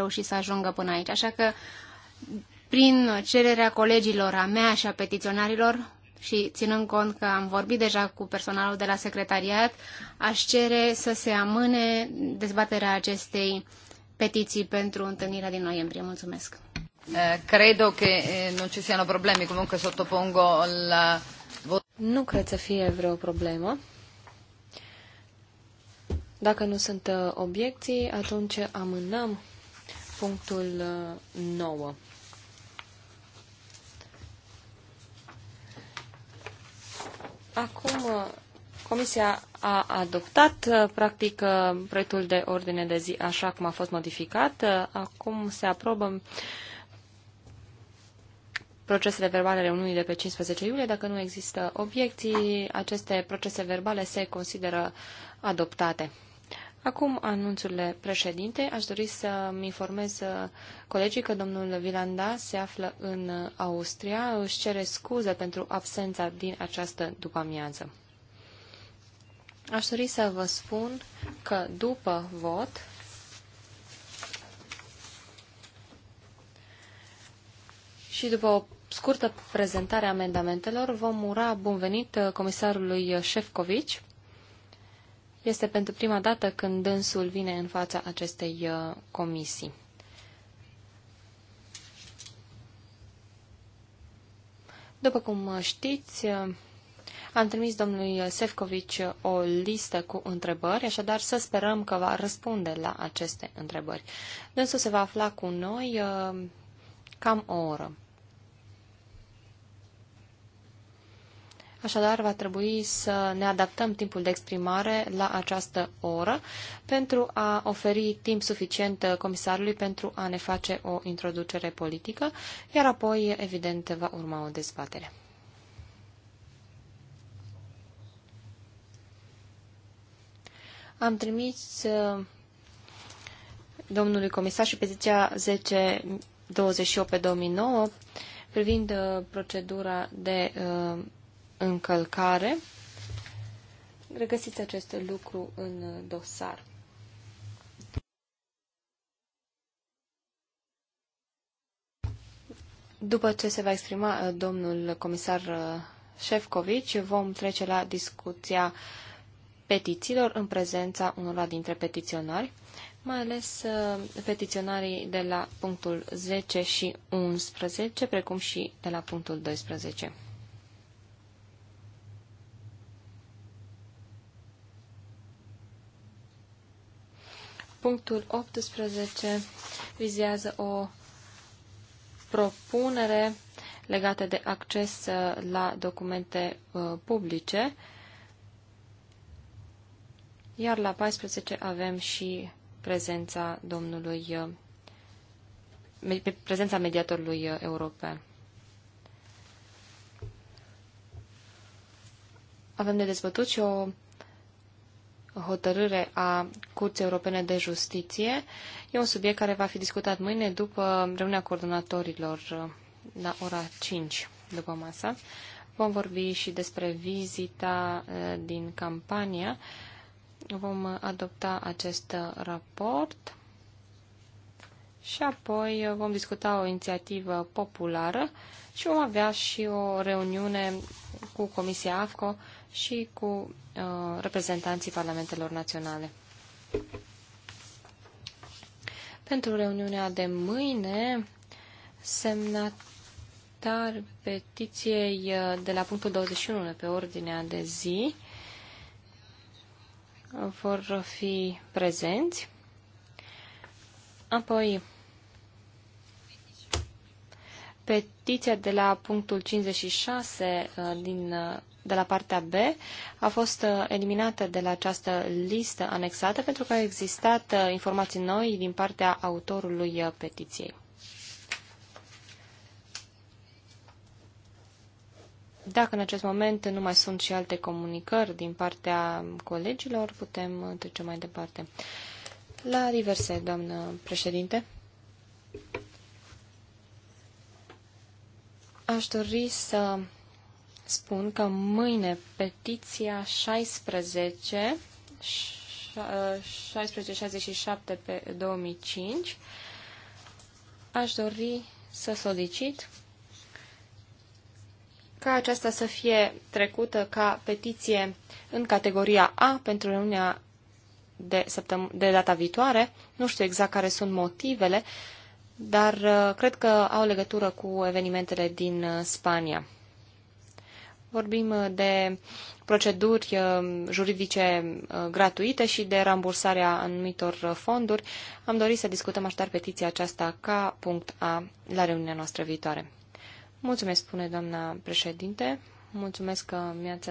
reușit să ajungă până aici. Așa că, prin cererea colegilor a mea și a petiționarilor, și ținând cont că am vorbit deja cu personalul de la secretariat, aș cere să se amâne dezbaterea acestei petiții pentru întâlnirea din noiembrie. Mulțumesc. Eh, credo că eh, nu ci siano problemi, comunque sottopongo la Nu cred să fie vreo problemă. Dacă nu sunt eh, obiecții, atunci amânăm punctul 9. Uh, acum, uh, Comisia a adoptat, uh, practic, proiectul de ordine de zi așa cum a fost modificat. Acum se aprobă procesele verbale ale de pe 15 iulie. Dacă nu există obiecții, aceste procese verbale se consideră adoptate. Acum anunțurile președinte. Aș dori să-mi informez uh, colegii că domnul Vilanda se află în uh, Austria. Își cere scuze pentru absența din această după-amiază. Aș dori să vă spun că după vot și după o scurtă prezentare a amendamentelor vom ura bun venit uh, comisarului Șefcovici este pentru prima dată când dânsul vine în fața acestei uh, comisii. După cum uh, știți, uh, am trimis domnului Sefcovic o listă cu întrebări, așadar să sperăm că va răspunde la aceste întrebări. Dânsul se va afla cu noi cam o oră. Așadar, va trebui să ne adaptăm timpul de exprimare la această oră pentru a oferi timp suficient comisarului pentru a ne face o introducere politică, iar apoi, evident, va urma o dezbatere. Am trimis uh, domnului comisar și pe 10 28 pe 2009 privind uh, procedura de uh, încălcare. Regăsiți acest lucru în dosar. După ce se va exprima uh, domnul comisar uh, Șefcovici, vom trece la discuția petițiilor în prezența unora dintre petiționari, mai ales uh, petiționarii de la punctul 10 și 11, precum și de la punctul 12. Punctul 18 vizează o propunere legată de acces uh, la documente uh, publice, iar la 14 avem și prezența domnului uh, prezența mediatorului european. Avem de dezbătut și o hotărâre a Curții Europene de Justiție. E un subiect care va fi discutat mâine după reuniunea coordonatorilor uh, la ora 5 după masa. Vom vorbi și despre vizita uh, din campania. Vom adopta acest uh, raport și apoi vom discuta o inițiativă populară și vom avea și o reuniune cu Comisia AFCO și cu uh, reprezentanții parlamentelor naționale. Pentru reuniunea de mâine, semnatar petiției uh, de la punctul 21 pe ordinea de zi vor fi prezenți. Apoi, petiția de la punctul 56 uh, din uh, de la partea B a fost uh, eliminată de la această listă anexată pentru că au existat uh, informații noi din partea autorului uh, petiției. Dacă în acest moment nu mai sunt și alte comunicări din partea colegilor, putem trece mai departe. La diverse, doamnă președinte. Aș dori să spun că mâine petiția 16 1667 pe 2005 aș dori să solicit ca aceasta să fie trecută ca petiție în categoria A pentru reuniunea de, săptăm- de data viitoare. Nu știu exact care sunt motivele, dar uh, cred că au legătură cu evenimentele din uh, Spania. Vorbim uh, de proceduri uh, juridice uh, gratuite și de rambursarea anumitor fonduri. Am dorit să discutăm așadar petiția aceasta ca punct A la reuniunea noastră viitoare. Mulțumesc, spune doamna președinte. Mulțumesc că mi-ați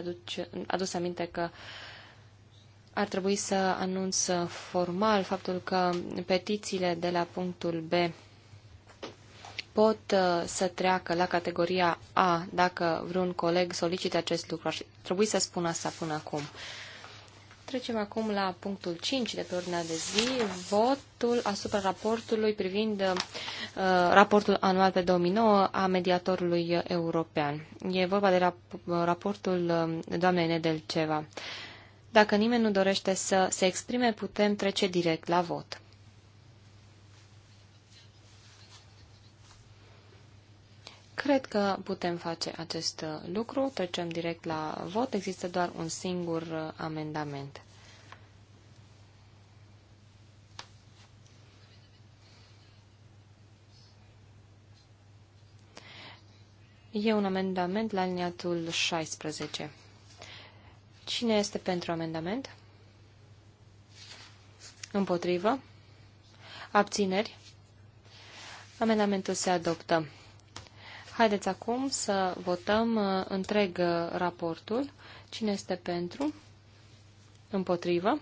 adus aminte că ar trebui să anunț formal faptul că petițiile de la punctul B pot uh, să treacă la categoria A dacă vreun coleg solicită acest lucru. Ar trebui să spun asta până acum. Trecem acum la punctul 5 de pe ordinea de zi, votul asupra raportului privind uh, raportul anual pe 2009 a mediatorului european. E vorba de rap- raportul uh, doamnei Nedelceva. Dacă nimeni nu dorește să se exprime, putem trece direct la vot. Cred că putem face acest uh, lucru. Trecem direct la vot. Există doar un singur uh, amendament. E un amendament la liniatul 16. Cine este pentru amendament? Împotrivă? Abțineri? Amendamentul se adoptă. Haideți acum să votăm uh, întreg uh, raportul. Cine este pentru? Împotrivă?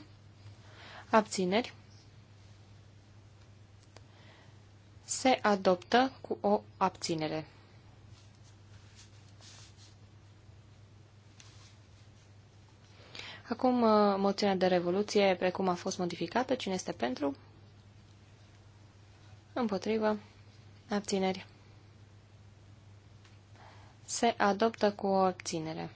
Abțineri? Se adoptă cu o abținere. Acum, uh, moțiunea de revoluție, precum a fost modificată, cine este pentru? Împotrivă? Abțineri? se adoptă cu o obținere.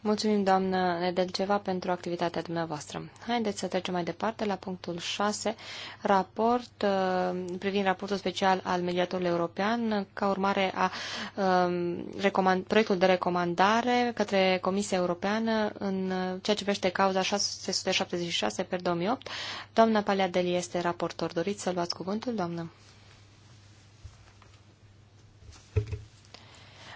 Mulțumim, doamnă Nedelceva, pentru activitatea dumneavoastră. Haideți să trecem mai departe la punctul 6, raport uh, privind raportul special al mediatorului european ca urmare a um, recomand, proiectul de recomandare către Comisia Europeană în ceea ce vește cauza 676 per 2008. Doamna Deli este raportor. Doriți să luați cuvântul, doamnă?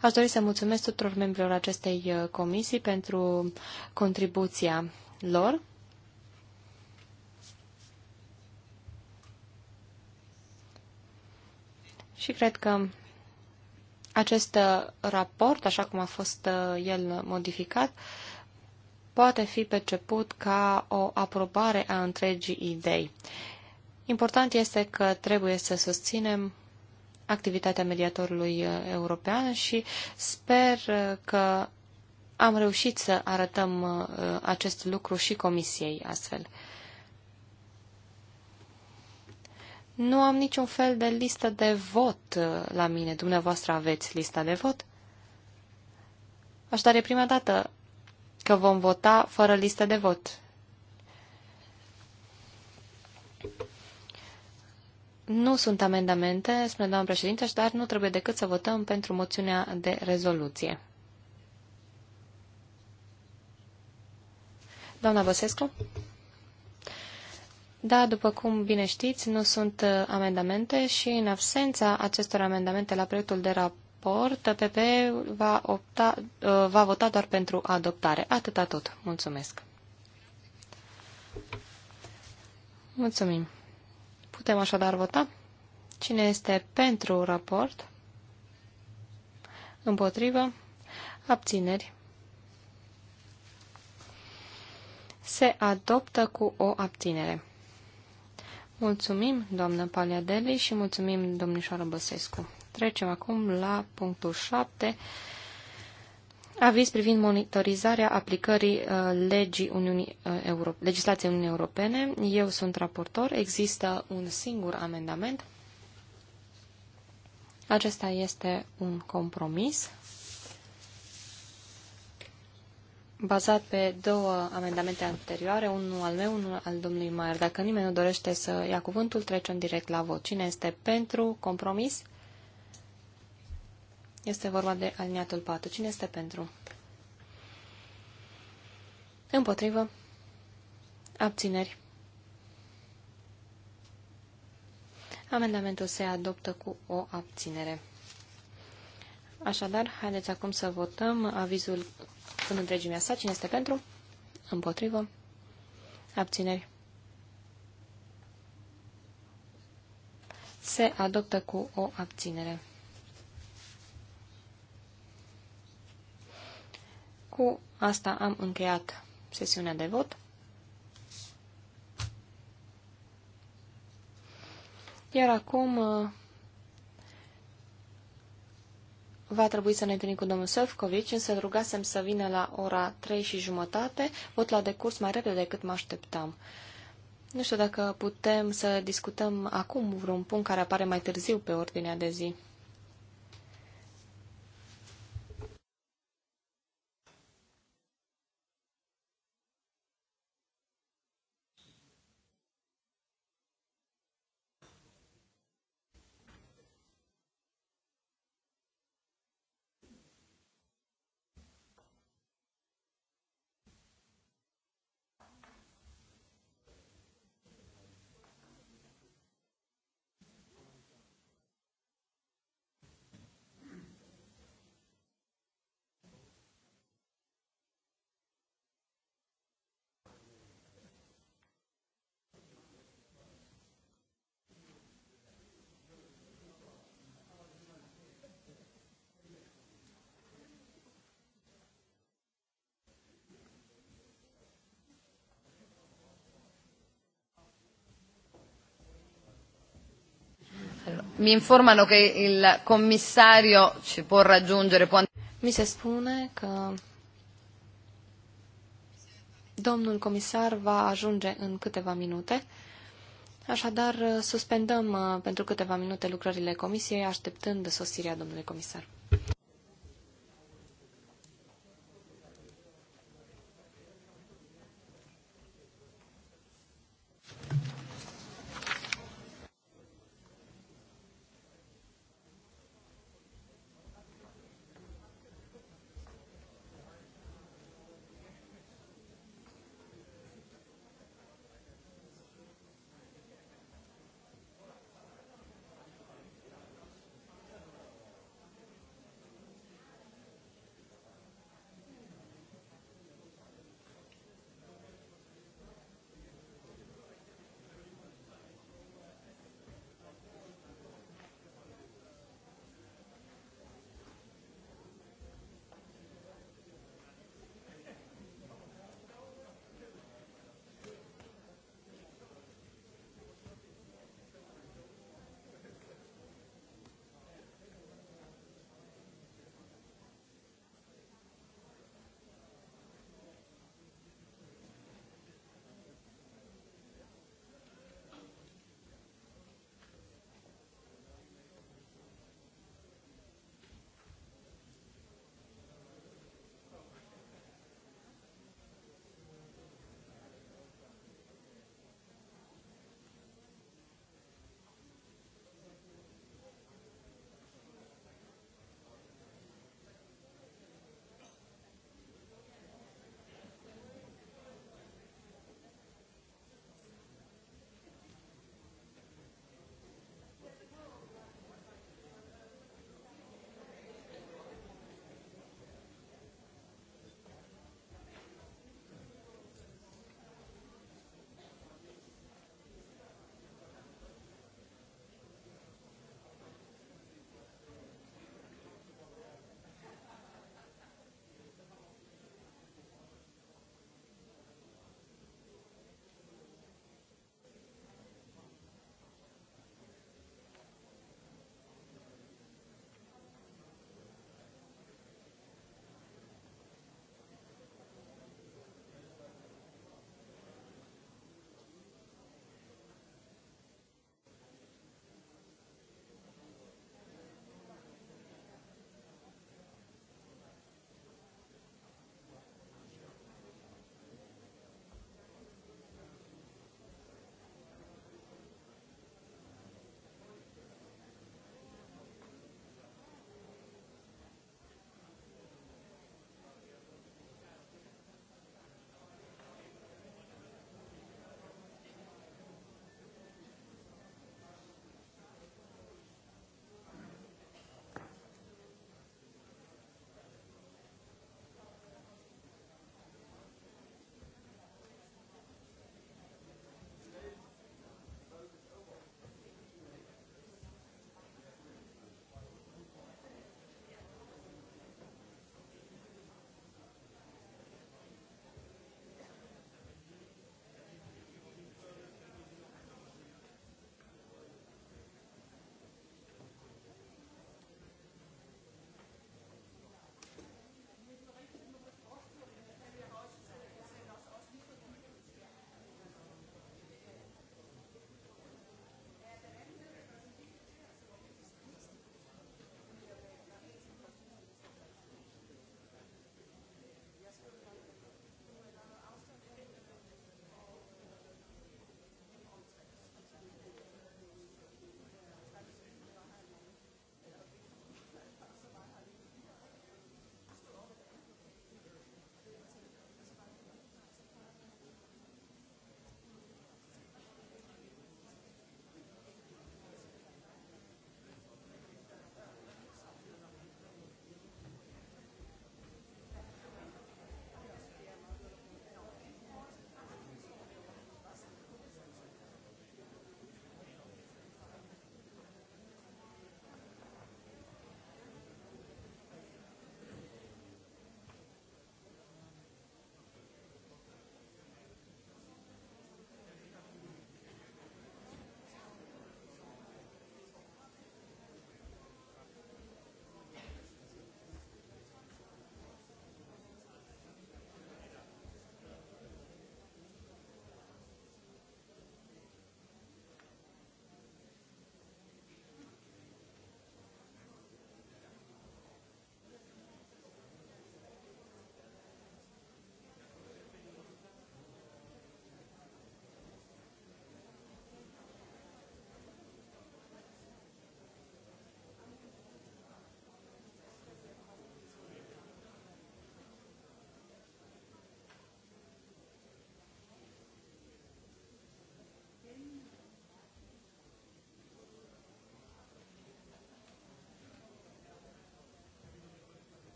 Aș dori să mulțumesc tuturor membrilor acestei uh, comisii pentru contribuția lor. Și cred că acest uh, raport, așa cum a fost uh, el modificat, poate fi perceput ca o aprobare a întregii idei. Important este că trebuie să susținem activitatea mediatorului uh, european și sper uh, că am reușit să arătăm uh, acest lucru și comisiei astfel. Nu am niciun fel de listă de vot la mine. Dumneavoastră aveți lista de vot? Așadar, e prima dată că vom vota fără listă de vot. Nu sunt amendamente, spune doamna președinte, dar nu trebuie decât să votăm pentru moțiunea de rezoluție. Doamna Băsescu? Da, după cum bine știți, nu sunt uh, amendamente și în absența acestor amendamente la proiectul de raport, PP va, opta, uh, va vota doar pentru adoptare. Atâta tot. Mulțumesc. Mulțumim. Putem așadar vota. Cine este pentru raport? Împotrivă? Abțineri? Se adoptă cu o abținere. Mulțumim, doamnă Paliadeli, și mulțumim, domnișoară Băsescu. Trecem acum la punctul 7 aviz privind monitorizarea aplicării uh, legii Uniunii uh, Euro- legislației Uniunii Europene. Eu sunt raportor, există un singur amendament. Acesta este un compromis bazat pe două amendamente anterioare, unul al meu, unul al domnului Maier. Dacă nimeni nu dorește să ia cuvântul, trecem direct la vot. Cine este pentru compromis? Este vorba de aliniatul 4. Cine este pentru? Împotrivă. Abțineri. Amendamentul se adoptă cu o abținere. Așadar, haideți acum să votăm avizul în întregimea sa. Cine este pentru? Împotrivă. Abțineri. Se adoptă cu o abținere. Cu asta am încheiat sesiunea de vot. Iar acum uh, va trebui să ne întâlnim cu domnul Săfcovici, însă rugasem să vină la ora 3 și jumătate. Vot la decurs mai repede decât mă așteptam. Nu știu dacă putem să discutăm acum vreun punct care apare mai târziu pe ordinea de zi. Mi informano che il commissario ci può raggiungere. Può... Mi se spune că domnul comisar va ajunge în câteva minute. Așadar, suspendăm uh, pentru câteva minute lucrările comisiei, așteptând sosirea domnului comisar.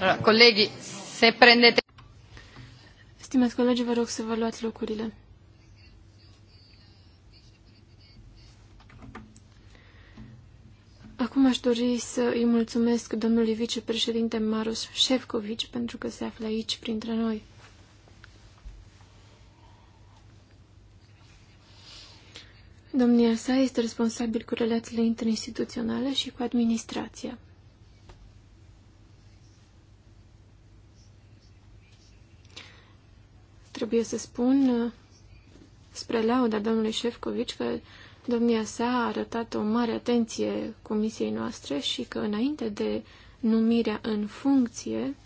Allora, se prendete... Stimați colegi, vă rog să vă luați locurile. Acum aș dori să îi mulțumesc domnului vicepreședinte Maros Șefcovici pentru că se află aici printre noi. Domnia sa este responsabil cu relațiile interinstituționale și cu administrația. trebuie să spun uh, spre lauda domnului Șefcovici că domnia sa a arătat o mare atenție comisiei noastre și că înainte de numirea în funcție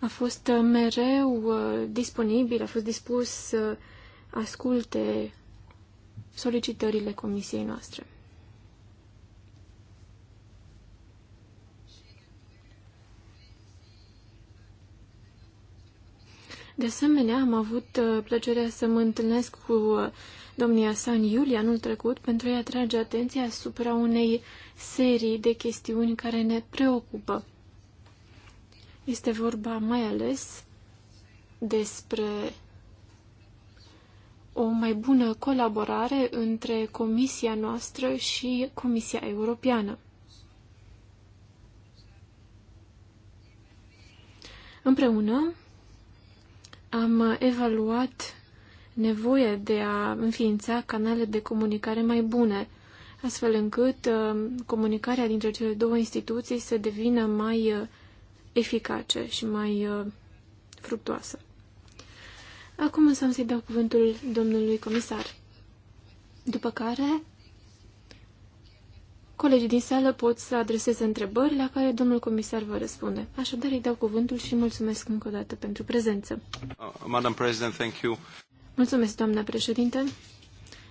a fost uh, mereu uh, disponibil, a fost dispus să asculte solicitările comisiei noastre. De asemenea, am avut uh, plăcerea să mă întâlnesc cu uh, domnia San în iulie anul trecut pentru a-i atrage atenția asupra unei serii de chestiuni care ne preocupă. Este vorba mai ales despre o mai bună colaborare între Comisia noastră și Comisia Europeană. Împreună am evaluat nevoia de a înființa canale de comunicare mai bune, astfel încât uh, comunicarea dintre cele două instituții să devină mai uh, eficace și mai uh, fructuoasă. Acum însă am să-i dau cuvântul domnului comisar, după care Colegii din sală pot să adreseze întrebări la care domnul comisar vă răspunde. Așadar, îi dau cuvântul și mulțumesc încă o dată pentru prezență. Uh, Madam President, thank you. Mulțumesc, doamna președinte.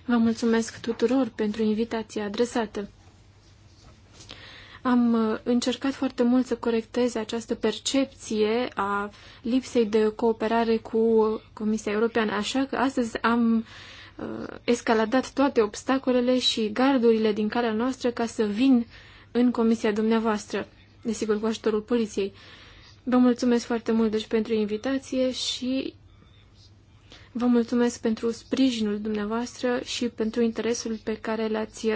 Vă mulțumesc tuturor pentru invitația adresată. Am uh, încercat foarte mult să corectez această percepție a lipsei de cooperare cu Comisia Europeană, așa că astăzi am uh, Uh, escaladat toate obstacolele și gardurile din calea noastră ca să vin în comisia dumneavoastră, desigur cu ajutorul poliției. Vă mulțumesc foarte mult deci pentru invitație și vă mulțumesc pentru sprijinul dumneavoastră și pentru interesul pe care l-ați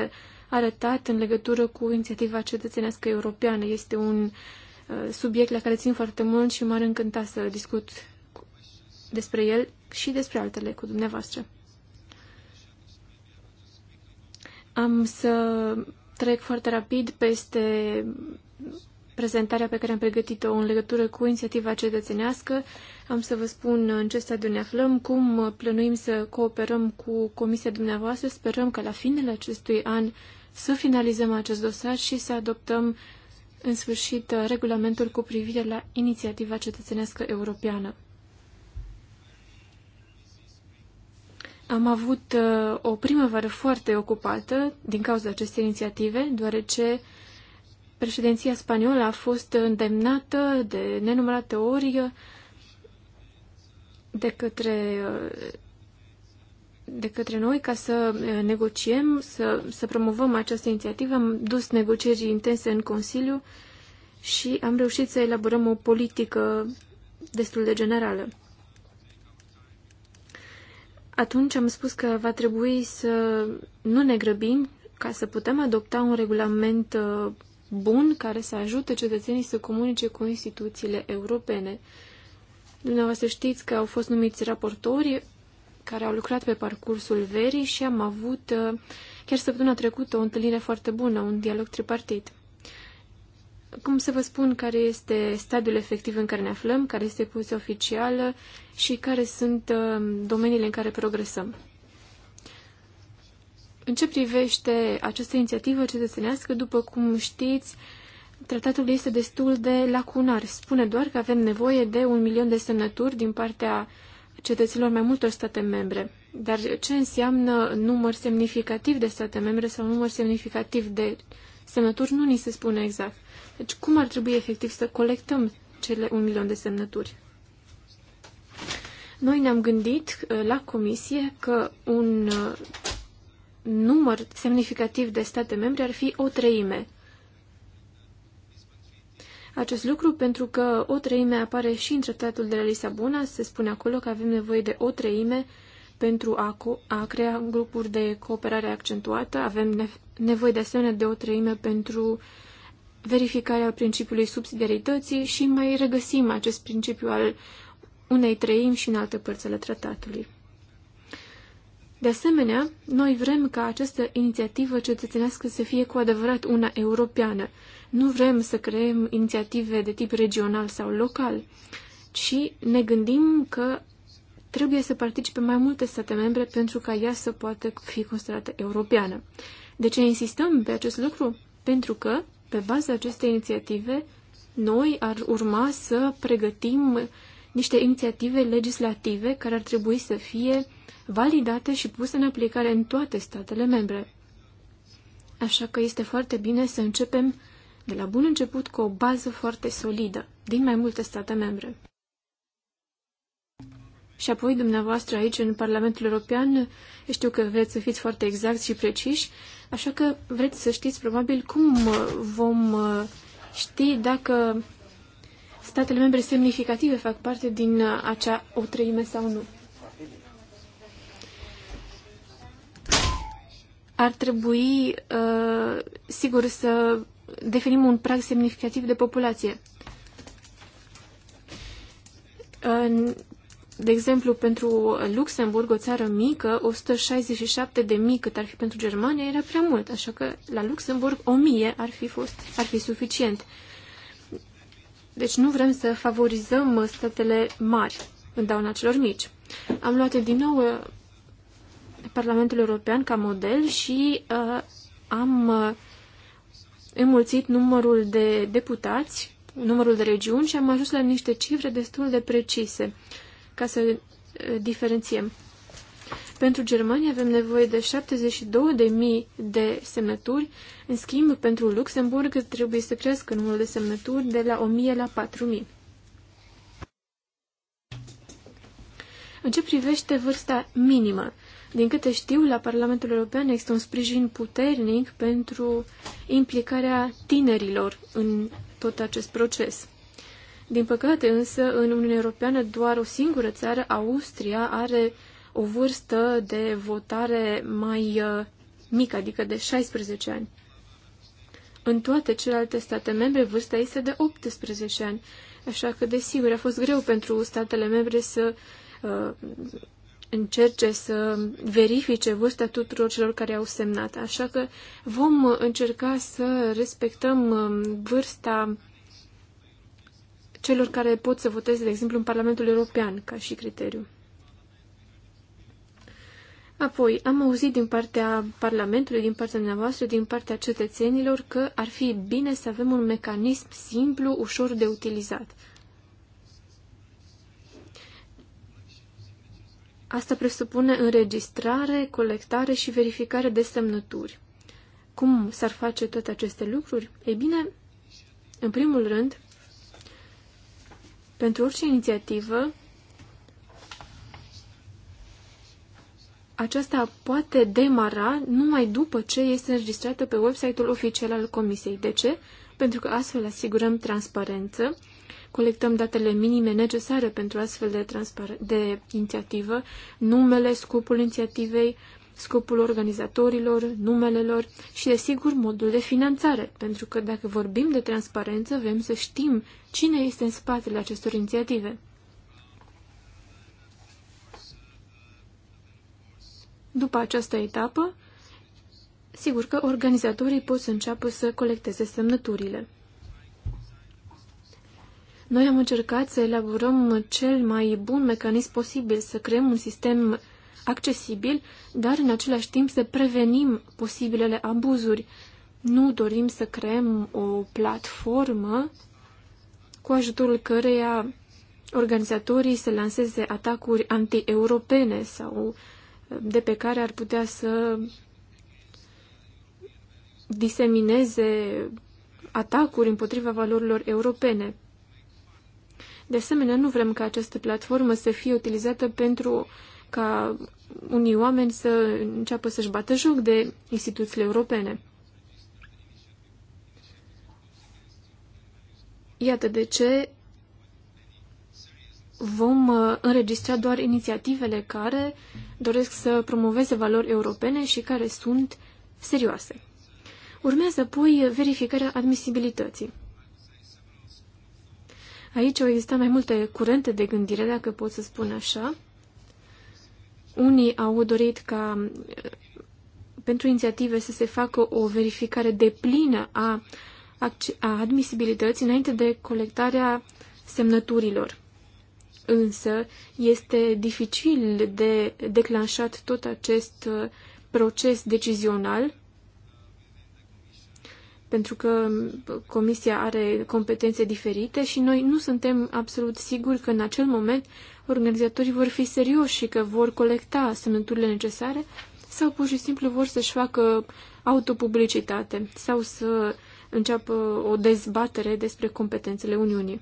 arătat în legătură cu inițiativa cetățenească europeană. Este un uh, subiect la care țin foarte mult și m-ar încânta să discut despre el și despre altele cu dumneavoastră. Am să trec foarte rapid peste prezentarea pe care am pregătit-o în legătură cu inițiativa cetățenească. Am să vă spun în ce stadiu ne aflăm, cum plănuim să cooperăm cu comisia dumneavoastră. Sperăm că la finele acestui an să finalizăm acest dosar și să adoptăm în sfârșit regulamentul cu privire la inițiativa cetățenească europeană. Am avut uh, o primăvară foarte ocupată din cauza acestei inițiative, deoarece președinția spaniolă a fost îndemnată de nenumărate ori de către, uh, de către noi ca să uh, negociem, să, să promovăm această inițiativă. Am dus negocieri intense în Consiliu și am reușit să elaborăm o politică destul de generală. Atunci am spus că va trebui să nu ne grăbim ca să putem adopta un regulament uh, bun care să ajute cetățenii să comunice cu instituțiile europene. Dumneavoastră știți că au fost numiți raportori care au lucrat pe parcursul verii și am avut uh, chiar săptămâna trecută o întâlnire foarte bună, un dialog tripartit cum să vă spun care este stadiul efectiv în care ne aflăm, care este poziția oficială și care sunt um, domeniile în care progresăm. În ce privește această inițiativă cetățenească, după cum știți, tratatul este destul de lacunar. Spune doar că avem nevoie de un milion de semnături din partea cetățenilor mai multor state membre. Dar ce înseamnă număr semnificativ de state membre sau număr semnificativ de semnături nu ni se spune exact. Deci cum ar trebui efectiv să colectăm cele un milion de semnături? Noi ne-am gândit uh, la comisie că un uh, număr semnificativ de state membre ar fi o treime. Acest lucru pentru că o treime apare și în tratatul de la Lisabona, se spune acolo că avem nevoie de o treime pentru a, a crea grupuri de cooperare accentuată, avem nevoie de asemenea de o treime pentru uh, verificarea principiului subsidiarității și mai regăsim acest principiu al unei treimi și în alte părți ale tratatului. De asemenea, noi vrem ca această inițiativă cetățenească să fie cu adevărat una europeană. Nu vrem să creăm inițiative de tip regional sau local, ci ne gândim că trebuie să participe mai multe state membre pentru ca ea să poată fi considerată europeană. De ce insistăm pe acest lucru? Pentru că pe baza acestei inițiative, noi ar urma să pregătim niște inițiative legislative care ar trebui să fie validate și puse în aplicare în toate statele membre. Așa că este foarte bine să începem de la bun început cu o bază foarte solidă din mai multe state membre. Și apoi, dumneavoastră, aici, în Parlamentul European, știu că vreți să fiți foarte exact și preciși, Așa că vreți să știți probabil cum uh, vom uh, ști dacă statele membre semnificative fac parte din uh, acea o treime sau nu. Ar trebui, sigur, să definim un prag semnificativ de populație de exemplu, pentru Luxemburg, o țară mică, 167 de mii cât ar fi pentru Germania era prea mult, așa că la Luxemburg 1000 ar fi, fost, ar fi suficient. Deci nu vrem să favorizăm statele mari în dauna celor mici. Am luat din nou uh, Parlamentul European ca model și uh, am uh, înmulțit numărul de deputați, numărul de regiuni și am ajuns la niște cifre destul de precise. Uh, ca să uh, diferențiem. Pentru Germania avem nevoie de 72.000 de semnături, în schimb pentru Luxemburg trebuie să crească numărul de semnături de la 1.000 la 4.000. În ce privește vârsta minimă, din câte știu, la Parlamentul European există un sprijin puternic pentru implicarea tinerilor în tot acest proces. Din păcate însă, în Uniunea Europeană, doar o singură țară, Austria, are o vârstă de votare mai uh, mică, adică de 16 ani. În toate celelalte state membre, vârsta este de 18 ani, așa că, desigur, a fost greu pentru statele membre să uh, încerce să verifice vârsta tuturor celor care au semnat. Așa că vom încerca să respectăm um, vârsta celor care pot să voteze, de exemplu, în Parlamentul European, ca și criteriu. Apoi, am auzit din partea Parlamentului, din partea dumneavoastră, din partea cetățenilor, că ar fi bine să avem un mecanism simplu, ușor de utilizat. Asta presupune înregistrare, colectare și verificare de semnături. Cum s-ar face toate aceste lucruri? Ei bine, în primul rând, pentru orice inițiativă, aceasta poate demara numai după ce este înregistrată pe website-ul oficial al Comisiei. De ce? Pentru că astfel asigurăm transparență, colectăm datele minime necesare pentru astfel de, de inițiativă, numele, scopul inițiativei, scopul organizatorilor, numele lor și, desigur, modul de finanțare, pentru că dacă vorbim de transparență, vrem să știm cine este în spatele acestor inițiative. După această etapă, sigur că organizatorii pot să înceapă să colecteze semnăturile. Noi am încercat să elaborăm cel mai bun mecanism posibil, să creăm un sistem accesibil, dar în același timp să prevenim posibilele abuzuri. Nu dorim să creăm o platformă cu ajutorul căreia organizatorii să lanseze atacuri anti-europene sau eh, de pe care ar putea să disemineze atacuri împotriva valorilor europene. De asemenea, nu vrem ca această platformă să fie utilizată pentru ca unii oameni să înceapă să-și bată joc de instituțiile europene. Iată de ce vom uh, înregistra doar inițiativele care doresc să promoveze valori europene și care sunt serioase. Urmează apoi verificarea admisibilității. Aici au existat mai multe curente de gândire, dacă pot să spun așa. Unii au dorit ca uh, pentru inițiative să se facă o verificare deplină a, a admisibilității înainte de colectarea semnăturilor. Însă este dificil de declanșat tot acest uh, proces decizional pentru că um, Comisia are competențe diferite și noi nu suntem absolut siguri că în acel moment organizatorii vor fi serioși și că vor colecta semnăturile necesare sau pur și simplu vor să-și facă autopublicitate sau să înceapă o dezbatere despre competențele Uniunii.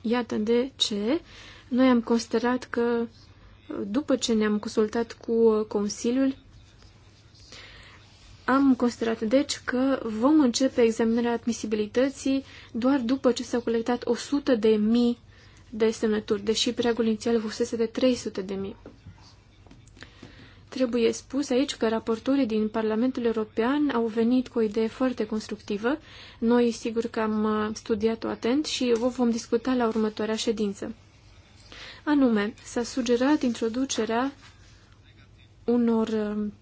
Iată de ce noi am considerat că după ce ne-am consultat cu Consiliul, am considerat, deci, că vom începe examinarea admisibilității doar după ce s-au colectat 100 de mii de semnături, deși pregul inițial fusese de 300 de mii. Trebuie spus aici că raportorii din Parlamentul European au venit cu o idee foarte constructivă. Noi, sigur că am uh, studiat-o atent și o vom discuta la următoarea ședință. Anume, s-a sugerat introducerea unor um,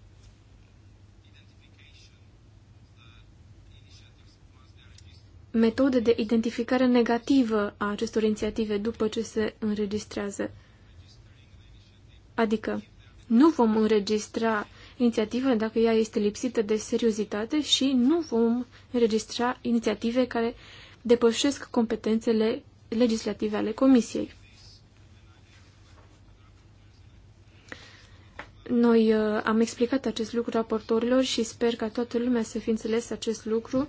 metode de identificare negativă a acestor inițiative după ce se înregistrează. Adică, nu vom înregistra inițiativă dacă ea este lipsită de seriozitate și nu vom înregistra inițiative care depășesc competențele legislative ale Comisiei. Noi uh, am explicat acest lucru raportorilor și sper ca toată lumea să fi înțeles acest lucru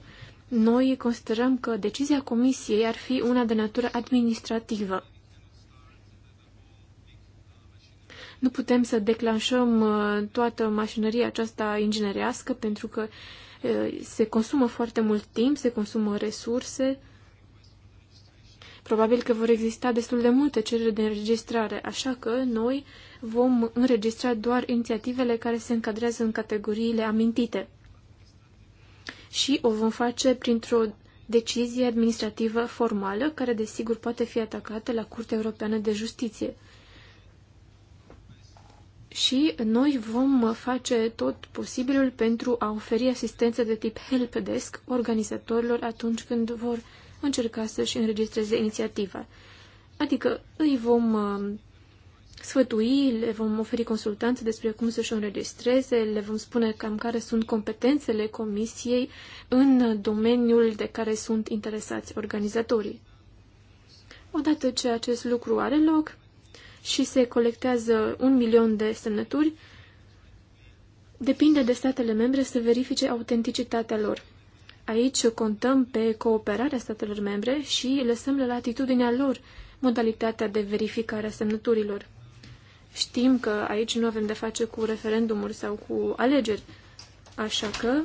noi considerăm că decizia Comisiei ar fi una de natură administrativă. Nu putem să declanșăm uh, toată mașinăria aceasta inginerească pentru că uh, se consumă foarte mult timp, se consumă resurse. Probabil că vor exista destul de multe cereri de înregistrare, așa că noi vom înregistra doar inițiativele care se încadrează în categoriile amintite și o vom face printr-o decizie administrativă formală, care desigur poate fi atacată la Curtea Europeană de Justiție. Și noi vom face tot posibilul pentru a oferi asistență de tip helpdesk organizatorilor atunci când vor încerca să-și înregistreze inițiativa. Adică îi vom uh, sfătui, le vom oferi consultanțe despre cum să-și înregistreze, le vom spune cam care sunt competențele comisiei în domeniul de care sunt interesați organizatorii. Odată ce acest lucru are loc și se colectează un milion de semnături, depinde de statele membre să verifice autenticitatea lor. Aici contăm pe cooperarea statelor membre și lăsăm la latitudinea lor modalitatea de verificare a semnăturilor. Știm că aici nu avem de face cu referendumuri sau cu alegeri, așa că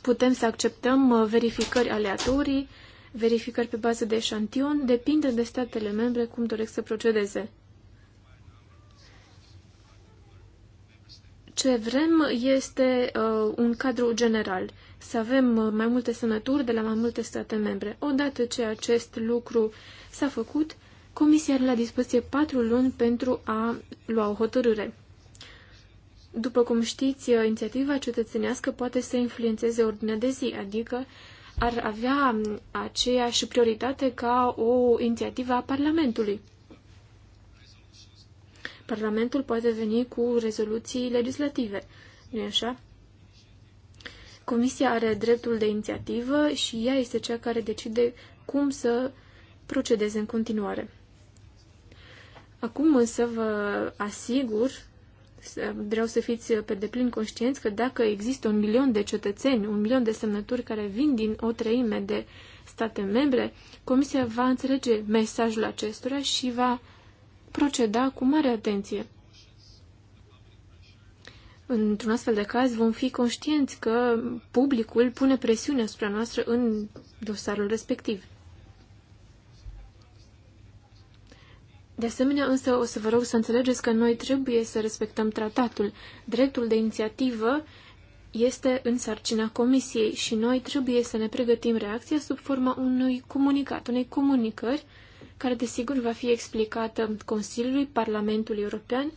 putem să acceptăm uh, verificări aleatorii, verificări pe bază de eșantion, depinde de statele membre cum doresc să procedeze. Ce vrem este uh, un cadru general, să avem uh, mai multe semnături de la mai multe state membre. Odată ce acest lucru s-a făcut, Comisia are la dispoziție patru luni pentru a lua o hotărâre. După cum știți, inițiativa cetățenească poate să influențeze ordinea de zi, adică ar avea aceeași prioritate ca o inițiativă a Parlamentului. Parlamentul poate veni cu rezoluții legislative, nu așa? Comisia are dreptul de inițiativă și ea este cea care decide cum să procedeze în continuare. Acum însă vă asigur, vreau să fiți pe deplin conștienți că dacă există un milion de cetățeni, un milion de semnături care vin din o treime de state membre, Comisia va înțelege mesajul acestora și va proceda cu mare atenție. Într-un astfel de caz vom fi conștienți că publicul pune presiune asupra noastră în dosarul respectiv. De asemenea, însă, o să vă rog să înțelegeți că noi trebuie să respectăm tratatul. Dreptul de inițiativă este în sarcina comisiei și noi trebuie să ne pregătim reacția sub forma unui comunicat, unei comunicări, care desigur va fi explicată Consiliului, Parlamentului European,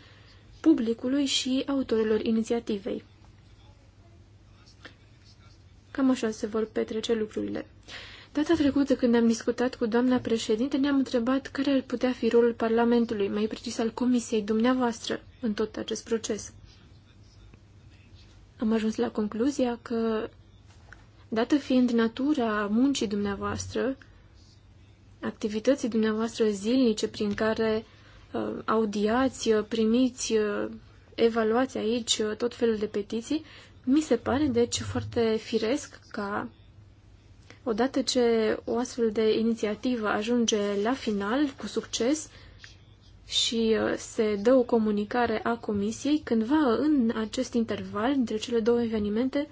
publicului și autorilor inițiativei. Cam așa se vor petrece lucrurile. Data trecută când am discutat cu doamna președinte, ne-am întrebat care ar putea fi rolul Parlamentului, mai precis al Comisiei dumneavoastră, în tot acest proces. Am ajuns la concluzia că, dată fiind natura muncii dumneavoastră, activității dumneavoastră zilnice prin care uh, audiați, uh, primiți, uh, evaluați aici uh, tot felul de petiții, mi se pare, deci, foarte firesc ca Odată ce o astfel de inițiativă ajunge la final cu succes și uh, se dă o comunicare a Comisiei, cândva în acest interval între cele două evenimente,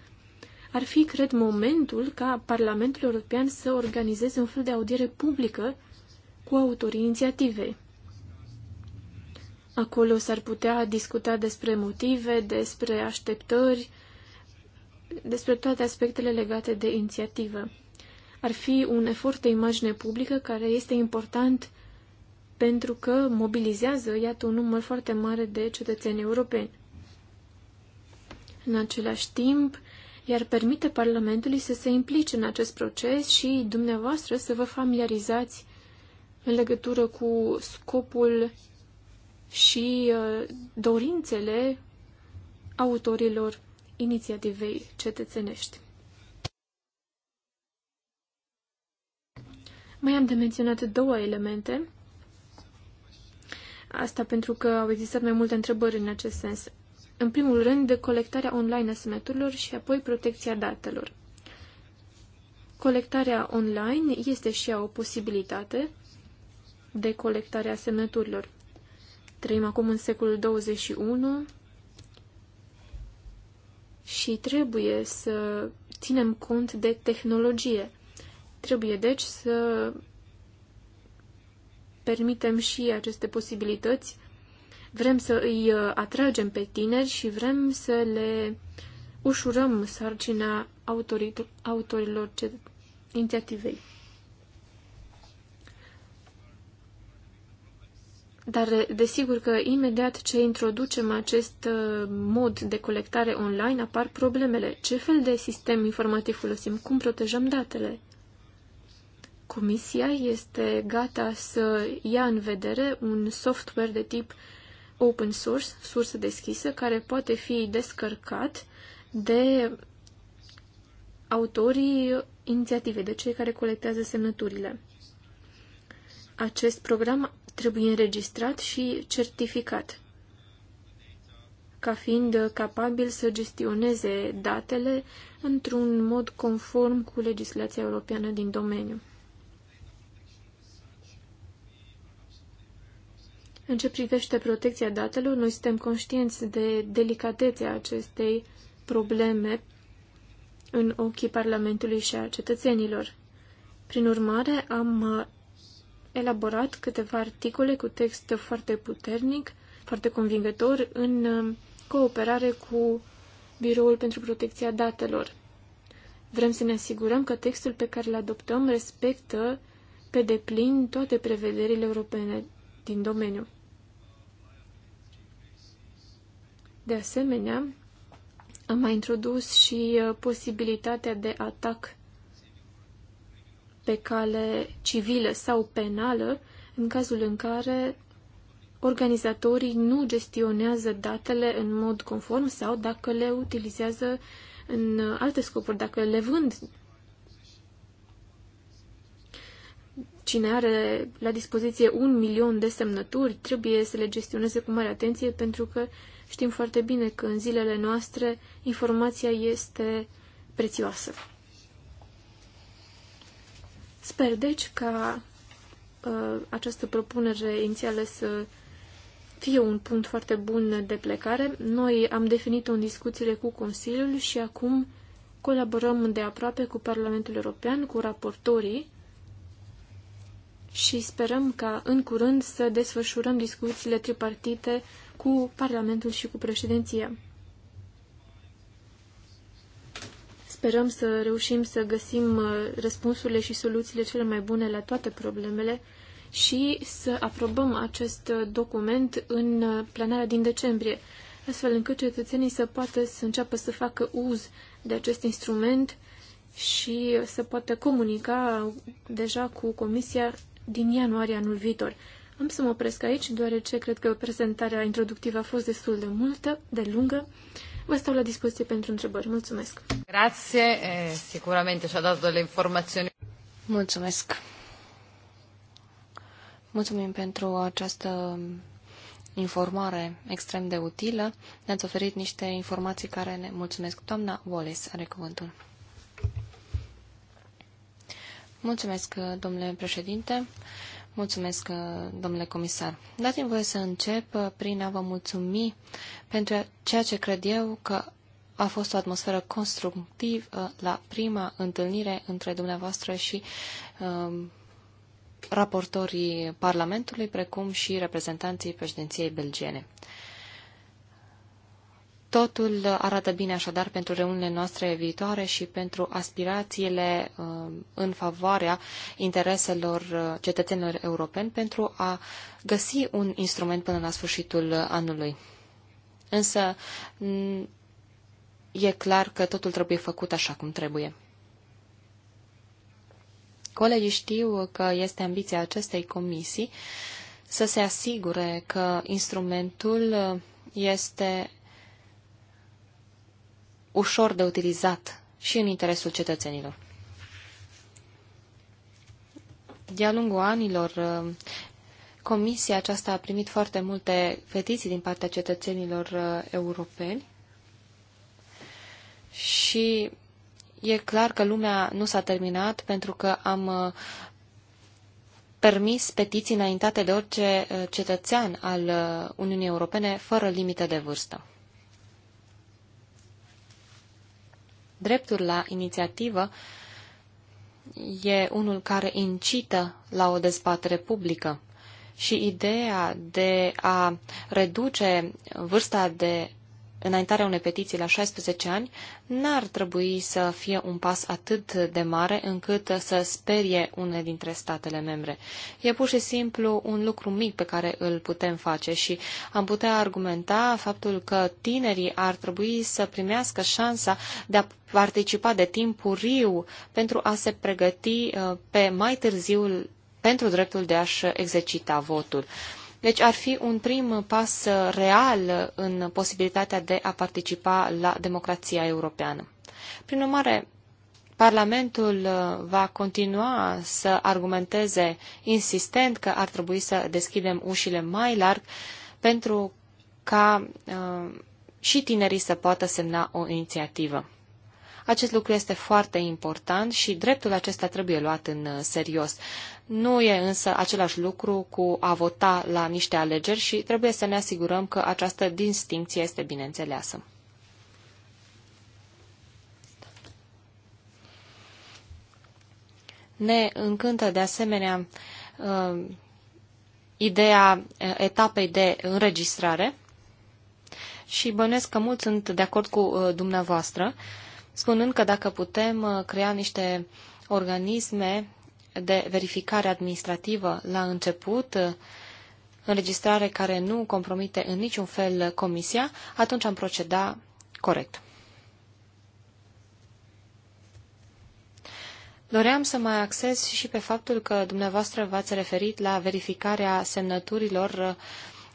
ar fi, cred, momentul ca Parlamentul European să organizeze un fel de audiere publică cu autorii inițiativei. Acolo s-ar putea discuta despre motive, despre așteptări, despre toate aspectele legate de inițiativă ar fi un efort de imagine publică care este important pentru că mobilizează, iată, un număr foarte mare de cetățeni europeni. În același timp, iar permite Parlamentului să se implice în acest proces și dumneavoastră să vă familiarizați în legătură cu scopul și uh, dorințele autorilor inițiativei cetățenești. Mai am de menționat două elemente. Asta pentru că au existat mai multe întrebări în acest sens. În primul rând, de colectarea online a semnăturilor și apoi protecția datelor. Colectarea online este și ea o posibilitate de colectare a semnăturilor. Trăim acum în secolul 21 și trebuie să ținem cont de tehnologie. Trebuie deci să permitem și aceste posibilități. Vrem să îi uh, atragem pe tineri și vrem să le ușurăm sarcina autorilor, autorilor ce, inițiativei. Dar desigur că imediat ce introducem acest uh, mod de colectare online apar problemele. Ce fel de sistem informativ folosim? Cum protejăm datele? Comisia este gata să ia în vedere un software de tip open source, sursă deschisă, care poate fi descărcat de autorii inițiativei, de cei care colectează semnăturile. Acest program trebuie înregistrat și certificat ca fiind capabil să gestioneze datele într-un mod conform cu legislația europeană din domeniu. În ce privește protecția datelor, noi suntem conștienți de delicatețea acestei probleme în ochii Parlamentului și a cetățenilor. Prin urmare, am uh, elaborat câteva articole cu text foarte puternic, foarte convingător, în uh, cooperare cu Biroul pentru Protecția Datelor. Vrem să ne asigurăm că textul pe care îl adoptăm respectă pe deplin toate prevederile europene din domeniu. De asemenea, am mai introdus și uh, posibilitatea de atac pe cale civilă sau penală în cazul în care organizatorii nu gestionează datele în mod conform sau dacă le utilizează în uh, alte scopuri, dacă le vând. Cine are la dispoziție un milion de semnături trebuie să le gestioneze cu mare atenție pentru că uh, Știm foarte bine că în zilele noastre informația este prețioasă. Sper, deci, ca uh, această propunere inițială să fie un punct foarte bun de plecare. Noi am definit-o în discuțiile cu Consiliul și acum colaborăm de aproape cu Parlamentul European, cu raportorii și sperăm ca în curând să desfășurăm discuțiile tripartite cu Parlamentul și cu președinția. Sperăm să reușim să găsim uh, răspunsurile și soluțiile cele mai bune la toate problemele și să aprobăm acest uh, document în uh, planarea din decembrie, astfel încât cetățenii să poată să înceapă să facă uz de acest instrument și să poată comunica deja cu Comisia din ianuarie anul viitor. Am să mă opresc aici, deoarece cred că prezentarea introductivă a fost destul de multă, de lungă. Vă stau la dispoziție pentru întrebări. Mulțumesc! Grazie, sicuramente și-a dat delle informații. Mulțumesc! Mulțumim pentru această informare extrem de utilă. Ne-ați oferit niște informații care ne mulțumesc. Doamna Wallace are cuvântul. Mulțumesc, domnule președinte. Mulțumesc, uh, domnule comisar. Dați-mi voie să încep uh, prin a vă mulțumi pentru ceea ce cred eu că a fost o atmosferă constructivă uh, la prima întâlnire între dumneavoastră și um, raportorii Parlamentului, precum și reprezentanții președinției belgiene. Totul arată bine așadar pentru reuniunile noastre viitoare și pentru aspirațiile um, în favoarea intereselor uh, cetățenilor europeni pentru a găsi un instrument până la sfârșitul anului. Însă mm, e clar că totul trebuie făcut așa cum trebuie. Colegii știu că este ambiția acestei comisii să se asigure că instrumentul este ușor de utilizat și în interesul cetățenilor. De-a lungul anilor, uh, comisia aceasta a primit foarte multe petiții din partea cetățenilor uh, europeni și e clar că lumea nu s-a terminat pentru că am uh, permis petiții înaintate de orice cetățean al Uniunii Europene fără limită de vârstă. Dreptul la inițiativă e unul care incită la o dezbatere publică și ideea de a reduce vârsta de înaintarea unei petiții la 16 ani n-ar trebui să fie un pas atât de mare încât să sperie unele dintre statele membre. E pur și simplu un lucru mic pe care îl putem face și am putea argumenta faptul că tinerii ar trebui să primească șansa de a participa de timpuriu pentru a se pregăti uh, pe mai târziu pentru dreptul de a-și exercita votul. Deci ar fi un prim pas real în posibilitatea de a participa la democrația europeană. Prin urmare, Parlamentul uh, va continua să argumenteze insistent că ar trebui să deschidem ușile mai larg pentru ca uh, și tinerii să poată semna o inițiativă. Acest lucru este foarte important și dreptul acesta trebuie luat în uh, serios. Nu e însă același lucru cu a vota la niște alegeri și trebuie să ne asigurăm că această distinție este bine înțeleasă. Ne încântă de asemenea uh, ideea uh, etapei de înregistrare și bănesc că mulți sunt de acord cu dumneavoastră. Uh, spunând că dacă putem uh, crea niște organisme de verificare administrativă la început, uh, înregistrare care nu compromite în niciun fel comisia, atunci am proceda corect. Doream să mai acces și pe faptul că dumneavoastră v-ați referit la verificarea semnăturilor uh,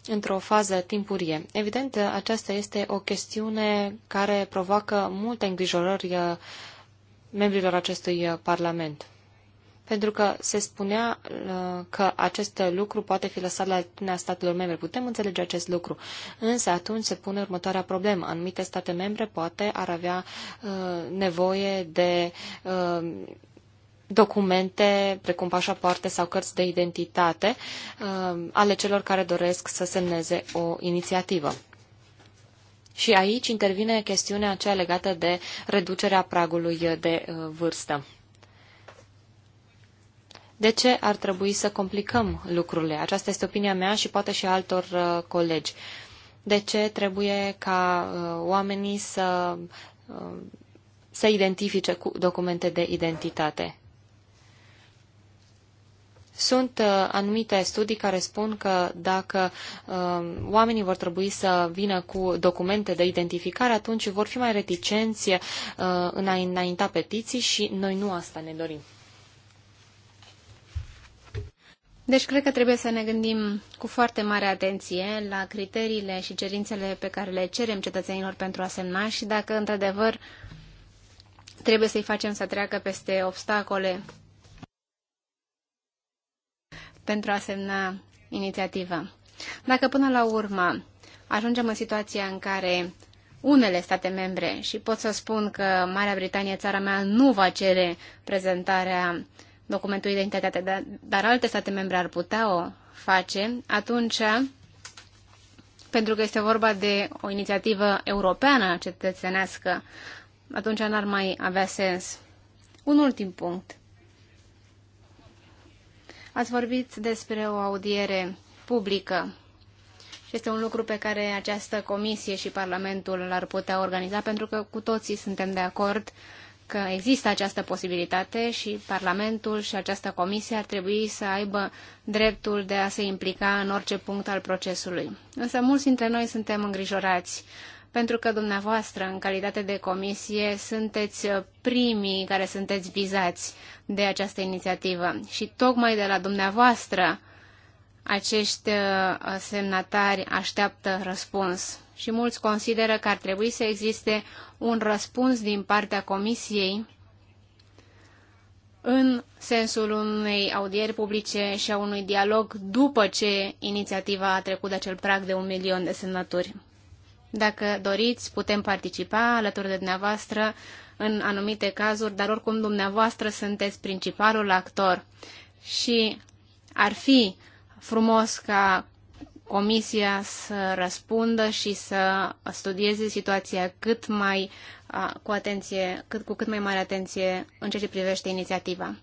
într-o fază timpurie. Evident, aceasta este o chestiune care provoacă multe îngrijorări uh, membrilor acestui uh, Parlament. Pentru că se spunea uh, că acest lucru poate fi lăsat la tinea statelor membre. Putem înțelege acest lucru. Însă atunci se pune următoarea problemă. Anumite state membre poate ar avea nevoie de documente precum pașapoarte sau cărți de identitate um, ale celor care doresc să semneze o inițiativă. Și aici intervine chestiunea aceea legată de reducerea pragului de uh, vârstă. De ce ar trebui să complicăm lucrurile? Aceasta este opinia mea și poate și a altor uh, colegi. De ce trebuie ca uh, oamenii să se identifice cu documente de identitate? Sunt uh, anumite studii care spun că dacă uh, oamenii vor trebui să vină cu documente de identificare, atunci vor fi mai reticenți uh, în a înainta petiții și noi nu asta ne dorim. Deci cred că trebuie să ne gândim cu foarte mare atenție la criteriile și cerințele pe care le cerem cetățenilor pentru a semna și dacă într-adevăr trebuie să-i facem să treacă peste obstacole pentru a semna inițiativa. Dacă până la urmă ajungem în situația în care unele state membre, și pot să spun că Marea Britanie, țara mea, nu va cere prezentarea documentului de identitate, dar, alte state membre ar putea o face, atunci, pentru că este vorba de o inițiativă europeană cetățenească, atunci n-ar mai avea sens. Un ultim punct. Ați vorbit despre o audiere publică și este un lucru pe care această comisie și Parlamentul l-ar putea organiza pentru că cu toții suntem de acord că există această posibilitate și Parlamentul și această comisie ar trebui să aibă dreptul de a se implica în orice punct al procesului. Însă mulți dintre noi suntem îngrijorați pentru că dumneavoastră, în calitate de comisie, sunteți uh, primii care sunteți vizați de această inițiativă. Și tocmai de la dumneavoastră acești uh, semnatari așteaptă răspuns. Și mulți consideră că ar trebui să existe un răspuns din partea comisiei în sensul unei audieri publice și a unui dialog după ce inițiativa a trecut acel prag de un milion de semnături. Dacă doriți, putem participa alături de dumneavoastră în anumite cazuri, dar oricum dumneavoastră sunteți principalul actor. Și ar fi frumos ca comisia să răspundă și să studieze situația cât mai cu atenție, cât, cu cât mai mare atenție în ceea ce privește inițiativa.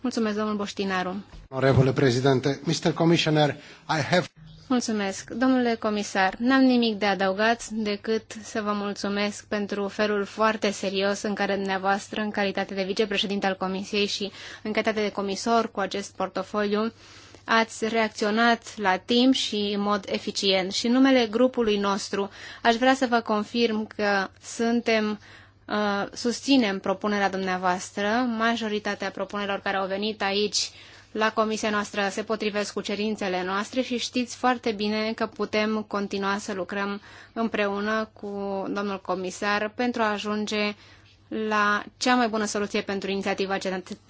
Mulțumesc, domnul Boștinaru. Onorevole președinte, Mr. Commissioner, I have... Mulțumesc. Domnule comisar, n-am nimic de adăugat decât să vă mulțumesc pentru felul foarte serios în care dumneavoastră, în calitate de vicepreședinte al Comisiei și în calitate de comisor cu acest portofoliu, ați reacționat la timp și în mod eficient. Și în numele grupului nostru aș vrea să vă confirm că suntem uh, susținem propunerea dumneavoastră. Majoritatea propunerilor care au venit aici la comisia noastră se potrivesc cu cerințele noastre și știți foarte bine că putem continua să lucrăm împreună cu domnul comisar pentru a ajunge la cea mai bună soluție pentru inițiativa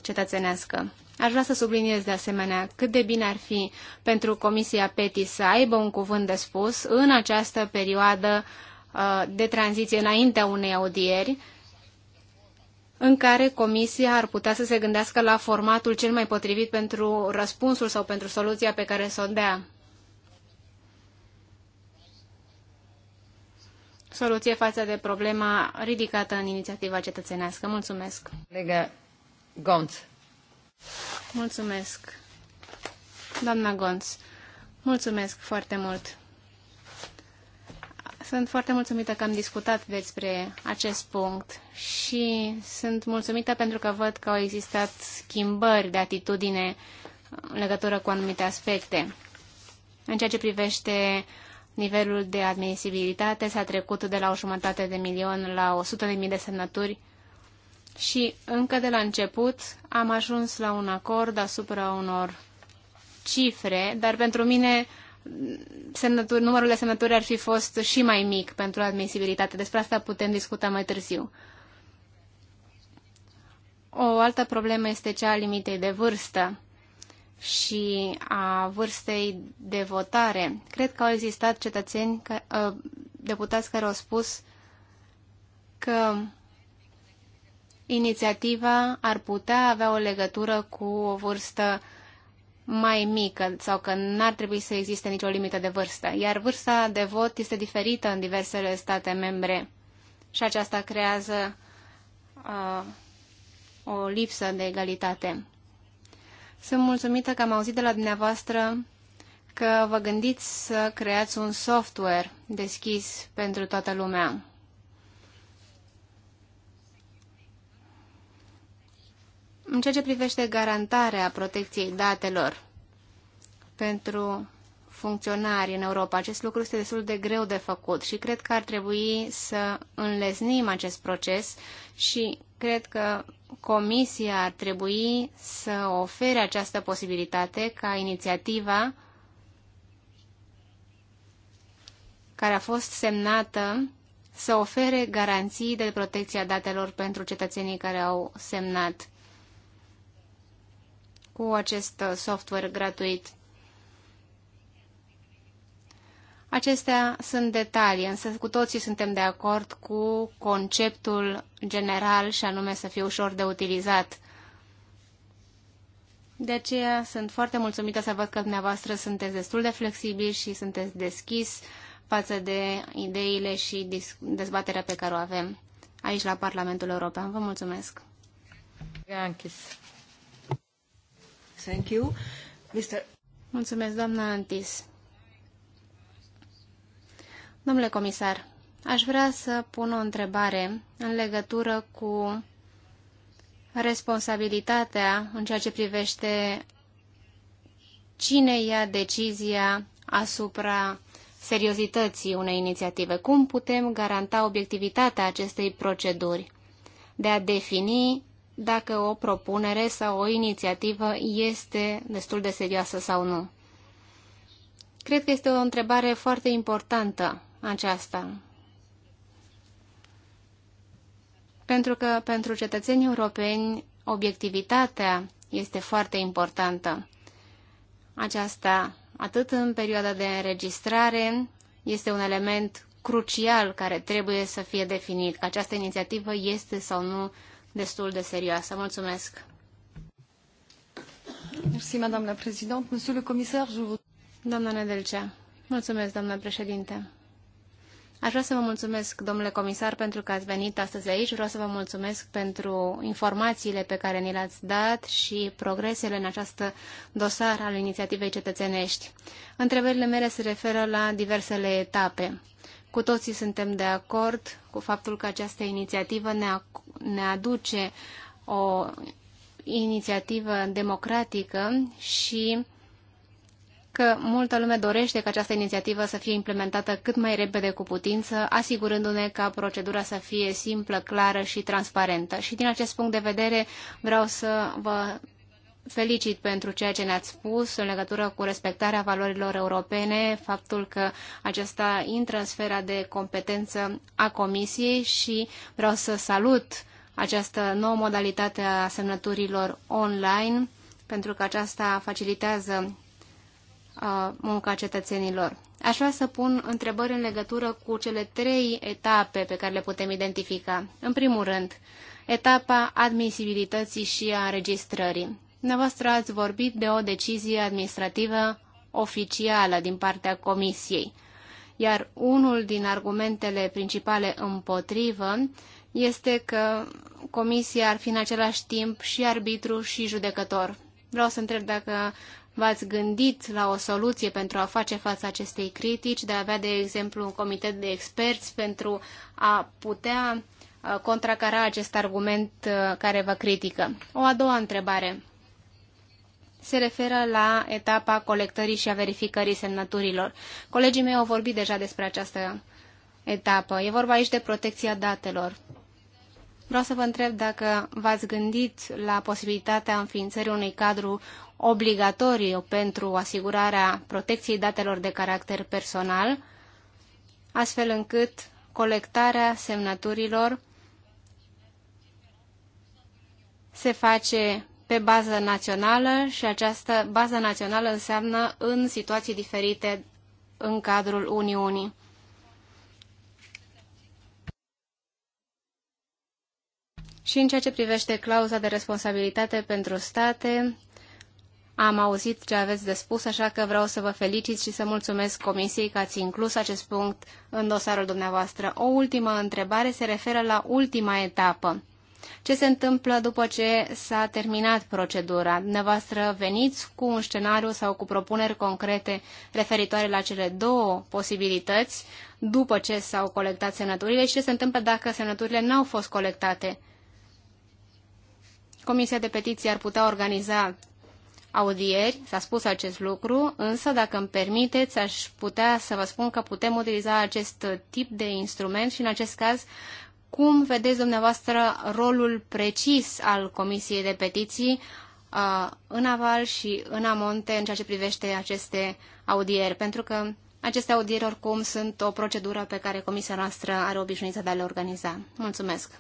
cetățenească. Aș vrea să subliniez de asemenea cât de bine ar fi pentru Comisia PETI să aibă un cuvânt de spus în această perioadă uh, de tranziție înaintea unei audieri în care Comisia ar putea să se gândească la formatul cel mai potrivit pentru răspunsul sau pentru soluția pe care să o dea. Soluție față de problema ridicată în inițiativa cetățenească. Mulțumesc. Legă Gonț. Mulțumesc. Doamna Gonț, mulțumesc foarte mult. Sunt foarte mulțumită că am discutat despre acest punct și sunt mulțumită pentru că văd că au existat schimbări de atitudine în legătură cu anumite aspecte. În ceea ce privește nivelul de admisibilitate, s-a trecut de la o jumătate de milion la 100.000 de mii de semnături și încă de la început am ajuns la un acord asupra unor cifre, dar pentru mine semnături, numărul de semnături ar fi fost și mai mic pentru admisibilitate. Despre asta putem discuta mai târziu. O altă problemă este cea a limitei de vârstă și a vârstei de votare. Cred că au existat cetățeni, ă, deputați care au spus că inițiativa ar putea avea o legătură cu o vârstă uh, mai mică sau că n-ar trebui să existe nicio limită de vârstă, iar vârsta de vot este diferită în diversele state membre și aceasta creează uh, o lipsă de egalitate. Sunt mulțumită că am auzit de la dumneavoastră că vă gândiți să creați un software deschis pentru toată lumea. În ceea ce privește garantarea protecției datelor pentru funcționari în Europa, acest lucru este destul de greu de făcut și cred că ar trebui să înleznim acest proces și cred că Comisia ar trebui să ofere această posibilitate ca inițiativa care a fost semnată să ofere garanții de protecție a datelor pentru cetățenii care au semnat cu acest software gratuit. Acestea sunt detalii, însă cu toții suntem de acord cu conceptul general și anume să fie ușor de utilizat. De aceea sunt foarte mulțumită să văd că dumneavoastră sunteți destul de flexibili și sunteți deschis față de ideile și dezbaterea pe care o avem aici la Parlamentul European. Vă mulțumesc! Thank you. Mr. Mulțumesc, doamna Antis. Domnule comisar, aș vrea să pun o întrebare în legătură cu responsabilitatea în ceea ce privește cine ia decizia asupra seriozității unei inițiative. Cum putem garanta obiectivitatea acestei proceduri de a defini dacă o propunere sau o inițiativă este destul de serioasă sau nu. Cred că este o întrebare foarte importantă aceasta. Pentru că pentru cetățenii europeni obiectivitatea este foarte importantă. Aceasta atât în perioada de înregistrare este un element crucial care trebuie să fie definit, această inițiativă este sau nu destul de serioasă. Mulțumesc! Mersi, la președinte. Monsieur le commissaire, je vous... Doamna Nedelcea, mulțumesc, doamna președinte. Aș vrea să vă mulțumesc, domnule comisar, pentru că ați venit astăzi aici. Vreau să vă mulțumesc pentru informațiile pe care ni le-ați dat și progresele în această dosar al inițiativei cetățenești. Întrebările mele se referă la diversele etape. Cu toții suntem de acord cu faptul că această inițiativă ne, ne aduce o inițiativă democratică și că multă lume dorește ca această inițiativă să fie implementată cât mai repede cu putință, asigurându-ne ca procedura să fie simplă, clară și transparentă. Și din acest punct de vedere vreau să vă felicit pentru ceea ce ne-ați spus în legătură cu respectarea valorilor europene, faptul că acesta intră în sfera de competență a Comisiei și vreau să salut această nouă modalitate a semnăturilor online, pentru că aceasta facilitează uh, munca cetățenilor. Aș vrea să pun întrebări în legătură cu cele trei etape pe care le putem identifica. În primul rând, etapa admisibilității și a înregistrării. Dumneavoastră ați vorbit de o decizie administrativă oficială din partea Comisiei, iar unul din argumentele principale împotrivă este că Comisia ar fi în același timp și arbitru și judecător. Vreau să întreb dacă V-ați gândit la o soluție pentru a face față acestei critici, de a avea, de exemplu, un comitet de experți pentru a putea uh, contracara acest argument uh, care vă critică? O a doua întrebare se referă la etapa colectării și a verificării semnăturilor. Colegii mei au vorbit deja despre această etapă. E vorba aici de protecția datelor. Vreau să vă întreb dacă v-ați gândit la posibilitatea înființării unui cadru obligatoriu pentru asigurarea protecției datelor de caracter personal, astfel încât colectarea semnăturilor se face pe bază națională și această bază națională înseamnă în situații diferite în cadrul Uniunii. Și în ceea ce privește clauza de responsabilitate pentru state, am auzit ce aveți de spus, așa că vreau să vă felicit și să mulțumesc Comisiei că ați inclus acest punct în dosarul dumneavoastră. O ultimă întrebare se referă la ultima etapă. Ce se întâmplă după ce s-a terminat procedura? Dumneavoastră veniți cu un scenariu sau cu propuneri concrete referitoare la cele două posibilități după ce s-au colectat semnăturile și ce se întâmplă dacă semnăturile n-au fost colectate? Comisia de petiții ar putea organiza audieri, s-a spus acest lucru, însă, dacă îmi permiteți, aș putea să vă spun că putem utiliza acest tip de instrument și, în acest caz, cum vedeți dumneavoastră rolul precis al Comisiei de Petiții uh, în aval și în amonte în ceea ce privește aceste audieri? Pentru că aceste audieri oricum sunt o procedură pe care Comisia noastră are obișnuința de a le organiza. Mulțumesc!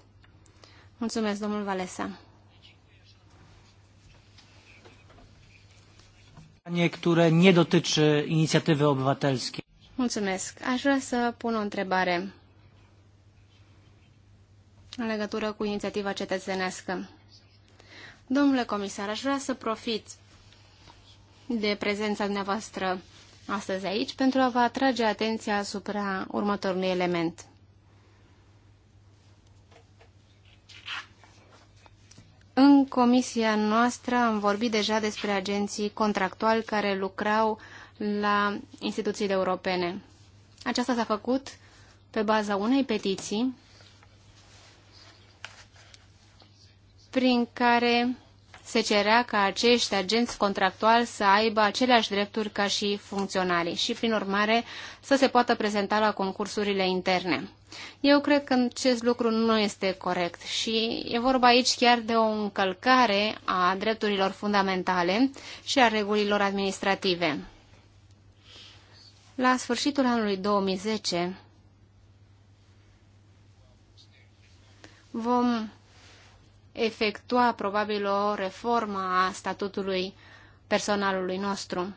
Mulțumesc, domnul Valesa! Które nu dotyczy inicjatywy Mulțumesc. Aș vrea să pun o întrebare în legătură cu inițiativa cetățenească. Domnule comisar, aș vrea să profit de prezența dumneavoastră astăzi aici pentru a vă atrage atenția asupra următorului element. În comisia noastră am vorbit deja despre agenții contractuali care lucrau la instituțiile europene. Aceasta s-a făcut pe baza unei petiții prin care se cerea ca acești agenți contractuali să aibă aceleași drepturi ca și funcționarii și, prin urmare, să se poată prezenta la concursurile interne. Eu cred că acest lucru nu este corect și e vorba aici chiar de o încălcare a drepturilor fundamentale și a regulilor administrative. La sfârșitul anului 2010 vom efectua probabil o reformă a statutului personalului nostru.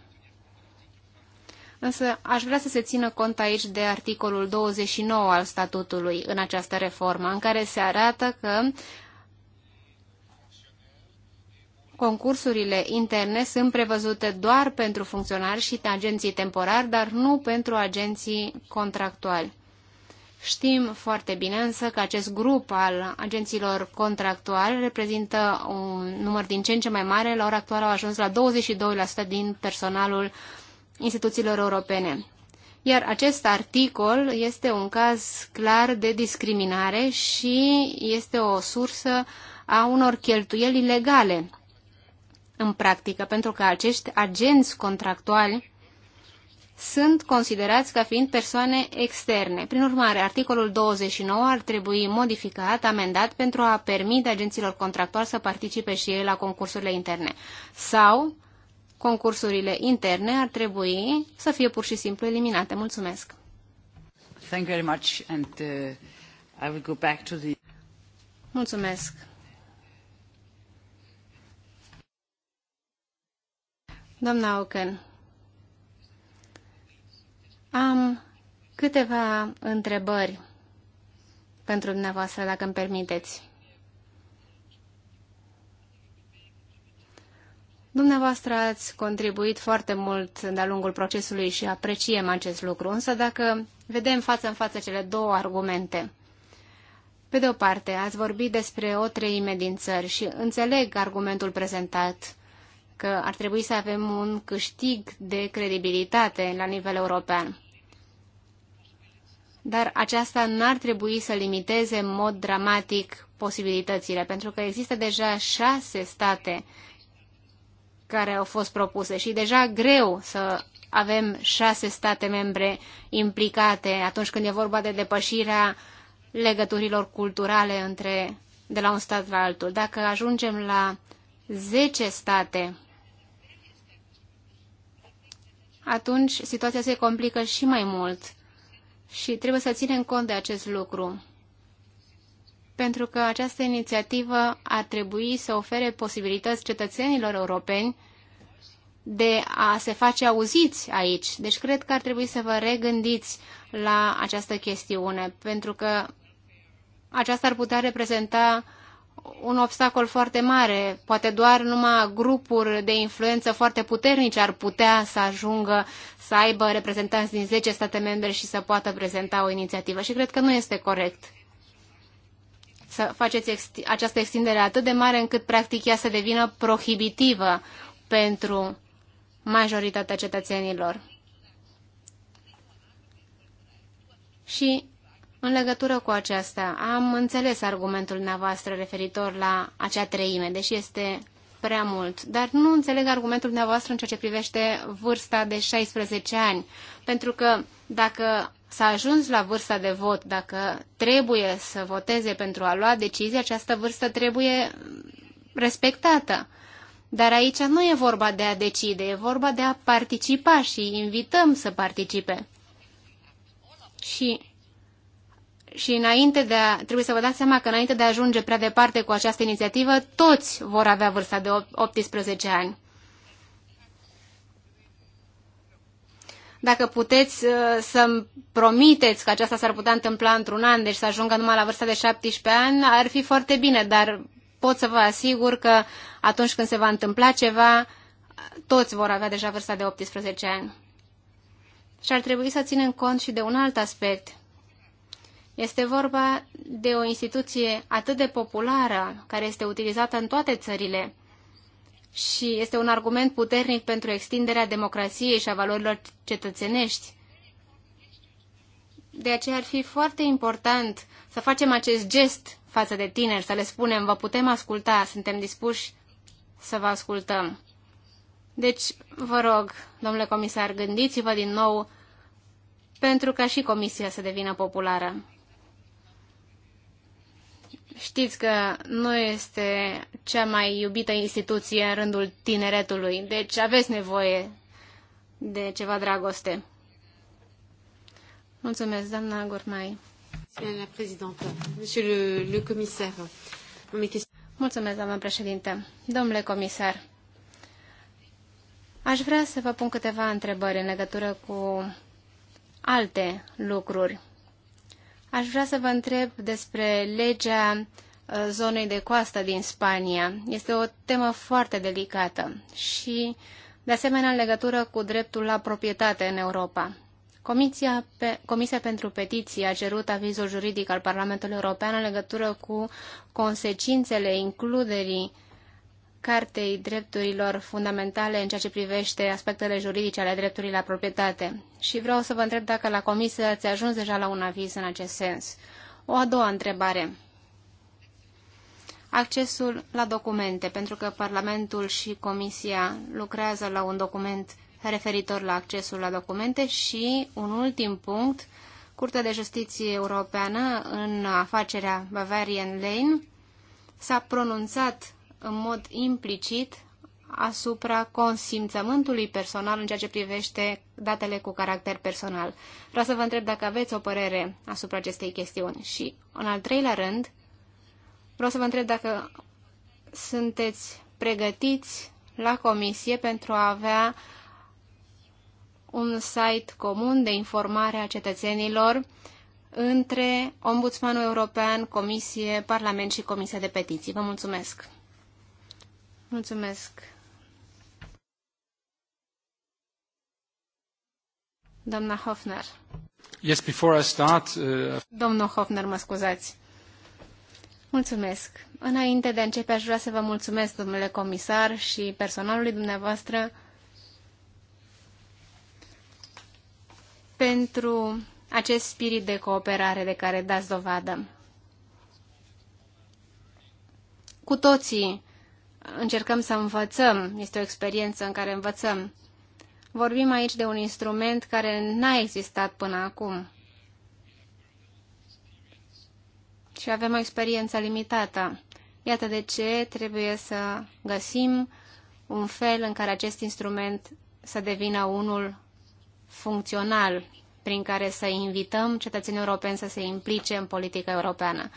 Însă aș vrea să se țină cont aici de articolul 29 al statutului în această reformă, în care se arată că concursurile interne sunt prevăzute doar pentru funcționari și agenții temporari, dar nu pentru agenții contractuali. Știm foarte bine însă că acest grup al agenților contractuale reprezintă un număr din ce în ce mai mare. La ora actuală au ajuns la 22% din personalul instituțiilor europene. Iar acest articol este un caz clar de discriminare și este o sursă a unor cheltuieli ilegale în practică, pentru că acești agenți contractuali sunt considerați ca fiind persoane externe. Prin urmare, articolul 29 ar trebui modificat, amendat, pentru a permite agenților contractuali să participe și ei la concursurile interne. Sau concursurile interne ar trebui să fie pur și simplu eliminate. Mulțumesc! Thank you very much and uh, I will go back to the... Mulțumesc! Doamna Oken, am câteva întrebări pentru dumneavoastră, dacă îmi permiteți. Dumneavoastră ați contribuit foarte mult de-a lungul procesului și apreciem acest lucru, însă dacă vedem față în față cele două argumente, pe de o parte, ați vorbit despre o treime din țări și înțeleg argumentul prezentat că ar trebui să avem un câștig de credibilitate la nivel european dar aceasta n-ar trebui să limiteze în mod dramatic posibilitățile, pentru că există deja șase state care au fost propuse și deja greu să avem șase state membre implicate atunci când e vorba de depășirea legăturilor culturale între, de la un stat la altul. Dacă ajungem la 10 state, atunci situația se complică și mai mult și trebuie să ținem cont de acest lucru, pentru că această inițiativă ar trebui să ofere posibilități cetățenilor europeni de a se face auziți aici. Deci cred că ar trebui să vă regândiți la această chestiune, pentru că aceasta ar putea reprezenta uh, un obstacol foarte mare. Poate doar numai grupuri de influență foarte puternice ar putea să ajungă să aibă reprezentanți din 10 state membre și să poată prezenta o inițiativă. Și cred că nu este corect să faceți ex această extindere atât de mare încât practic ea să devină prohibitivă pentru majoritatea cetățenilor. Și în legătură cu aceasta, am înțeles argumentul dumneavoastră referitor la acea treime, deși este prea mult, dar nu înțeleg argumentul dumneavoastră în ceea ce privește vârsta de 16 ani, pentru că dacă s-a ajuns la vârsta de vot, dacă trebuie să voteze pentru a lua decizia, această vârstă trebuie respectată. Dar aici nu e vorba de a decide, e vorba de a participa și invităm să participe. Și și înainte de a, trebuie să vă dați seama că înainte de a ajunge prea departe cu această inițiativă, toți vor avea vârsta de 18 ani. Dacă puteți uh, să-mi promiteți că aceasta s-ar putea întâmpla într-un an, deci să ajungă numai la vârsta de 17 ani, ar fi foarte bine, dar pot să vă asigur că atunci când se va întâmpla ceva, toți vor avea deja vârsta de 18 ani. Și ar trebui să ținem cont și de un alt aspect – este vorba de o instituție atât de populară, care este utilizată în toate țările și este un argument puternic pentru extinderea democrației și a valorilor cetățenești. De aceea ar fi foarte important să facem acest gest față de tineri, să le spunem, vă putem asculta, suntem dispuși să vă ascultăm. Deci, vă rog, domnule comisar, gândiți-vă din nou pentru ca și comisia să devină populară. Știți că nu este cea mai iubită instituție în rândul tineretului, deci aveți nevoie de ceva dragoste. Mulțumesc, doamna Gormai. comisar. Mulțumesc, doamna președinte. Domnule comisar, aș vrea să vă pun câteva întrebări în legătură cu alte lucruri Aș vrea să vă întreb despre legea uh, zonei de coastă din Spania. Este o temă foarte delicată și, de asemenea, în legătură cu dreptul la proprietate în Europa. Comisia, pe, Comisia pentru Petiții a cerut avizul juridic al Parlamentului European în legătură cu consecințele includerii Cartei Drepturilor Fundamentale în ceea ce privește aspectele juridice ale dreptului la proprietate. Și vreau să vă întreb dacă la comisie ați ajuns deja la un aviz în acest sens. O a doua întrebare. Accesul la documente, pentru că Parlamentul și Comisia lucrează la un document referitor la accesul la documente și un ultim punct, Curtea de Justiție Europeană în afacerea Bavarian Lane s-a pronunțat în mod implicit asupra consimțământului personal în ceea ce privește datele cu caracter personal. Vreau să vă întreb dacă aveți o părere asupra acestei chestiuni. Și, în al treilea rând, vreau să vă întreb dacă sunteți pregătiți la comisie pentru a avea un site comun de informare a cetățenilor între Ombudsmanul European, Comisie, Parlament și Comisia de Petiții. Vă mulțumesc! Mulțumesc. Doamna Hofner. Yes, before I start... Uh... Domnul Hofner, mă scuzați. Mulțumesc. Înainte de a începe, aș vrea să vă mulțumesc, domnule comisar și personalului dumneavoastră, pentru acest spirit de cooperare de care dați dovadă. Cu toții încercăm să învățăm, este o experiență în care învățăm. Vorbim aici de un instrument care n-a existat până acum. Și avem o experiență limitată. Iată de ce trebuie să găsim un fel în care acest instrument să devină unul funcțional, prin care să invităm cetățenii europeni să se implice în politica europeană.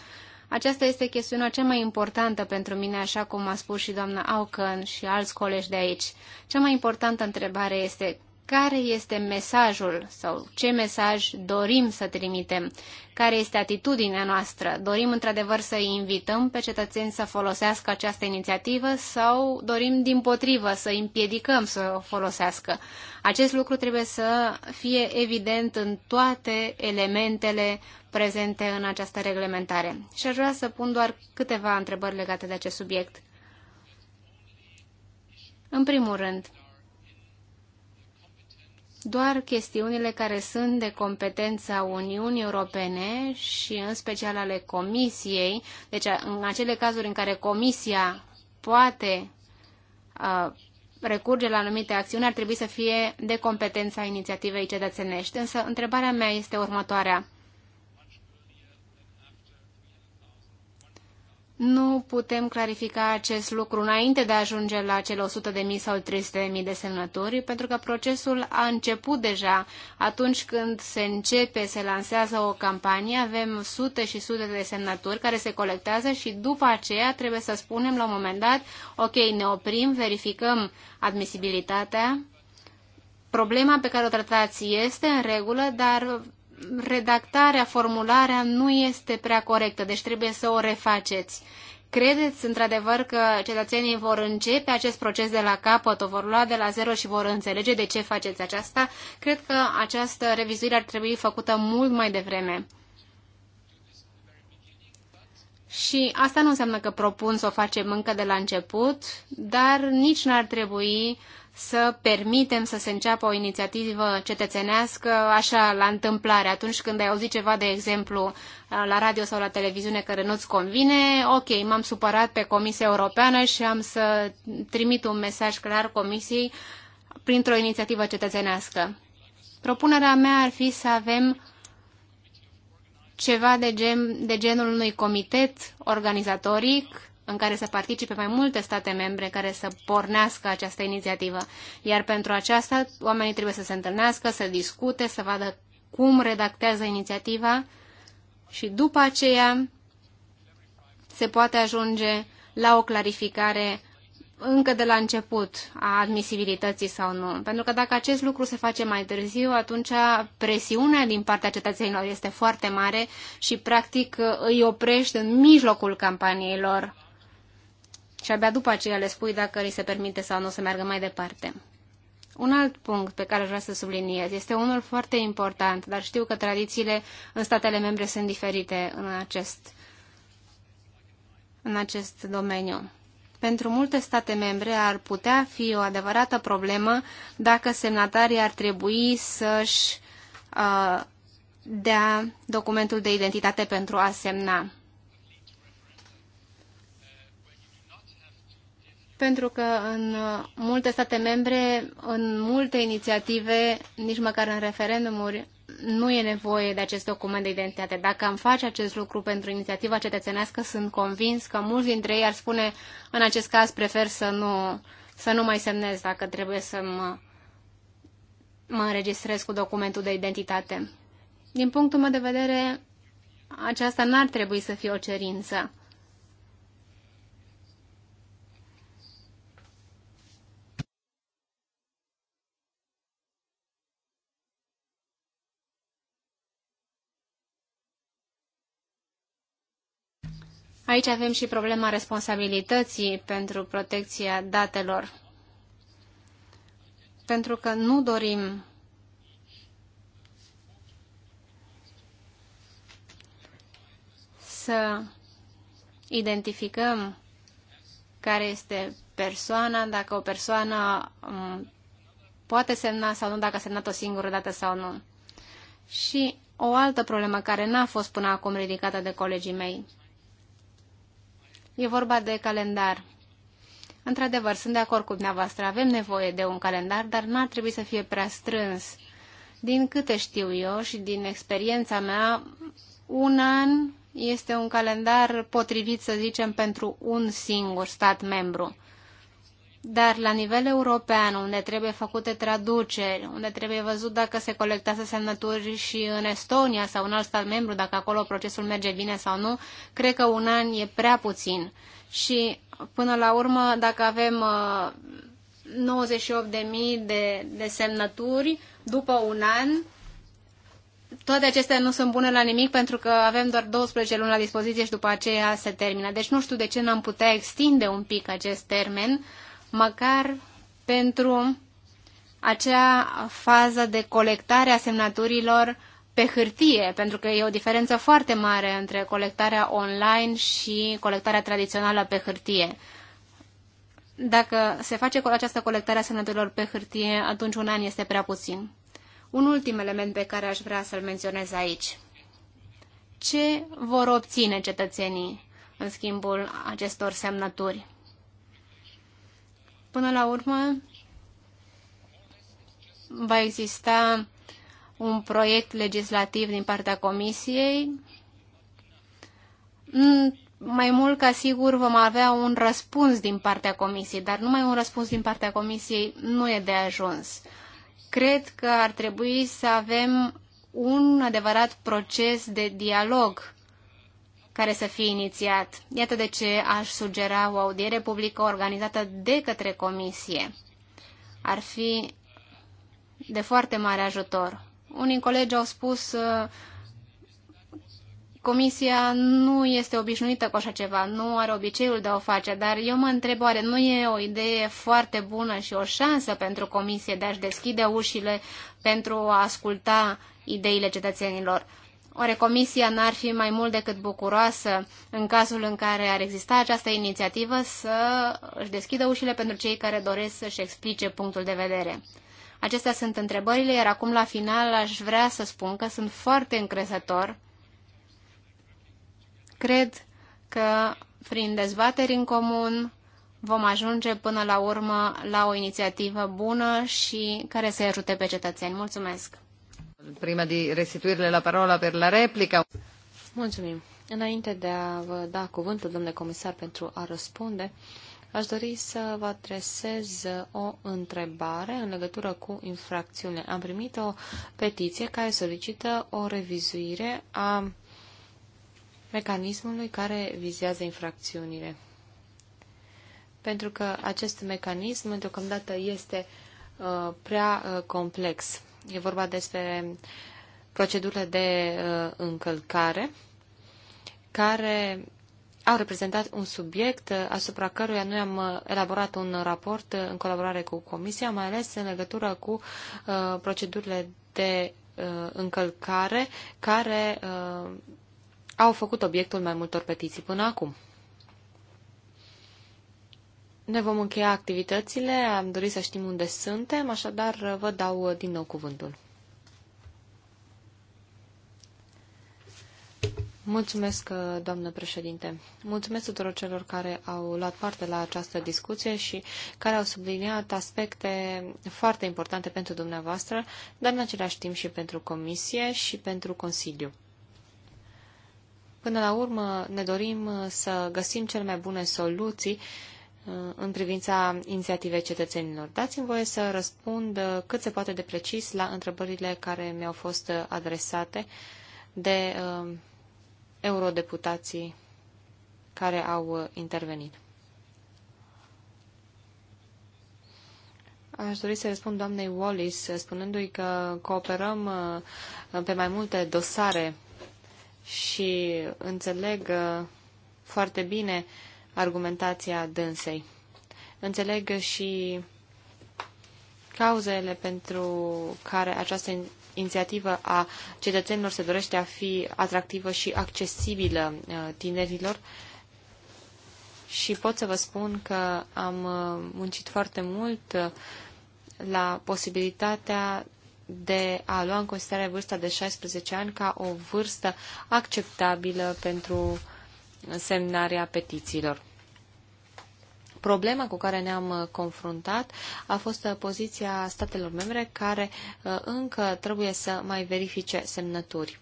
Aceasta este chestiunea cea mai importantă pentru mine, așa cum a spus și doamna Aucan și alți colegi de aici. Cea mai importantă întrebare este care este mesajul sau ce mesaj dorim să trimitem, care este atitudinea noastră. Dorim într-adevăr să invităm pe cetățeni să folosească această inițiativă sau dorim din potrivă să împiedicăm să o folosească. Acest lucru trebuie să fie evident în toate elementele prezente în această reglementare. Și aș vrea să pun doar câteva întrebări legate de acest subiect. În primul rând, doar chestiunile care sunt de competența Uniunii Europene și în special ale Comisiei, deci în acele cazuri în care Comisia poate uh, recurge la anumite acțiuni, ar trebui să fie de competența inițiativei cetățenești. Însă întrebarea mea este următoarea. nu putem clarifica acest lucru înainte de a ajunge la cele 100.000 sau 300.000 de semnături, pentru că procesul a început deja. Atunci când se începe, se lansează o campanie, avem sute și sute de semnături care se colectează și după aceea trebuie să spunem la un moment dat, ok, ne oprim, verificăm admisibilitatea, problema pe care o tratați este în regulă, dar redactarea, formularea nu este prea corectă, deci trebuie să o refaceți. Credeți într-adevăr că cetățenii vor începe acest proces de la capăt, o vor lua de la zero și vor înțelege de ce faceți aceasta? Cred că această revizuire ar trebui făcută mult mai devreme. Și asta nu înseamnă că propun să o facem încă de la început, dar nici n-ar trebui uh, să permitem să se înceapă o inițiativă cetățenească așa la întâmplare. Atunci când ai auzit ceva, de exemplu, la radio sau la televiziune care nu-ți convine, ok, m-am supărat pe Comisia Europeană și am să trimit un mesaj clar Comisiei printr-o inițiativă cetățenească. Propunerea mea ar fi să avem ceva de, gen, de genul unui comitet organizatoric în care să participe mai multe state membre care să pornească această inițiativă. Iar pentru aceasta, oamenii trebuie să se întâlnească, să discute, să vadă cum redactează inițiativa și după aceea se poate ajunge la o clarificare încă de la început a admisibilității sau nu. Pentru că dacă acest lucru se face mai târziu, atunci presiunea din partea cetățenilor este foarte mare și practic îi oprește în mijlocul campaniilor și abia după aceea le spui dacă îi se permite sau nu să meargă mai departe. Un alt punct pe care vreau să subliniez este unul foarte important, dar știu că tradițiile în statele membre sunt diferite în acest, în acest domeniu. Pentru multe state membre ar putea fi o adevărată problemă dacă semnatarii ar trebui să-și uh, dea documentul de identitate pentru a semna. pentru că în multe state membre, în multe inițiative, nici măcar în referendumuri, nu e nevoie de acest document de identitate. Dacă am face acest lucru pentru inițiativa cetățenească, sunt convins că mulți dintre ei ar spune, în acest caz prefer să nu, să nu mai semnez dacă trebuie să mă, mă înregistrez cu documentul de identitate. Din punctul meu de vedere, aceasta n-ar trebui să fie o cerință. Aici avem și problema responsabilității pentru protecția datelor. Pentru că nu dorim să identificăm care este persoana, dacă o persoană um, poate semna sau nu, dacă a semnat o singură dată sau nu. Și o altă problemă care n-a fost până acum ridicată de colegii mei E vorba de calendar. Într-adevăr, sunt de acord cu dumneavoastră, avem nevoie de un calendar, dar nu ar trebui să fie prea strâns. Din câte știu eu și din experiența mea, un an este un calendar potrivit, să zicem, pentru un singur stat membru. Dar la nivel european, unde trebuie făcute traduceri, unde trebuie văzut dacă se colectează semnături și în Estonia sau în alt stat membru, dacă acolo procesul merge bine sau nu, cred că un an e prea puțin. Și până la urmă, dacă avem 98.000 uh, de, de semnături după un an, toate acestea nu sunt bune la nimic pentru că avem doar 12 luni la dispoziție și după aceea se termină. Deci nu știu de ce n-am putea extinde un pic acest termen măcar pentru acea fază de colectare a semnăturilor pe hârtie, pentru că e o diferență foarte mare între colectarea online și colectarea tradițională pe hârtie. Dacă se face cu această colectare a semnăturilor pe hârtie, atunci un an este prea puțin. Un ultim element pe care aș vrea să-l menționez aici. Ce vor obține cetățenii în schimbul acestor semnături? Până la urmă, va exista un proiect legislativ din partea Comisiei. Mm, mai mult ca sigur vom avea un răspuns din partea Comisiei, dar numai un răspuns din partea Comisiei nu e de ajuns. Cred că ar trebui să avem un adevărat proces de dialog care să fie inițiat. Iată de ce aș sugera o audiere publică organizată de către comisie. Ar fi de foarte mare ajutor. Unii colegi au spus că uh, Comisia nu este obișnuită cu așa ceva, nu are obiceiul de a o face, dar eu mă întreb oare nu e o idee foarte bună și o șansă pentru Comisie de a-și deschide ușile pentru a asculta ideile cetățenilor. Oare comisia n-ar fi mai mult decât bucuroasă în cazul în care ar exista această inițiativă să își deschidă ușile pentru cei care doresc să-și explice punctul de vedere. Acestea sunt întrebările, iar acum la final aș vrea să spun că sunt foarte încrezător. Cred că prin dezbateri în comun vom ajunge până la urmă la o inițiativă bună și care să ajute pe cetățeni. Mulțumesc! prima di restituirle la parola per la replica. Mulțumim. Înainte de a vă da cuvântul, domnule comisar, pentru a răspunde, aș dori să vă adresez o întrebare în legătură cu infracțiune. Am primit o petiție care solicită o revizuire a mecanismului care vizează infracțiunile. Pentru că acest mecanism, deocamdată, este uh, prea uh, complex. E vorba despre procedurile de uh, încălcare care au reprezentat un subiect uh, asupra căruia noi am uh, elaborat un raport uh, în colaborare cu Comisia, mai ales în legătură cu uh, procedurile de uh, încălcare care uh, au făcut obiectul mai multor petiții până acum. Ne vom încheia activitățile, am dorit să știm unde suntem, așadar vă dau din nou cuvântul. Mulțumesc, doamnă președinte. Mulțumesc tuturor celor care au luat parte la această discuție și care au subliniat aspecte foarte importante pentru dumneavoastră, dar în același timp și pentru Comisie și pentru Consiliu. Până la urmă, ne dorim să găsim cele mai bune soluții uh, Uh, în privința inițiativei cetățenilor. Dați-mi voie să răspund uh, cât se poate de precis la întrebările care mi-au fost uh, adresate de eurodeputații care au intervenit. Aș dori să răspund doamnei Wallis, spunându-i că cooperăm pe mai multe dosare și înțeleg foarte bine uh, argumentația dânsei. Înțeleg și cauzele pentru care această inițiativă a cetățenilor se dorește a fi atractivă și accesibilă uh, tinerilor. Și pot să vă spun că am uh, muncit foarte mult uh, la posibilitatea de a lua în considerare vârsta de 16 ani ca o vârstă acceptabilă pentru uh, semnarea petițiilor. Problema cu care ne-am uh, confruntat a fost uh, poziția statelor membre care uh, încă trebuie să mai verifice semnături.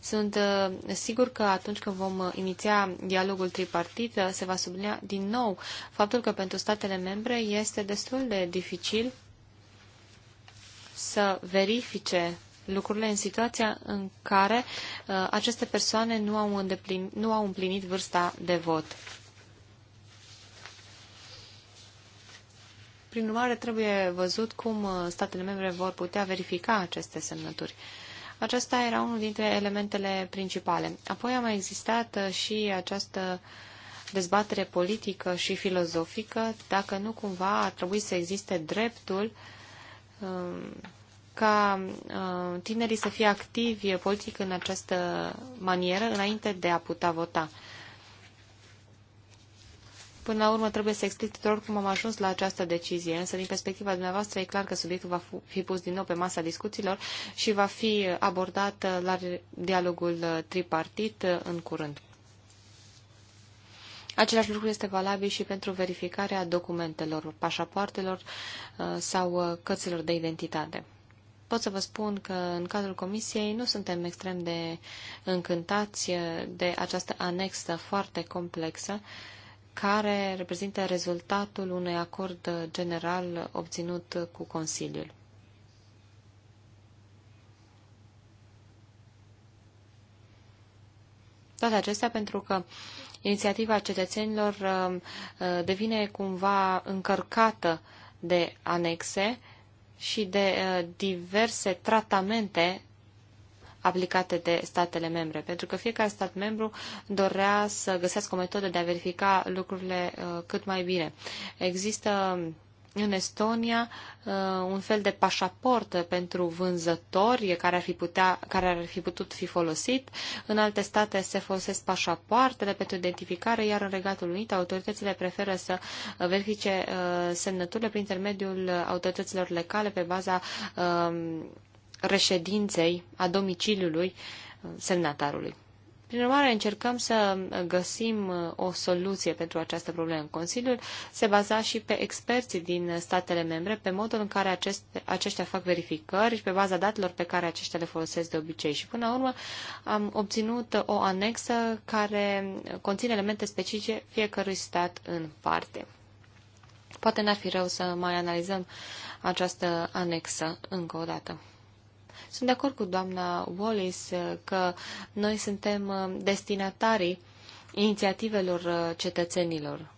Sunt sigur că atunci când vom iniția dialogul tripartit, se va sublinia din nou faptul că pentru statele membre este destul de dificil să verifice lucrurile în situația în care uh, aceste persoane nu au, îndeplin, nu au împlinit vârsta de vot. Prin urmare, trebuie văzut cum uh, statele membre vor putea verifica aceste semnături. Aceasta era unul dintre elementele principale. Apoi a mai existat uh, și această dezbatere politică și filozofică, dacă nu cumva ar trebui să existe dreptul um, ca uh, tinerii să fie activi politic în această manieră înainte de a putea vota. Până la urmă trebuie să explic tuturor cum am ajuns la această decizie, însă din perspectiva dumneavoastră e clar că subiectul va fi pus din nou pe masa discuțiilor și va fi abordat la dialogul tripartit în curând. Același lucru este valabil și pentru verificarea documentelor, pașapoartelor uh, sau uh, cărților de identitate pot să vă spun că în cadrul comisiei nu suntem extrem de încântați de această anexă foarte complexă care reprezintă rezultatul unui acord general obținut cu Consiliul. Toate acestea pentru că inițiativa cetățenilor uh, devine cumva încărcată de anexe și de uh, diverse tratamente aplicate de statele membre, pentru că fiecare stat membru dorea să găsească o metodă de a verifica lucrurile uh, cât mai bine. Există în Estonia uh, un fel de pașaport pentru vânzători care ar, fi putea, care ar fi putut fi folosit. În alte state se folosesc pașapoartele pentru identificare, iar în Regatul Unit autoritățile preferă să verifice uh, semnăturile prin intermediul autorităților locale pe baza um, reședinței, a domiciliului uh, semnatarului. Prin urmare, încercăm să găsim uh, o soluție pentru această problemă. Consiliul se baza și pe experții din statele membre, pe modul în care acest, aceștia fac verificări și pe baza datelor pe care aceștia le folosesc de obicei. Și până la urmă am obținut uh, o anexă care conține elemente specifice fiecărui stat în parte. Poate n-ar fi rău să mai analizăm această anexă încă o dată. Sunt de acord cu doamna Wallis uh, că noi suntem uh, destinatarii inițiativelor uh, cetățenilor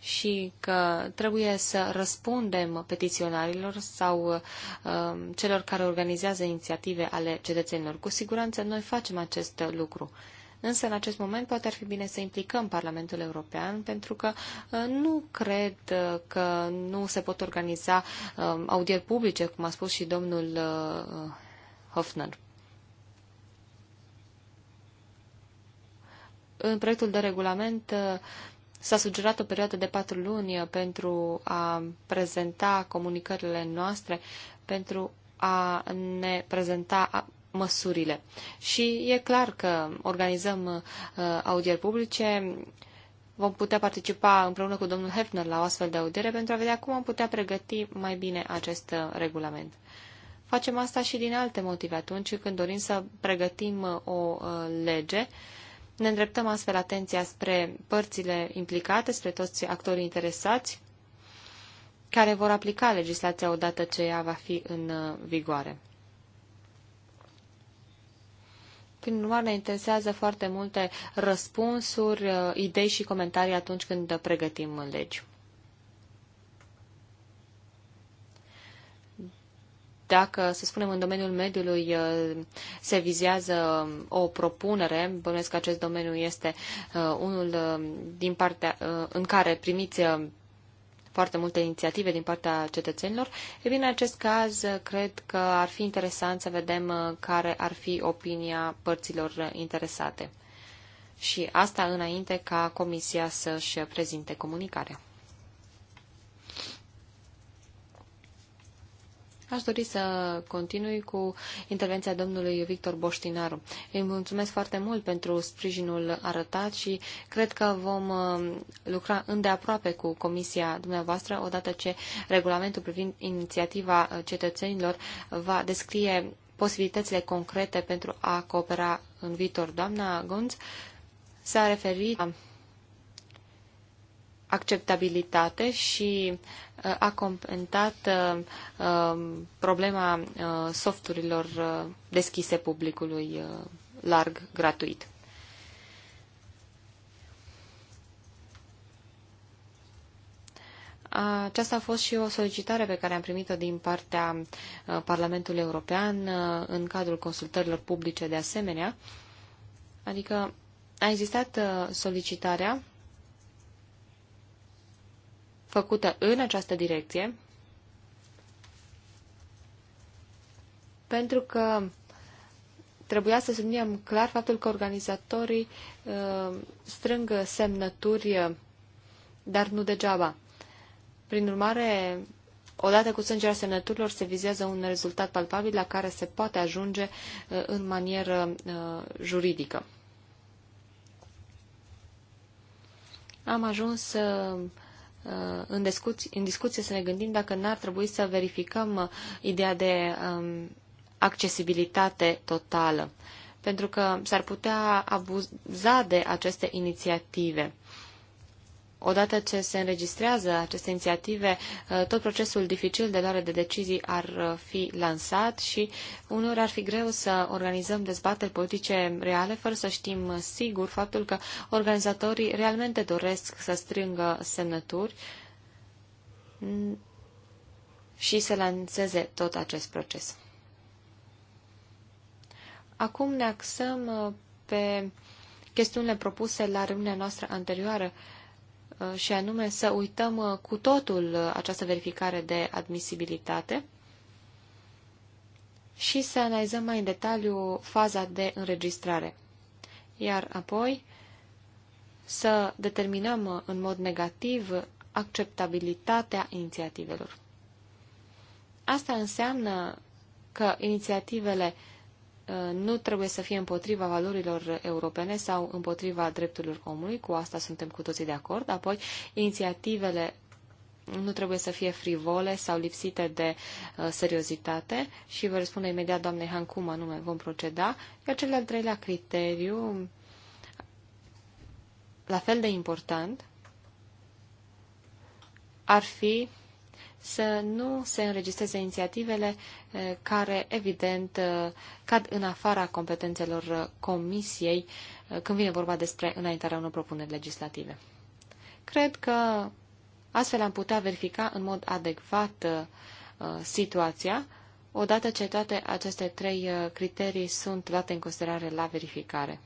și că trebuie să răspundem petiționarilor sau uh, um, celor care organizează inițiative ale cetățenilor. Cu siguranță noi facem acest lucru. Însă, în acest moment, poate ar fi bine să implicăm Parlamentul European, pentru că nu cred că nu se pot organiza um, audieri publice, cum a spus și domnul Hofner. În proiectul de regulament uh, s-a sugerat o perioadă de patru luni uh, pentru a prezenta comunicările noastre, pentru a ne prezenta măsurile. Și e clar că organizăm uh, audieri publice, vom putea participa împreună cu domnul Hefner la o astfel de audiere pentru a vedea cum am putea pregăti mai bine acest regulament. Facem asta și din alte motive. Atunci când dorim să pregătim uh, o uh, lege, ne îndreptăm astfel atenția spre părțile implicate, spre toți actorii interesați, care vor aplica legislația odată ce ea va fi în uh, vigoare. Prin urmare, ne interesează foarte multe răspunsuri, idei și comentarii atunci când pregătim legi. dacă, să spunem, în domeniul mediului uh, se vizează o propunere, bănuiesc că acest domeniu este uh, unul uh, din partea în care primiți foarte multe inițiative din partea cetățenilor, e bine, în acest caz, cred că ar fi interesant să vedem care ar fi opinia părților interesate. Și asta înainte ca Comisia să-și prezinte comunicarea. Aș dori să continui cu intervenția domnului Victor Boștinaru. Îi mulțumesc foarte mult pentru sprijinul arătat și cred că vom uh, lucra îndeaproape cu comisia dumneavoastră odată ce regulamentul privind inițiativa cetățenilor va descrie posibilitățile concrete pentru a coopera în viitor. Doamna Gonț s-a referit la acceptabilitate și uh, a comentat uh, um, problema uh, softurilor deschise publicului larg gratuit. Aceasta a fost și o solicitare pe care am primit-o din partea Parlamentului European în cadrul consultărilor publice de asemenea. Adică a existat solicitarea făcută în această direcție, pentru că trebuia să subliniem clar faptul că organizatorii uh, strâng semnături, uh, dar nu degeaba. Prin urmare, odată cu sângerea semnăturilor se vizează un rezultat palpabil la care se poate ajunge uh, în manieră uh, juridică. Am ajuns uh, Uh, în, discuție, în discuție să ne gândim dacă n-ar trebui să verificăm uh, ideea de um, accesibilitate totală, pentru că s-ar putea abuza de aceste inițiative. Odată ce se înregistrează aceste inițiative, uh, tot procesul dificil de luare de decizii ar uh, fi lansat și uneori ar fi greu să organizăm dezbateri politice reale fără să știm sigur faptul că organizatorii realmente doresc să strângă semnături și să lanseze tot acest proces. Acum ne axăm uh, pe chestiunile propuse la reuniunea noastră anterioară Uh, și anume să uităm uh, cu totul uh, această verificare de admisibilitate și să analizăm mai în detaliu faza de înregistrare. Iar apoi să determinăm în mod negativ acceptabilitatea inițiativelor. Asta înseamnă că inițiativele uh, nu trebuie să fie împotriva valorilor europene sau împotriva drepturilor omului, cu asta suntem cu toții de acord, apoi inițiativele nu trebuie să fie frivole sau lipsite de uh, seriozitate și vă răspunde imediat doamne Han cum anume vom proceda. Iar cel de-al treilea criteriu, la fel de important, ar fi să nu se înregistreze inițiativele eh, care, evident, eh, cad în afara competențelor eh, comisiei când vine vorba despre înaintarea unor propuneri legislative. Cred că astfel am putea verifica în mod adecvat situația odată ce toate aceste trei criterii sunt luate în considerare la verificare.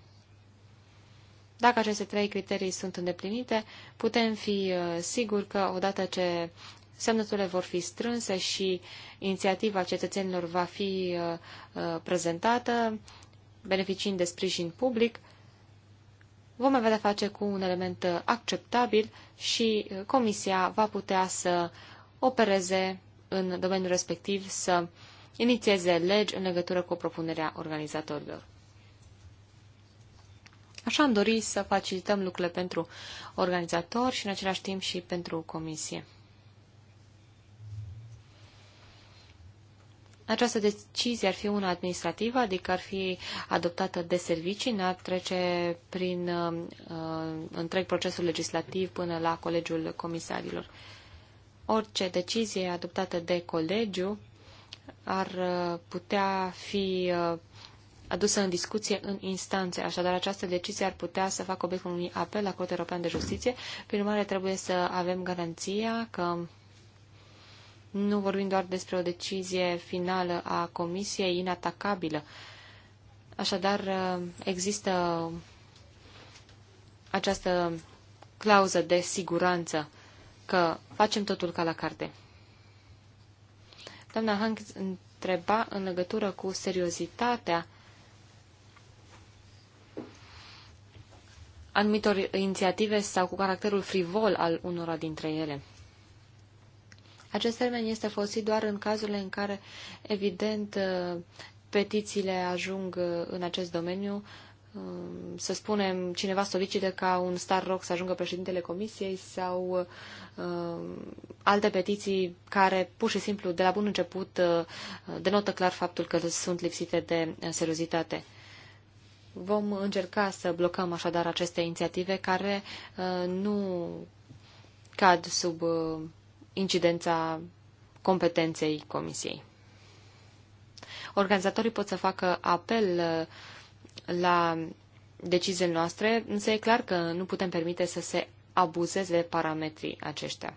Dacă aceste trei criterii sunt îndeplinite, putem fi siguri că odată ce semnăturile vor fi strânse și inițiativa cetățenilor va fi uh, uh, prezentată, beneficiind de sprijin public, vom avea de face cu un element uh, acceptabil și Comisia va putea să opereze în domeniul respectiv, să inițieze legi în legătură cu propunerea organizatorilor. Așa am dorit să facilităm lucrurile pentru organizatori și în același timp și pentru comisie. Această decizie ar fi una administrativă, adică ar fi adoptată de servicii, n-ar trece prin uh, întreg procesul legislativ până la Colegiul Comisarilor. Orice decizie adoptată de colegiu ar uh, putea fi uh, adusă în discuție în instanțe. Așadar, această decizie ar putea să facă obiectul unui apel la Curtea Europeană de Justiție. Prin urmare, trebuie să avem garanția că nu vorbim doar despre o decizie finală a Comisiei inatacabilă. Așadar, există această clauză de siguranță că facem totul ca la carte. Doamna Hank întreba în legătură cu seriozitatea anumitor inițiative sau cu caracterul frivol al unora dintre ele. Acest termen este folosit doar în cazurile în care, evident, uh, petițiile ajung uh, în acest domeniu um, să spunem, cineva solicită ca un star rock să ajungă președintele comisiei sau uh, um, alte petiții care pur și simplu de la bun început denotă clar faptul că sunt lipsite de seriozitate. Vom încerca să blocăm așadar aceste inițiative care uh, nu cad sub incidența competenței comisiei. Organizatorii pot să facă apel uh, la deciziile noastre, însă e clar că nu putem permite să se abuzeze de parametrii aceștia.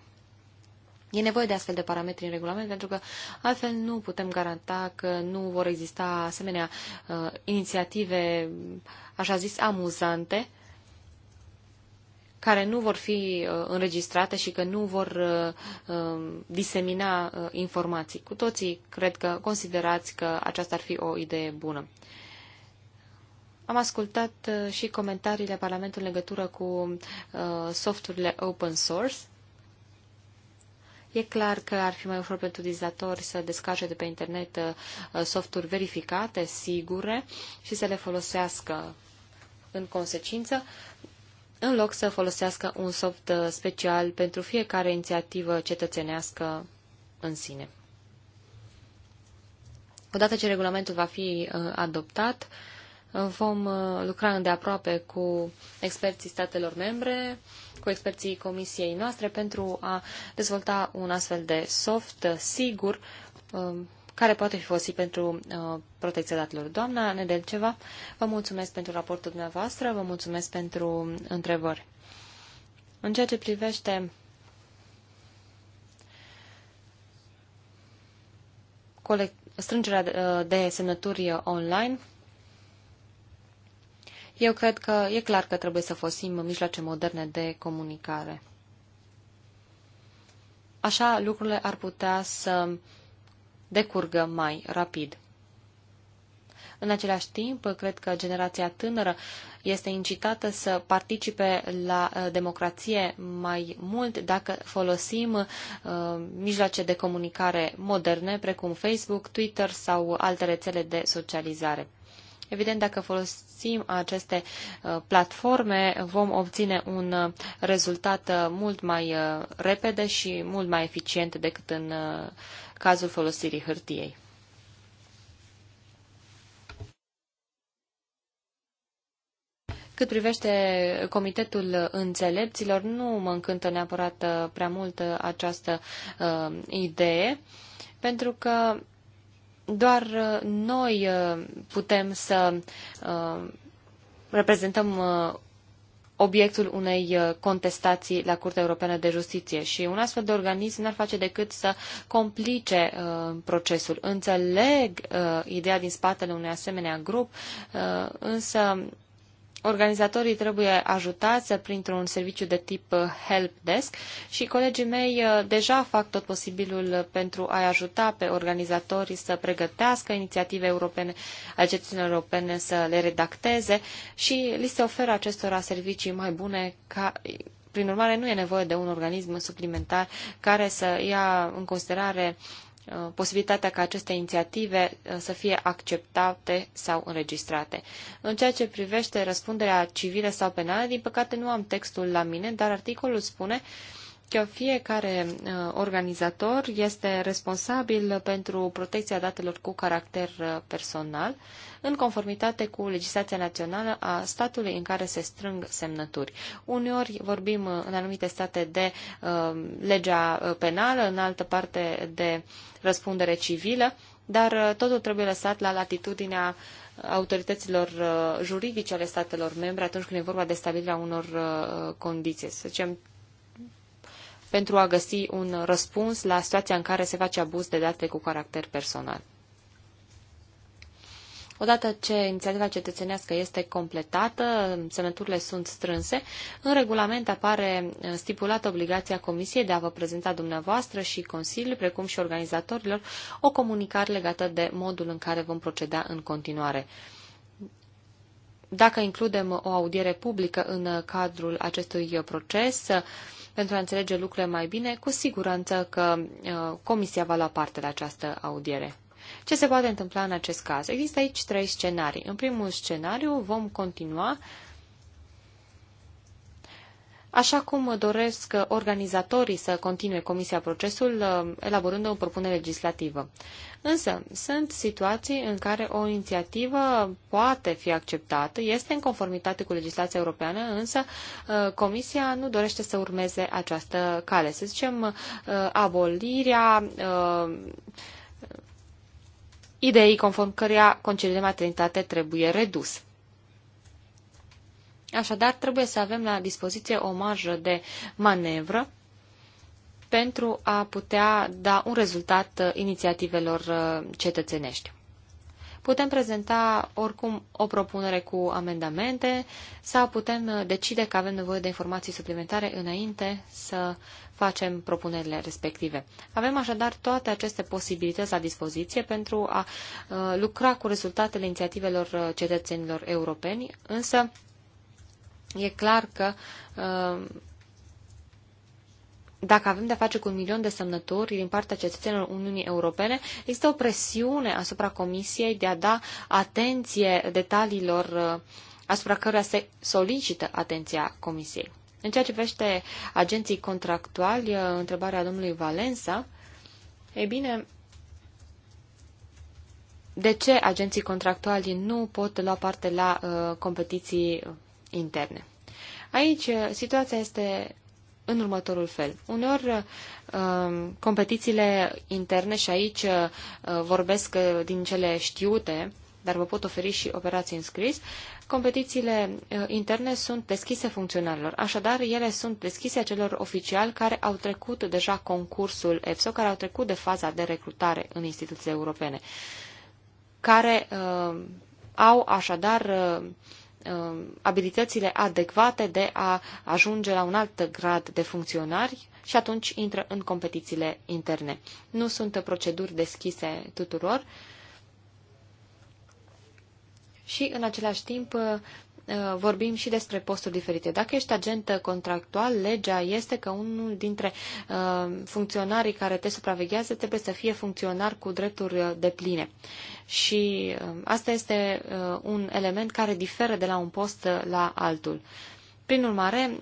E nevoie de astfel de parametri în regulament pentru că altfel nu putem garanta că nu vor exista asemenea uh, inițiative, așa zis, amuzante care nu vor fi uh, înregistrate și că nu vor uh, uh, disemina informații. Cu toții cred că considerați că aceasta ar fi o idee bună. Am ascultat și comentariile Parlamentului în legătură cu softurile open source. E clar că ar fi mai ușor pentru utilizatori să descarce de pe internet softuri verificate, sigure și să le folosească în consecință în loc să folosească un soft uh, special pentru fiecare inițiativă cetățenească în sine. Odată ce regulamentul va fi uh, adoptat, uh, vom lucra îndeaproape cu experții statelor membre, cu experții comisiei noastre pentru a dezvolta un astfel de soft sigur um, care poate fi folosit pentru uh, protecția datelor. Doamna Nedelceva, vă mulțumesc pentru raportul dumneavoastră, vă mulțumesc pentru întrebări. În ceea ce privește strângerea uh, de semnături online, eu cred că e clar că trebuie să folosim mijloace moderne de comunicare. Așa lucrurile ar putea să decurgă mai rapid. În același timp, cred că generația tânără este incitată să participe la uh, democrație mai mult dacă folosim uh, mijloace de comunicare moderne, precum Facebook, Twitter sau alte rețele de socializare. Evident, dacă folosim aceste uh, platforme, vom obține un uh, rezultat mult mai repede și mult mai eficient decât în cazul folosirii hârtiei. Cât privește Comitetul Înțelepților, nu mă încântă neapărat uh, prea mult uh, această uh, idee, pentru că doar uh, noi putem să uh, reprezentăm obiectul unei uh, contestații la Curtea Europeană de Justiție și un astfel de organism n-ar face decât să complice uh, procesul. Înțeleg uh, ideea din spatele unui asemenea grup, uh, însă Organizatorii trebuie ajutați printr-un serviciu de tip uh, helpdesk și colegii mei uh, deja fac tot posibilul pentru a-i ajuta pe organizatorii să pregătească inițiative europene, agențiile europene să le redacteze și li se oferă acestora servicii mai bune ca prin urmare, nu e nevoie de un organism suplimentar care să ia în considerare Uh, posibilitatea ca aceste inițiative uh, să fie acceptate sau înregistrate. În ceea ce privește răspunderea civilă sau penală, din păcate nu am textul la mine, dar articolul spune că fiecare uh, organizator este responsabil pentru protecția datelor cu caracter uh, personal, în conformitate cu legislația națională a statului în care se strâng semnături. Uneori vorbim uh, în anumite state de uh, legea penală, în altă parte de răspundere civilă, dar totul trebuie lăsat la latitudinea autorităților juridice ale statelor membre atunci când e vorba de stabilirea unor condiții. Să zicem, pentru a găsi un răspuns la situația în care se face abuz de date cu caracter personal. Odată ce inițiativa cetățenească este completată, semnăturile sunt strânse, în regulament apare uh, stipulată obligația Comisiei de a vă prezenta dumneavoastră și Consiliul, precum și organizatorilor, o comunicare legată de modul în care vom proceda în continuare. Dacă includem o audiere publică în uh, cadrul acestui uh, proces, pentru a înțelege lucrurile mai bine, cu siguranță că uh, Comisia va lua parte la această audiere. Ce se poate întâmpla în acest caz? Există aici trei scenarii. În primul scenariu vom continua uh, Așa cum doresc organizatorii să continue Comisia procesul, uh, elaborând o propunere legislativă. Însă, sunt situații în care o inițiativă poate fi acceptată, este în conformitate cu legislația europeană, însă uh, Comisia nu dorește să urmeze această cale. Să zicem, uh, abolirea ideii conform căreia concediul de maternitate trebuie redus. Așadar, trebuie să avem la dispoziție o marjă de manevră pentru a putea da un rezultat uh, inițiativelor uh, cetățenești. Putem prezenta oricum o propunere cu amendamente sau putem uh, decide că avem nevoie de informații suplimentare înainte să facem propunerile respective. Avem așadar toate aceste posibilități la dispoziție pentru a lucra cu rezultatele inițiativelor cetățenilor europeni, însă E clar că uh, dacă avem de-a face cu un milion de semnături din partea cetățenilor Uniunii Europene, există o presiune asupra Comisiei de a da atenție detaliilor uh, asupra cărora se solicită atenția Comisiei. În ceea ce privește agenții contractuali, uh, întrebarea domnului Valensa, e bine, de ce agenții contractuali nu pot lua parte la uh, competiții interne. Aici uh, situația este în următorul fel. Uneori uh, competițiile interne și aici uh, vorbesc din cele știute, dar vă pot oferi și operații în scris, competițiile interne sunt deschise funcționarilor. Așadar, ele sunt deschise acelor oficiali care au trecut deja concursul EFSO, care au trecut de faza de recrutare în instituții europene, care uh, au așadar uh, Um, abilitățile adecvate de a ajunge la un alt grad de funcționari și atunci intră în competițiile interne. Nu sunt proceduri deschise tuturor și în același timp Eh, vorbim și despre posturi diferite. Dacă ești agent contractual, legea este că unul dintre eh, funcționarii care te supraveghează trebuie să fie funcționar cu drepturi eh, de pline. Și asta este un element care diferă de la un post la altul. Prin urmare,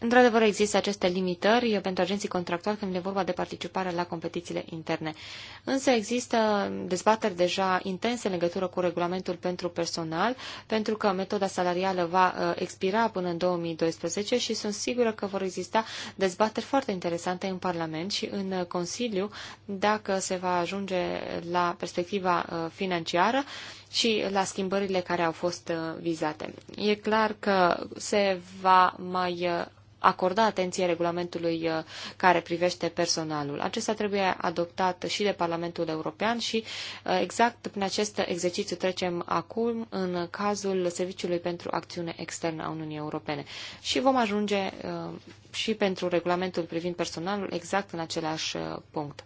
Într-adevăr, există aceste limitări pentru agenții contractuali când e vorba de participare la competițiile interne. Însă există dezbateri deja intense în legătură cu regulamentul pentru personal, pentru că metoda salarială va uh, expira până în 2012 și sunt sigură că vor exista dezbateri foarte interesante în Parlament și în uh, Consiliu dacă se va ajunge la perspectiva uh, financiară și la schimbările care au fost uh, vizate. E clar că se va mai uh, acorda atenție regulamentului uh, care privește personalul. Acesta trebuie adoptat și de Parlamentul European și exact prin acest exercițiu trecem acum în cazul Serviciului pentru Acțiune Externă a Uniunii Europene. Și vom ajunge și pentru regulamentul privind personalul exact în același punct.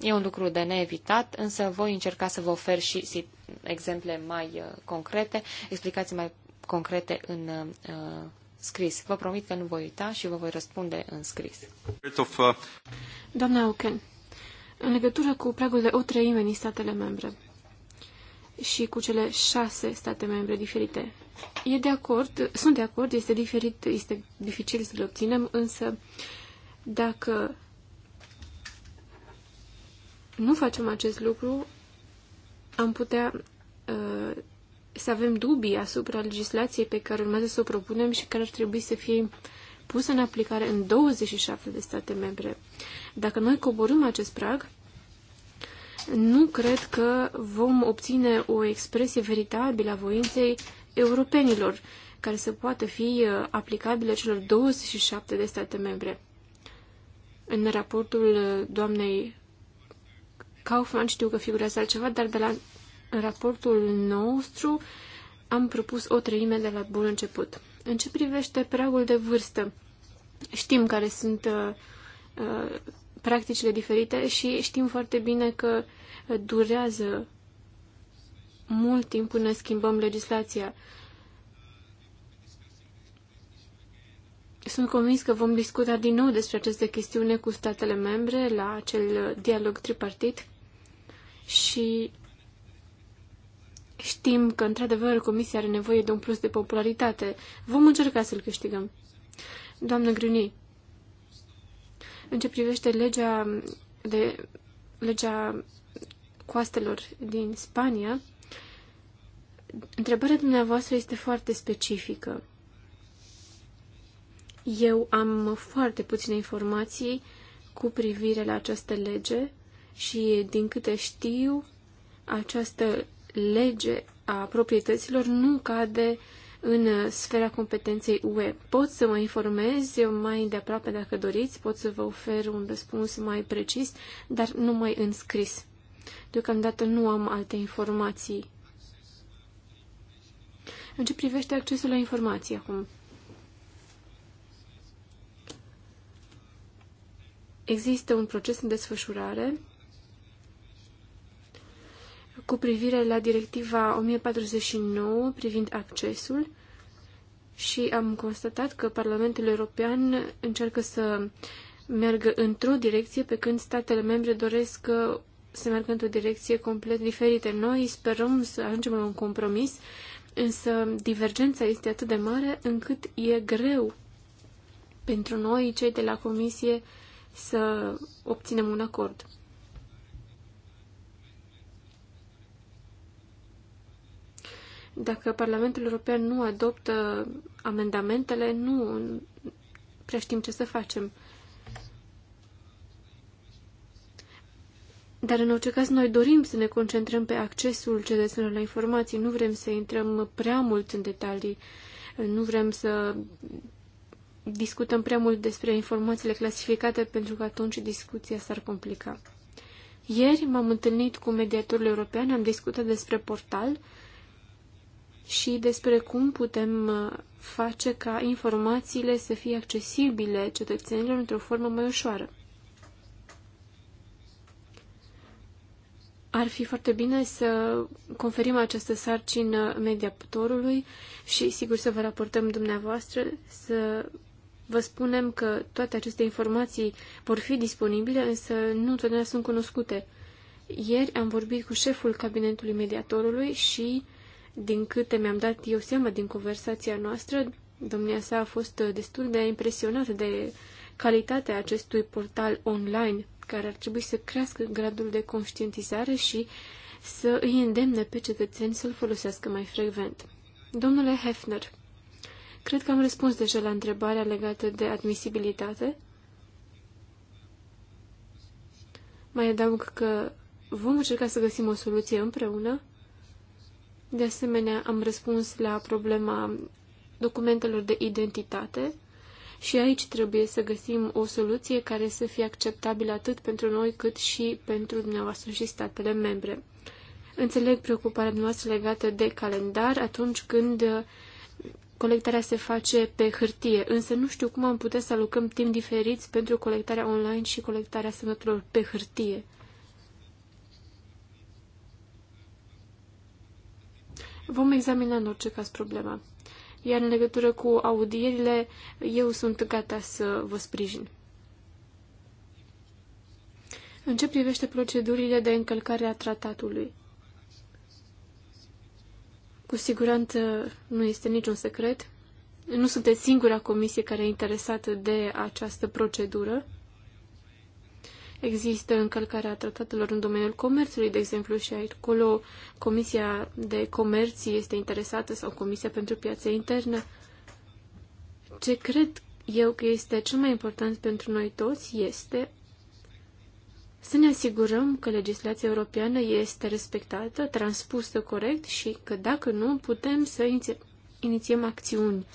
E un lucru de neevitat, însă voi încerca să vă ofer și exemple mai uh, concrete, explicații mai concrete în uh, scris. Vă promit că nu voi uita și vă voi răspunde în scris. Uh, Doamna Auken, în legătură cu pragul de o treime din statele membre și cu cele șase state membre diferite, e de acord, sunt de acord, este, diferit, este dificil să-l obținem, însă dacă nu facem acest lucru, am putea uh, să avem dubii asupra legislației pe care urmează să o propunem și care ar trebui să fie pusă în aplicare în 27 de state membre. Dacă noi coborâm acest prag, nu cred că vom obține o expresie veritabilă a voinței europenilor, care să poată fi uh, aplicabilă celor 27 de state membre. În raportul uh, doamnei Kaufman știu că figurează altceva, dar de la raportul nostru am propus o treime de la bun început. În ce privește pragul de vârstă, știm care sunt uh, uh, practicile diferite și știm foarte bine că uh, durează mult timp până schimbăm legislația. Sunt convins că vom discuta din nou despre aceste chestiune cu statele membre la acel uh, dialog tripartit și știm că, într-adevăr, Comisia are nevoie de un plus de popularitate. Vom încerca să-l câștigăm. Doamnă Gruni, în ce privește legea, de, legea coastelor din Spania, întrebarea dumneavoastră este foarte specifică. Eu am foarte puține informații cu privire la această lege și din câte știu, această lege a proprietăților nu cade în sfera competenței UE. Pot să mă informez mai de aproape dacă doriți, pot să vă ofer un răspuns mai precis, dar numai în scris. Deocamdată nu am alte informații. În ce privește accesul la informații acum? Există un proces în desfășurare cu privire la directiva 1049 privind accesul și am constatat că Parlamentul European încearcă să meargă într-o direcție, pe când statele membre doresc să meargă într-o direcție complet diferită. Noi sperăm să ajungem la un compromis, însă divergența este atât de mare încât e greu pentru noi, cei de la Comisie, să obținem un acord. Dacă Parlamentul European nu adoptă amendamentele, nu prea știm ce să facem. Dar în orice caz noi dorim să ne concentrăm pe accesul cetățenilor la informații, nu vrem să intrăm prea mult în detalii, nu vrem să discutăm prea mult despre informațiile clasificate pentru că atunci discuția s-ar complica. Ieri m-am întâlnit cu mediatorul european, am discutat despre portal și despre cum putem uh, face ca informațiile să fie accesibile cetățenilor într-o formă mai ușoară. Ar fi foarte bine să conferim această sarcină mediatorului și, sigur, să vă raportăm dumneavoastră, să vă spunem că toate aceste informații vor fi disponibile, însă nu întotdeauna sunt cunoscute. Ieri am vorbit cu șeful cabinetului mediatorului și din câte mi-am dat eu seama din conversația noastră, domnia sa a fost uh, destul de impresionată de calitatea acestui portal online, care ar trebui să crească gradul de conștientizare și să îi îndemne pe cetățeni să-l folosească mai frecvent. Domnule Hefner, cred că am răspuns deja la întrebarea legată de admisibilitate. Mai adaug că vom încerca să găsim o soluție împreună de asemenea, am răspuns la problema documentelor de identitate și aici trebuie să găsim o soluție care să fie acceptabilă atât pentru noi cât și pentru dumneavoastră și statele membre. Înțeleg preocuparea noastră legată de calendar atunci când uh, colectarea se face pe hârtie, însă nu știu cum am putea să alocăm timp diferiți pentru colectarea online și colectarea semnăturilor pe hârtie. Vom examina în orice caz problema. Iar în legătură cu audierile, eu sunt gata să vă sprijin. În ce privește procedurile de încălcare a tratatului? Cu siguranță nu este niciun secret. Nu sunteți singura comisie care e interesată de această procedură. Există încălcarea tratatelor în domeniul comerțului, de exemplu, și acolo Comisia de Comerț este interesată sau Comisia pentru Piața Internă. Ce cred eu că este cel mai important pentru noi toți este să ne asigurăm că legislația europeană este respectată, transpusă corect și că dacă nu, putem să inițiem acțiuni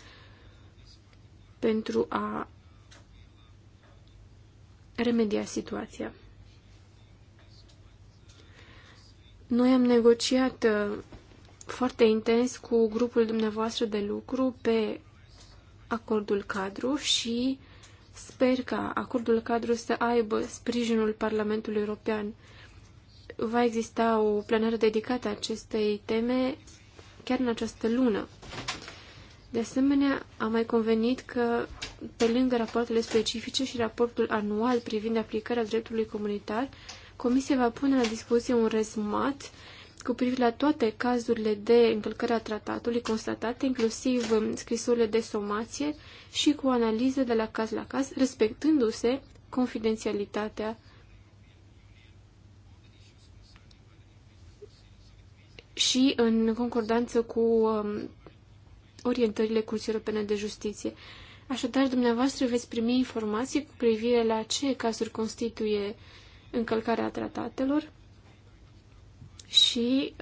pentru a remedia situația. Noi am negociat uh, foarte intens cu grupul dumneavoastră de lucru pe acordul cadru și sper ca acordul cadru să aibă sprijinul Parlamentului European. Va exista o plenară dedicată acestei teme chiar în această lună. De asemenea, am mai convenit că, pe lângă rapoartele specifice și raportul anual privind aplicarea dreptului comunitar, Comisia va pune la dispoziție un rezumat cu privire la toate cazurile de încălcare a tratatului constatate, inclusiv um, scrisurile de somație și cu analize de la caz la caz, respectându-se confidențialitatea și în concordanță cu um, orientările Curții Europene de Justiție. Așadar, dumneavoastră veți primi informații cu privire la ce cazuri constituie încălcarea tratatelor și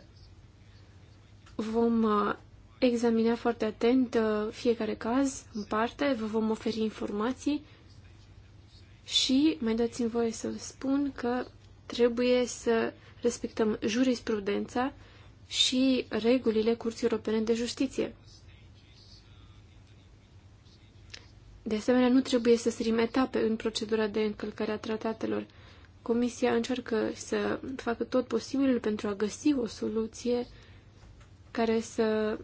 vom uh, examina foarte atent uh, fiecare caz în parte, vă vom oferi informații și mai dați-mi voie să spun că trebuie să respectăm jurisprudența și regulile Curții Europene de Justiție. De asemenea, nu trebuie să sărim etape în procedura de încălcare a tratatelor. Comisia încearcă să facă tot posibilul pentru a găsi o soluție care să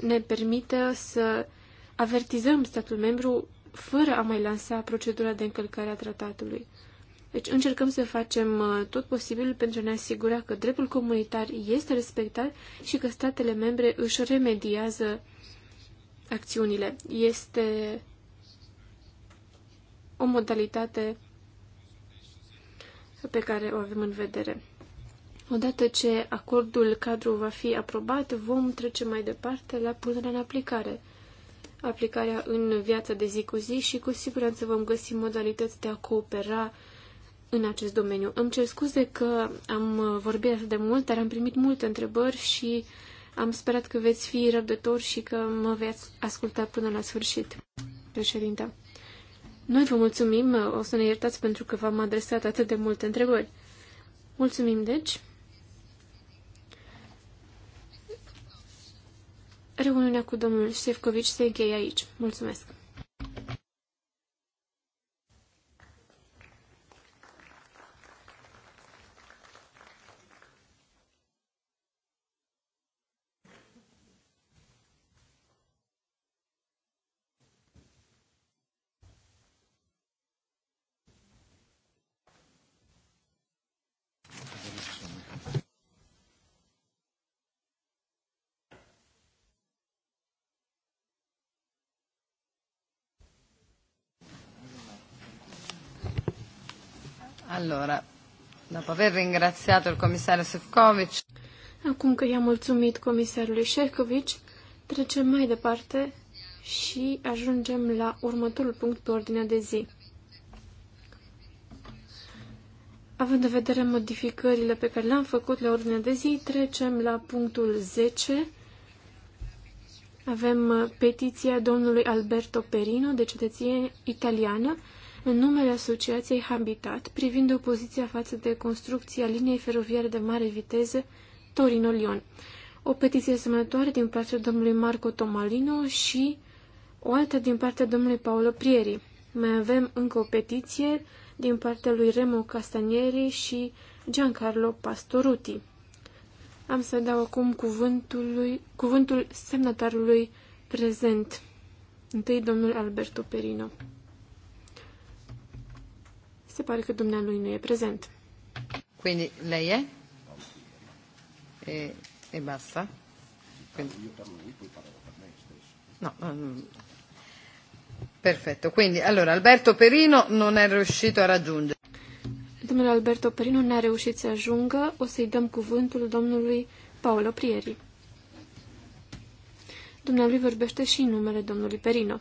ne permită să avertizăm statul membru fără a mai lansa procedura de încălcare a tratatului. Deci încercăm să facem uh, tot posibilul pentru a ne asigura că dreptul comunitar este respectat și că statele membre își remediază acțiunile. Este o modalitate pe care o avem în vedere. Odată ce acordul cadru va fi aprobat, vom trece mai departe la punerea în aplicare. Aplicarea în viața de zi cu zi și cu siguranță vom găsi modalități de a coopera în acest domeniu. Îmi cer scuze că am vorbit atât de mult, dar am primit multe întrebări și uh, am sperat că veți fi răbdători și că mă veți asculta până la sfârșit, președinte. Noi vă mulțumim, o să ne iertați pentru că v-am adresat atât de multe întrebări. Mulțumim, deci. Reuniunea cu domnul Șefcovici se încheie aici. Mulțumesc! Allora, dopo aver ringraziato il commissario Sefcovic... Acum că i-am mulțumit comisarului Șefcovic, trecem mai departe și ajungem la următorul punct pe ordinea de zi. Având în vedere modificările pe care le-am făcut la ordinea de zi, trecem la punctul 10. Avem uh, petiția domnului Alberto Perino, de cetățenie italiană, în numele Asociației Habitat privind opoziția față de construcția liniei feroviare de mare viteză Torino-Lion. O petiție asemănătoare din partea domnului Marco Tomalino și o alta din partea domnului Paolo Prieri. Mai avem încă o petiție din partea lui Remo Castanieri și Giancarlo Pastoruti. Am să dau acum cuvântul, lui, cuvântul semnătarului prezent. Întâi domnul Alberto Perino. Se pare că dumnealui nu e prezent. Quindi lei E, e basta? Quindi... No, um... Perfetto, quindi allora Alberto Perino non è riuscito a raggiungere. Domnul Alberto Perino n-a reușit să ajungă, o să-i dăm cuvântul domnului Paolo Prieri. Dumnealui vorbește și numele domnului Perino.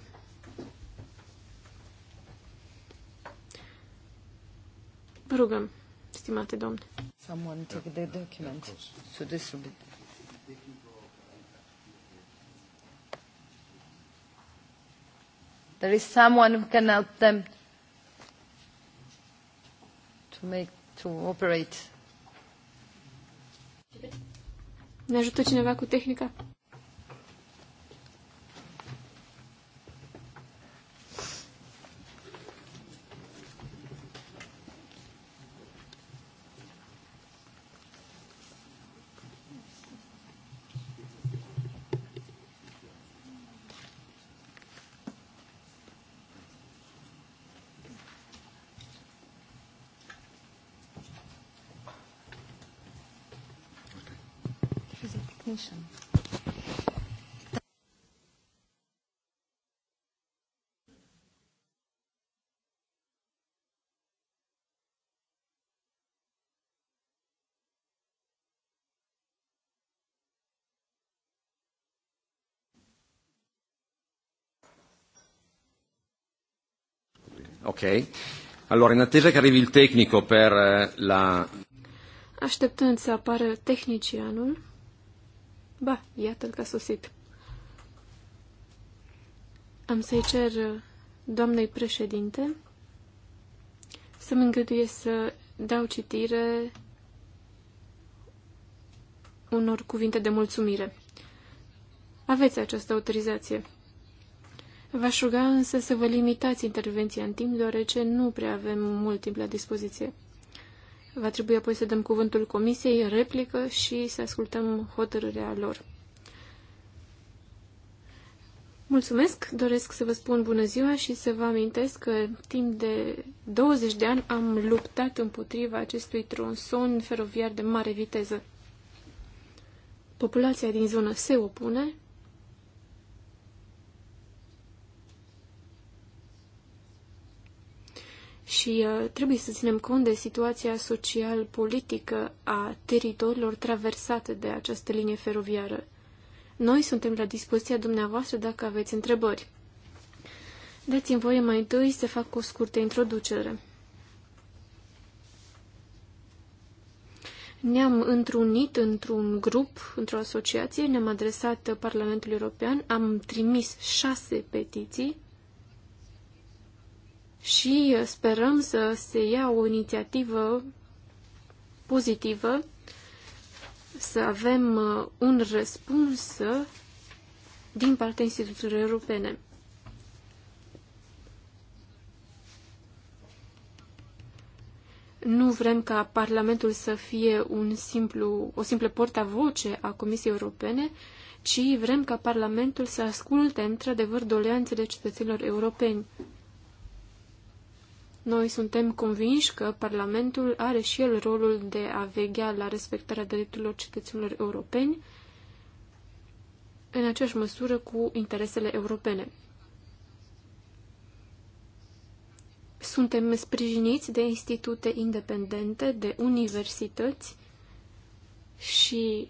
Vă rugăm, stimate domne. Someone take the document. So this There is someone who can help them to make, to operate. Ne ajută cineva cu tehnica? Commission. Ok. Allora, in attesa che arrivi il tecnico per eh, la... Așteptând să apară tehnicianul, Ba, iată-l că a sosit. Am să-i cer uh, doamnei președinte să-mi îngăduie să dau citire unor cuvinte de mulțumire. Aveți această autorizație. V-aș ruga însă să vă limitați intervenția în timp, deoarece nu prea avem mult timp la dispoziție. Va trebui apoi să dăm cuvântul comisiei, replică și să ascultăm hotărârea lor. Mulțumesc, doresc să vă spun bună ziua și să vă amintesc că timp de 20 de ani am luptat împotriva acestui tronson feroviar de mare viteză. Populația din zonă se opune, și uh, trebuie să ținem cont de situația social-politică a teritoriilor traversate de această linie feroviară. Noi suntem la dispoziția dumneavoastră dacă aveți întrebări. Dați-mi voie mai întâi să fac o scurtă introducere. Ne-am întrunit într-un grup, într-o asociație, ne-am adresat Parlamentului European, am trimis șase petiții și uh, sperăm să se ia o inițiativă pozitivă, să avem uh, un răspuns uh, din partea instituțiilor europene. Nu vrem ca Parlamentul să fie un simplu, o simplă portavoce a Comisiei Europene, ci vrem ca Parlamentul să asculte într-adevăr doleanțele cetățenilor europeni. Noi suntem convinși că Parlamentul are și el rolul de a veghea la respectarea drepturilor cetățenilor europeni, în aceeași măsură cu interesele europene. Suntem sprijiniți de institute independente, de universități și,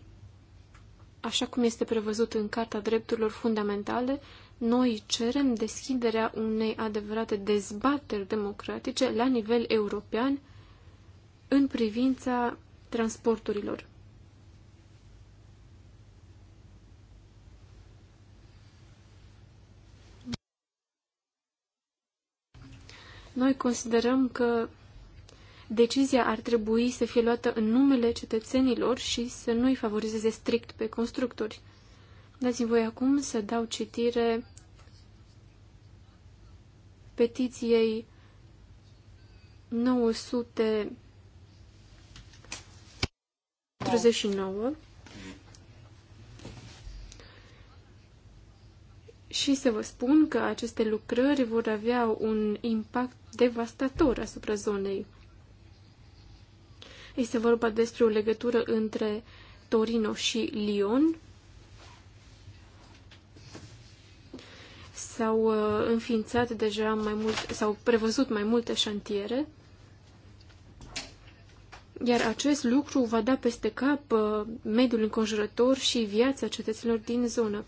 așa cum este prevăzut în Carta Drepturilor Fundamentale, noi cerem deschiderea unei adevărate dezbateri democratice la nivel european în privința transporturilor. Noi considerăm că decizia ar trebui să fie luată în numele cetățenilor și să nu-i favorizeze strict pe constructori. Dați-mi voi acum să dau citire petiției 949 și să vă spun că aceste lucrări vor avea un impact devastator asupra zonei. Este vorba despre o legătură între Torino și Lyon, S-au uh, înființat deja mai mult, s-au prevăzut mai multe șantiere, iar acest lucru va da peste cap uh, mediul înconjurător și viața cetățenilor din zonă.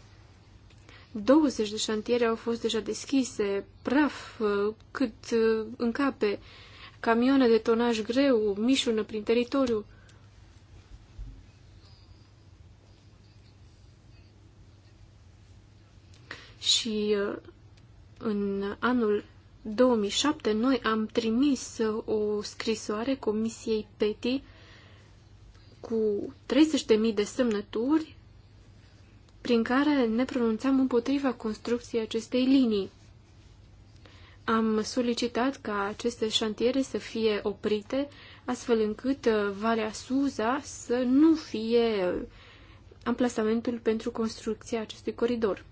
20 de șantiere au fost deja deschise, praf uh, cât încape, camioane de tonaj greu mișună prin teritoriu. și uh, în anul 2007 noi am trimis uh, o scrisoare Comisiei PETI cu 30.000 de semnături prin care ne pronunțam împotriva construcției acestei linii. Am solicitat ca aceste șantiere să fie oprite, astfel încât uh, Valea Suza să nu fie amplasamentul pentru construcția acestui coridor.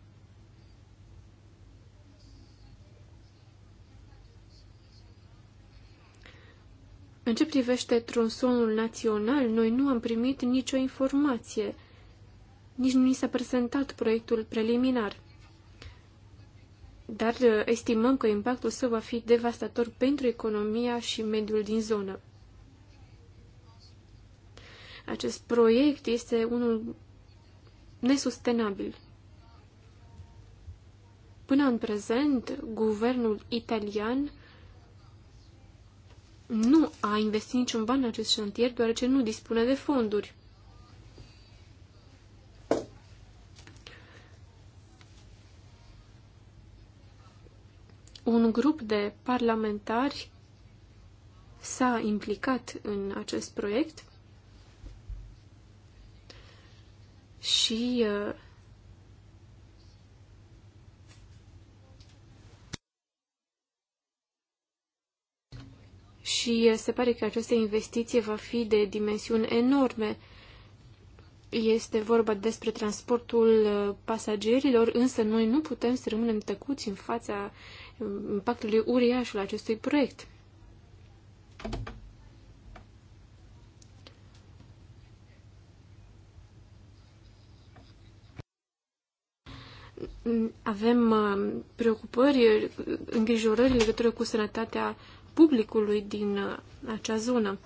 În ce privește tronsonul național, noi nu am primit nicio informație. Nici nu ni s-a prezentat proiectul preliminar. Dar uh, estimăm că impactul său va fi devastator pentru economia și mediul din zonă. Acest proiect este unul nesustenabil. Până în prezent, guvernul italian nu a investit niciun ban în acest șantier, deoarece nu dispune de fonduri. Un grup de parlamentari s-a implicat în acest proiect și uh, și se pare că această investiție va fi de dimensiuni enorme. Este vorba despre transportul uh, pasagerilor, însă noi nu putem să rămânem tăcuți în fața uh, impactului uriaș al acestui proiect. Avem uh, preocupări, îngrijorări legătură cu sănătatea publicului din uh, acea zonă.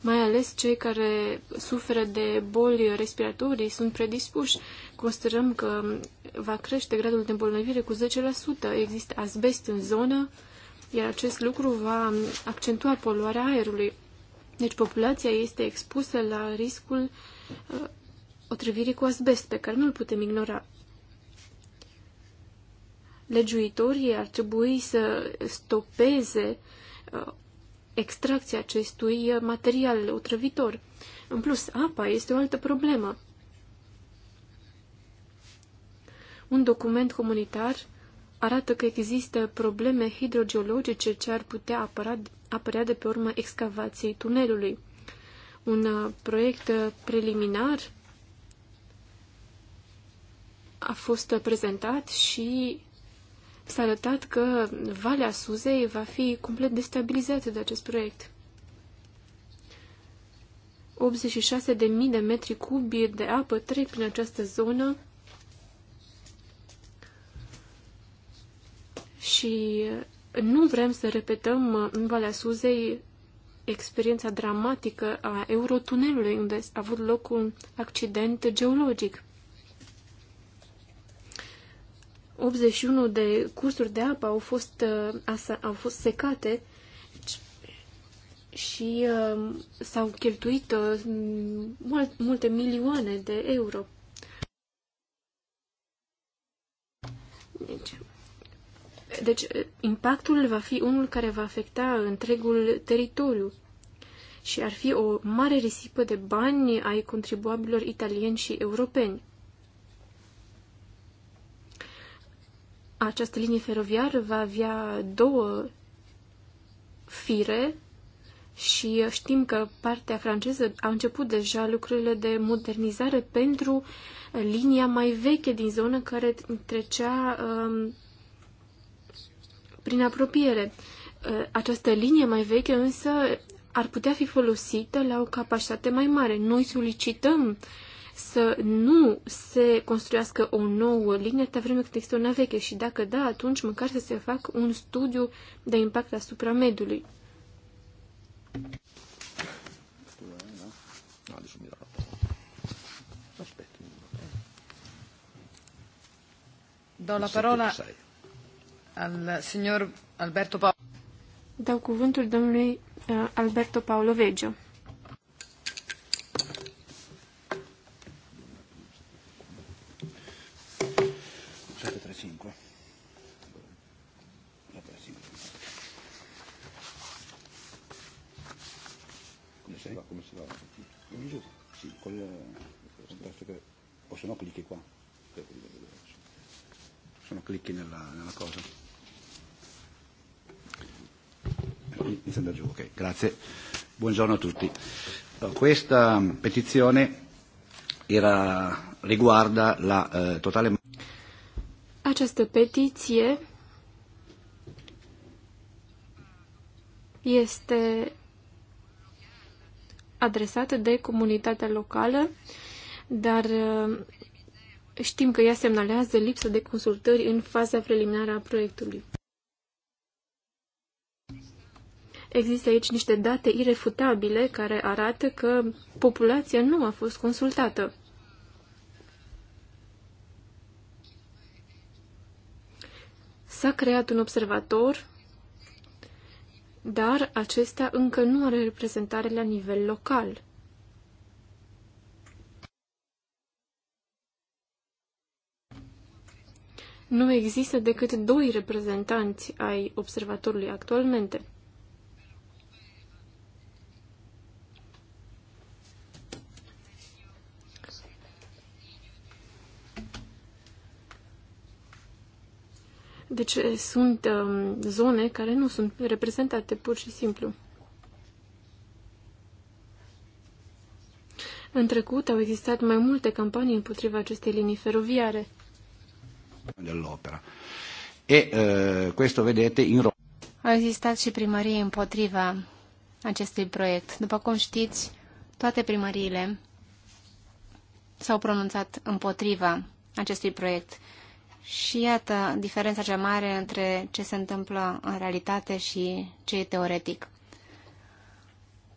Mai ales cei care suferă de boli respiratorii sunt predispuși. Considerăm că va crește gradul de îmbolnăvire cu 10%. Există asbest în zonă, iar acest lucru va accentua poluarea aerului. Deci populația este expusă la riscul uh, otrivirii cu asbest, pe care nu îl putem ignora legiuitorii ar trebui să stopeze uh, extracția acestui uh, material otrăvitor. În plus, apa este o altă problemă. Un document comunitar arată că există probleme hidrogeologice ce ar putea apăra, apărea de pe urma excavației tunelului. Un uh, proiect preliminar a fost prezentat și s-a arătat că Valea Suzei va fi complet destabilizată de acest proiect. 86.000 de de metri cubi de apă trec prin această zonă și nu vrem să repetăm în Valea Suzei experiența dramatică a eurotunelului unde a avut loc un accident geologic. 81 de cursuri de apă au fost, uh, asa, au fost secate și uh, s-au cheltuit uh, mult, multe milioane de euro. Deci, deci, impactul va fi unul care va afecta întregul teritoriu și ar fi o mare risipă de bani ai contribuabilor italieni și europeni. Această linie feroviară va avea două fire și știm că partea franceză a început deja lucrurile de modernizare pentru linia mai veche din zonă care trecea um, prin apropiere. Uh, această linie mai veche însă ar putea fi folosită la o capacitate mai mare. Noi solicităm uh, să nu se construiască o nouă linie atâta vreme cât există una veche și dacă da, atunci măcar să se facă un studiu de impact asupra mediului. Dau la parola al signor Alberto Paolo. Dau cuvântul domnului uh, Alberto Paolo Veggio. quel, piuttosto che o se no clicchi qua Sono clicchi nella, nella cosa inizia da giù ok grazie buongiorno a tutti questa petizione era, riguarda la eh, totale această petiție este adresată de comunitatea locală, dar uh, știm că ea semnalează lipsă de consultări în faza preliminară a proiectului. Există aici niște date irefutabile care arată că populația nu a fost consultată. S-a creat un observator dar acesta încă nu are reprezentare la nivel local. Nu există decât doi reprezentanți ai observatorului actualmente – Deci eh, sunt um, zone care nu sunt reprezentate pur și simplu. În trecut au existat mai multe campanii împotriva acestei linii feroviare. Dell'opera. E uh, questo vedete in Roma. Au existat și primărie împotriva acestui proiect. După cum știți, toate primăriile s-au pronunțat împotriva acestui proiect. Și iată diferența cea mare între ce se întâmplă în realitate și ce e teoretic.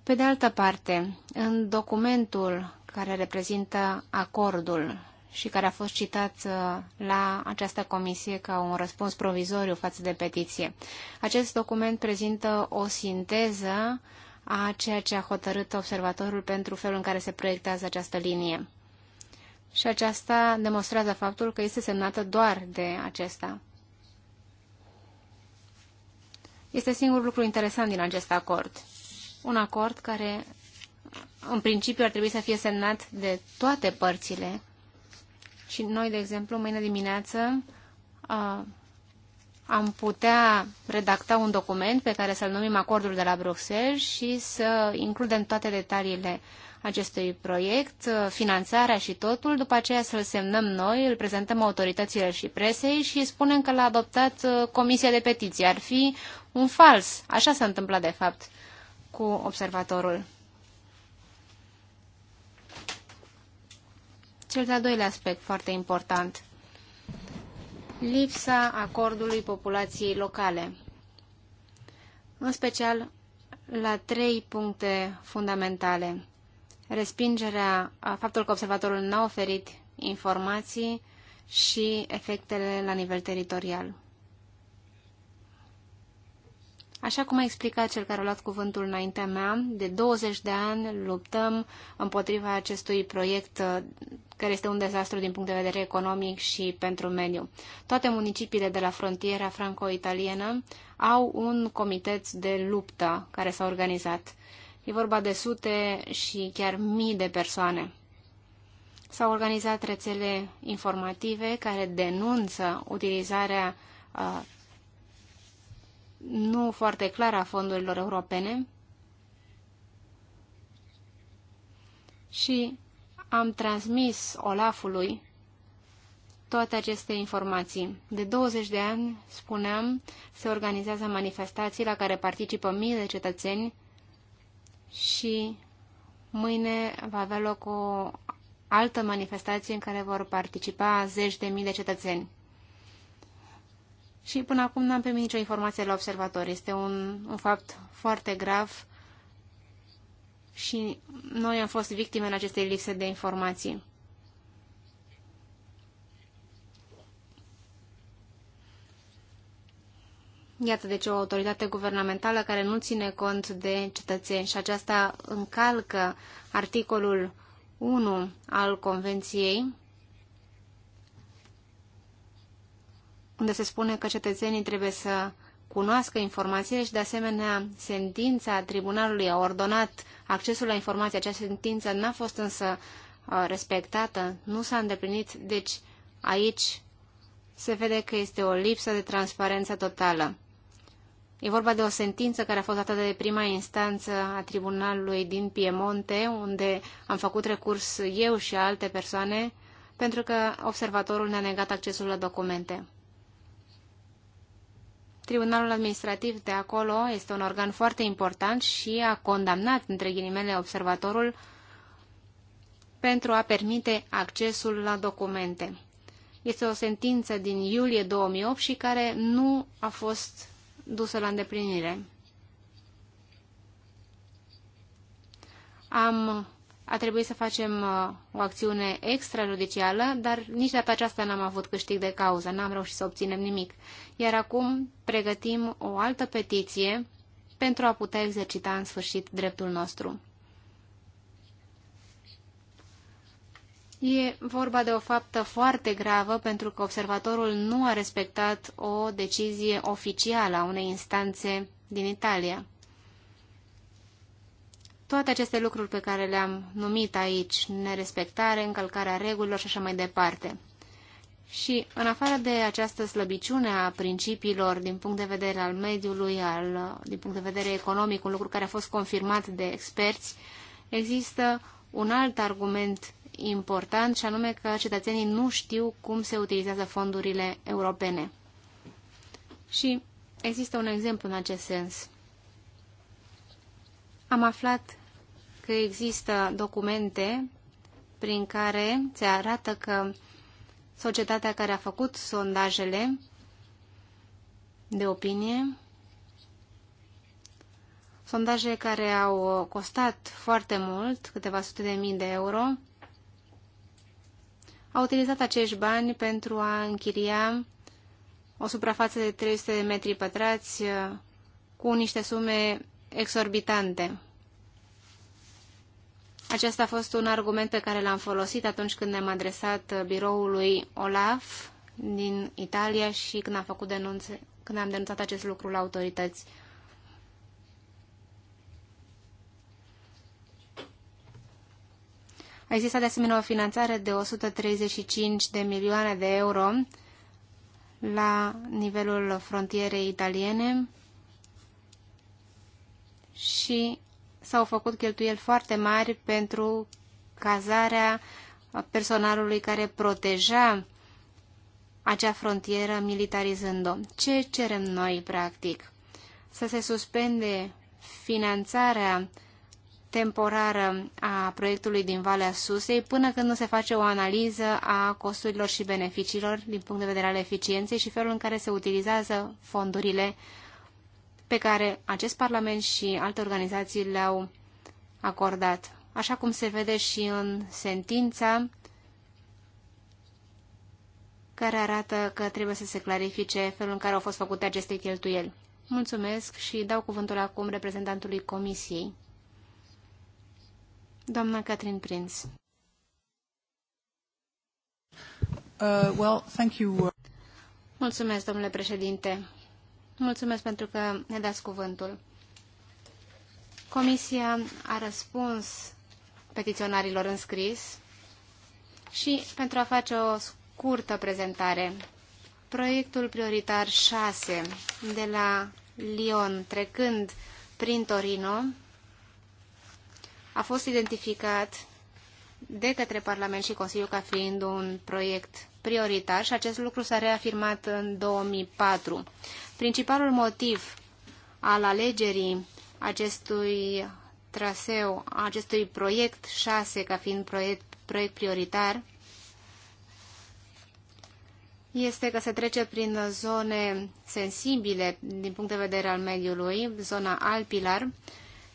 Pe de altă parte, în documentul care reprezintă acordul și care a fost citat uh, la această comisie ca un răspuns provizoriu față de petiție. Acest document prezintă o sinteză a ceea ce a hotărât observatorul pentru felul în care se proiectează această linie și aceasta demonstrează faptul că este semnată doar de acesta. Este singurul lucru interesant din acest acord. Un acord care, în principiu, ar trebui să fie semnat de toate părțile. Și noi, de exemplu, mâine dimineață uh, am putea redacta un document pe care să-l numim acordul de la Bruxelles și să includem toate detaliile uh, acestui proiect, uh, finanțarea și totul, după aceea să-l semnăm noi, îl prezentăm autorităților și presei și spunem că l-a adoptat uh, Comisia de Petiții. Ar fi un fals. Așa s-a întâmplat, de fapt, cu observatorul. Cel de-al doilea aspect foarte important. Lipsa acordului populației locale. În special la trei puncte fundamentale respingerea, faptul că observatorul n-a oferit informații și efectele la nivel teritorial. Așa cum a explicat cel care a luat cuvântul înaintea mea, de 20 de ani luptăm împotriva acestui proiect care este un dezastru din punct de vedere economic și pentru mediu. Toate municipiile de la frontiera franco-italiană au un comitet de luptă care s-a organizat E vorba de sute și chiar mii de persoane. S-au organizat rețele informative care denunță utilizarea uh, nu foarte clară a fondurilor europene și am transmis Olafului toate aceste informații. De 20 de ani, spuneam, se organizează manifestații la care participă mii de cetățeni și mâine va avea loc o altă manifestație în care vor participa zeci de mii de cetățeni. Și până acum n-am primit nicio informație la observator. Este un, un fapt foarte grav și noi am fost victime în acestei lipse de informații. Iată ce deci, o autoritate guvernamentală care nu ține cont de cetățeni și aceasta încalcă articolul 1 al Convenției, unde se spune că cetățenii trebuie să cunoască informațiile și, de asemenea, sentința tribunalului a ordonat accesul la informații. Acea sentință n-a fost însă uh, respectată, nu s-a îndeplinit, deci aici se vede că este o lipsă de transparență totală. E vorba de o sentință care a fost dată de prima instanță a tribunalului din Piemonte, unde am făcut recurs eu și alte persoane, pentru că observatorul ne-a negat accesul la documente. Tribunalul administrativ de acolo este un organ foarte important și a condamnat, între ghilimele, observatorul pentru a permite accesul la documente. Este o sentință din iulie 2008 și care nu a fost dusă la îndeplinire. Am, a trebuit să facem uh, o acțiune extrajudicială, dar nici data aceasta n-am avut câștig de cauză, n-am reușit să obținem nimic. Iar acum pregătim o altă petiție pentru a putea exercita în sfârșit dreptul nostru. E vorba de o faptă foarte gravă pentru că observatorul nu a respectat o decizie oficială a unei instanțe din Italia. Toate aceste lucruri pe care le-am numit aici, nerespectare, încălcarea regulilor și așa mai departe. Și, în afară de această slăbiciune a principiilor din punct de vedere al mediului, al, din punct de vedere economic, un lucru care a fost confirmat de experți, există un alt argument important și anume că cetățenii nu știu cum se utilizează fondurile europene. Și există un exemplu în acest sens. Am aflat că există documente prin care se arată că societatea care a făcut sondajele de opinie, sondaje care au costat foarte mult, câteva sute de mii de euro, a utilizat acești bani pentru a închiria o suprafață de 300 de metri pătrați uh, cu niște sume exorbitante. Acesta a fost un argument pe care l-am folosit atunci când ne-am adresat uh, biroului OLAF din Italia și când am, făcut denunțe, când am denunțat acest lucru la autorități. A existat de asemenea o finanțare de 135 de milioane de euro la nivelul frontierei italiene și s-au făcut cheltuieli foarte mari pentru cazarea personalului care proteja acea frontieră militarizând-o. Ce cerem noi, practic? Să se suspende finanțarea temporară a proiectului din Valea Susei până când nu se face o analiză a costurilor și beneficiilor din punct de vedere al eficienței și felul în care se utilizează fondurile pe care acest Parlament și alte organizații le-au acordat. Așa cum se vede și în sentința care arată că trebuie să se clarifice felul în care au fost făcute aceste cheltuieli. Mulțumesc și dau cuvântul acum reprezentantului Comisiei. Doamna Catherine Prince. Uh, well, thank you. Uh, Mulțumesc, domnule președinte. Mulțumesc pentru că ne dați cuvântul. Comisia a răspuns petiționarilor în scris și pentru a face o scurtă prezentare. Proiectul prioritar 6 de la Lyon, trecând prin Torino, a fost identificat de către Parlament și Consiliu ca fiind un proiect prioritar și acest lucru s-a reafirmat în 2004. Principalul motiv al alegerii acestui traseu, acestui proiect 6 ca fiind proiect, proiect prioritar este că se trece prin zone sensibile din punct de vedere al mediului, zona Alpilar,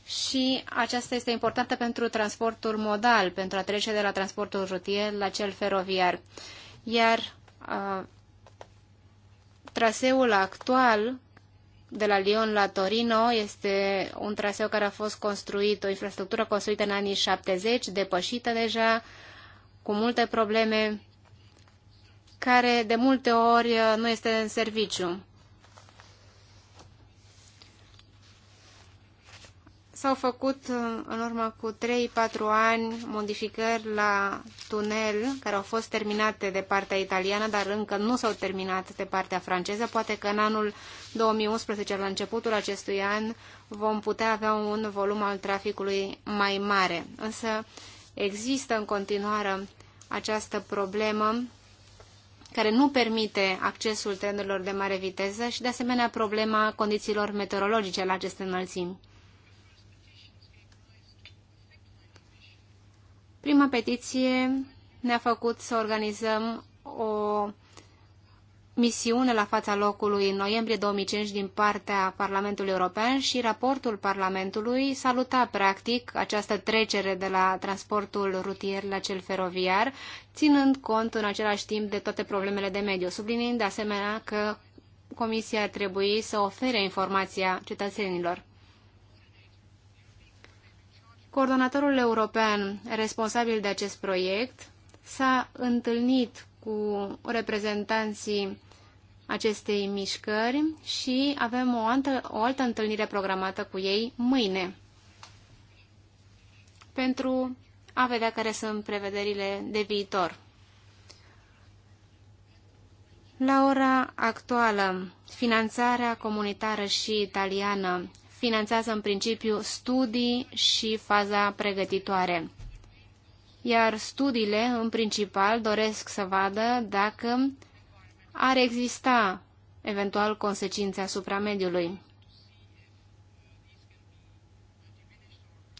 și aceasta este importantă pentru transportul modal, pentru a trece de la transportul rutier la cel feroviar. Iar a, traseul actual de la Lyon la Torino este un traseu care a fost construit, o infrastructură construită în anii 70, depășită deja, cu multe probleme, care de multe ori nu este în serviciu. S-au făcut uh, în urmă cu 3-4 ani modificări la tunel care au fost terminate de partea italiană, dar încă nu s-au terminat de partea franceză. Poate că în anul 2011, la începutul acestui an, vom putea avea un volum al traficului mai mare. Însă există în continuare această problemă care nu permite accesul trenurilor de mare viteză și, de asemenea, problema condițiilor meteorologice la aceste înălțimi. Prima petiție ne-a făcut să organizăm o misiune la fața locului în noiembrie 2005 din partea Parlamentului European și raportul Parlamentului saluta practic această trecere de la transportul rutier la cel feroviar, ținând cont în același timp de toate problemele de mediu, subliniind de asemenea că Comisia ar trebui să ofere informația cetățenilor. Coordonatorul european responsabil de acest proiect s-a întâlnit cu reprezentanții acestei mișcări și avem o altă, o altă întâlnire programată cu ei mâine pentru a vedea care sunt prevederile de viitor. La ora actuală, finanțarea comunitară și italiană finanțează în principiu studii și faza pregătitoare. Iar studiile, în principal, doresc să vadă dacă ar exista eventual consecințe asupra mediului.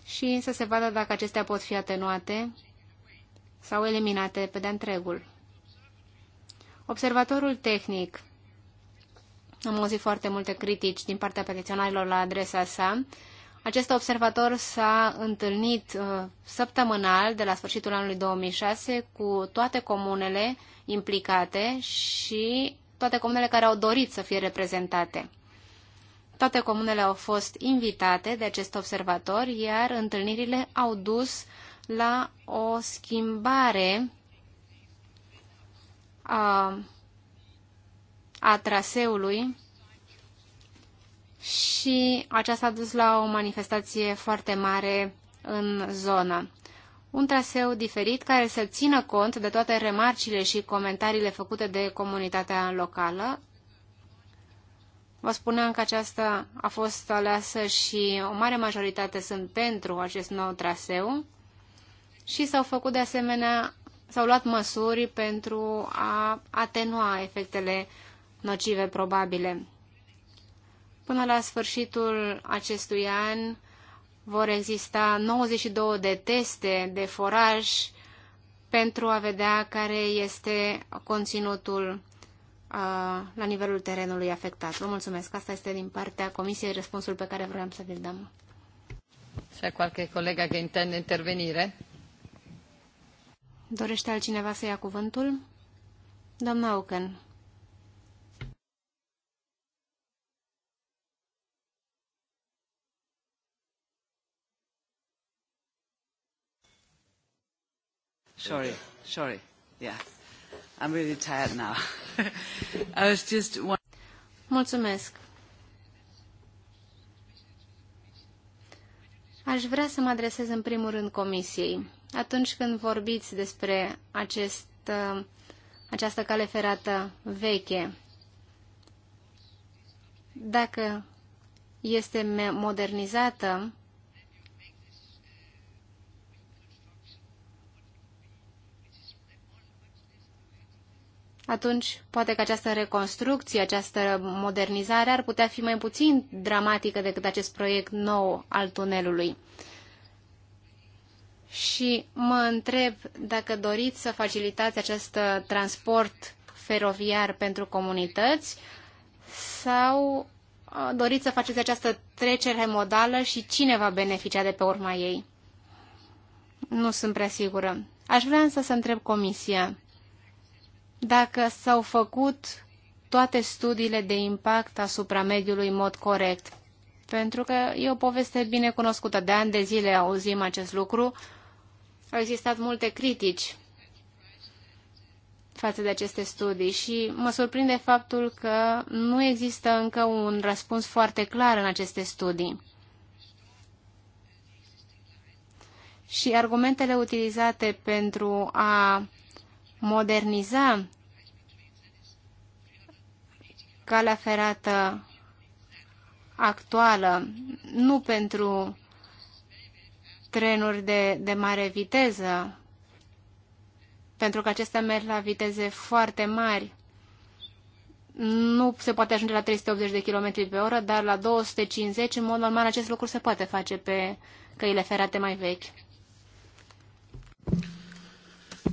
Și să se vadă dacă acestea pot fi atenuate sau eliminate pe de întregul. Observatorul tehnic am auzit foarte multe critici din partea petiționarilor la adresa sa. Acest observator s-a întâlnit uh, săptămânal de la sfârșitul anului 2006 cu toate comunele implicate și toate comunele care au dorit să fie reprezentate. Toate comunele au fost invitate de acest observator, iar întâlnirile au dus la o schimbare a a traseului și aceasta a dus la o manifestație foarte mare în zonă. Un traseu diferit care să țină cont de toate remarcile și comentariile făcute de comunitatea locală. Vă spuneam că aceasta a fost aleasă și o mare majoritate sunt pentru acest nou traseu și s-au făcut de asemenea, s-au luat măsuri pentru a atenua efectele nocive probabile. Până la sfârșitul acestui an vor exista 92 de teste de foraj pentru a vedea care este conținutul uh, la nivelul terenului afectat. Vă mulțumesc. Asta este din partea Comisiei răspunsul pe care vreau să vi-l dăm. C'è qualche collega che intende intervenire? Dorește altcineva să ia cuvântul? Doamna Ocan. Sorry, sorry. Yeah. I'm really tired now. I was just one... Mulțumesc. Aș vrea să mă adresez în primul rând comisiei. Atunci când vorbiți despre acest, uh, această cale ferată veche, dacă este modernizată, atunci poate că această reconstrucție, această modernizare ar putea fi mai puțin dramatică decât acest proiect nou al tunelului. Și mă întreb dacă doriți să facilitați acest uh, transport feroviar pentru comunități sau uh, doriți să faceți această trecere modală și cine va beneficia de pe urma ei. Nu sunt prea sigură. Aș vrea însă să întreb comisia dacă s-au făcut toate studiile de impact asupra mediului în mod corect. Pentru că e o poveste bine cunoscută. De ani de zile auzim acest lucru. Au existat multe critici față de aceste studii și mă surprinde faptul că nu există încă un răspuns foarte clar în aceste studii. Și argumentele utilizate pentru a moderniza calea ferată actuală, nu pentru trenuri de, de mare viteză, pentru că acestea merg la viteze foarte mari. Nu se poate ajunge la 380 de km pe oră, dar la 250, în mod normal, acest lucru se poate face pe căile ferate mai vechi.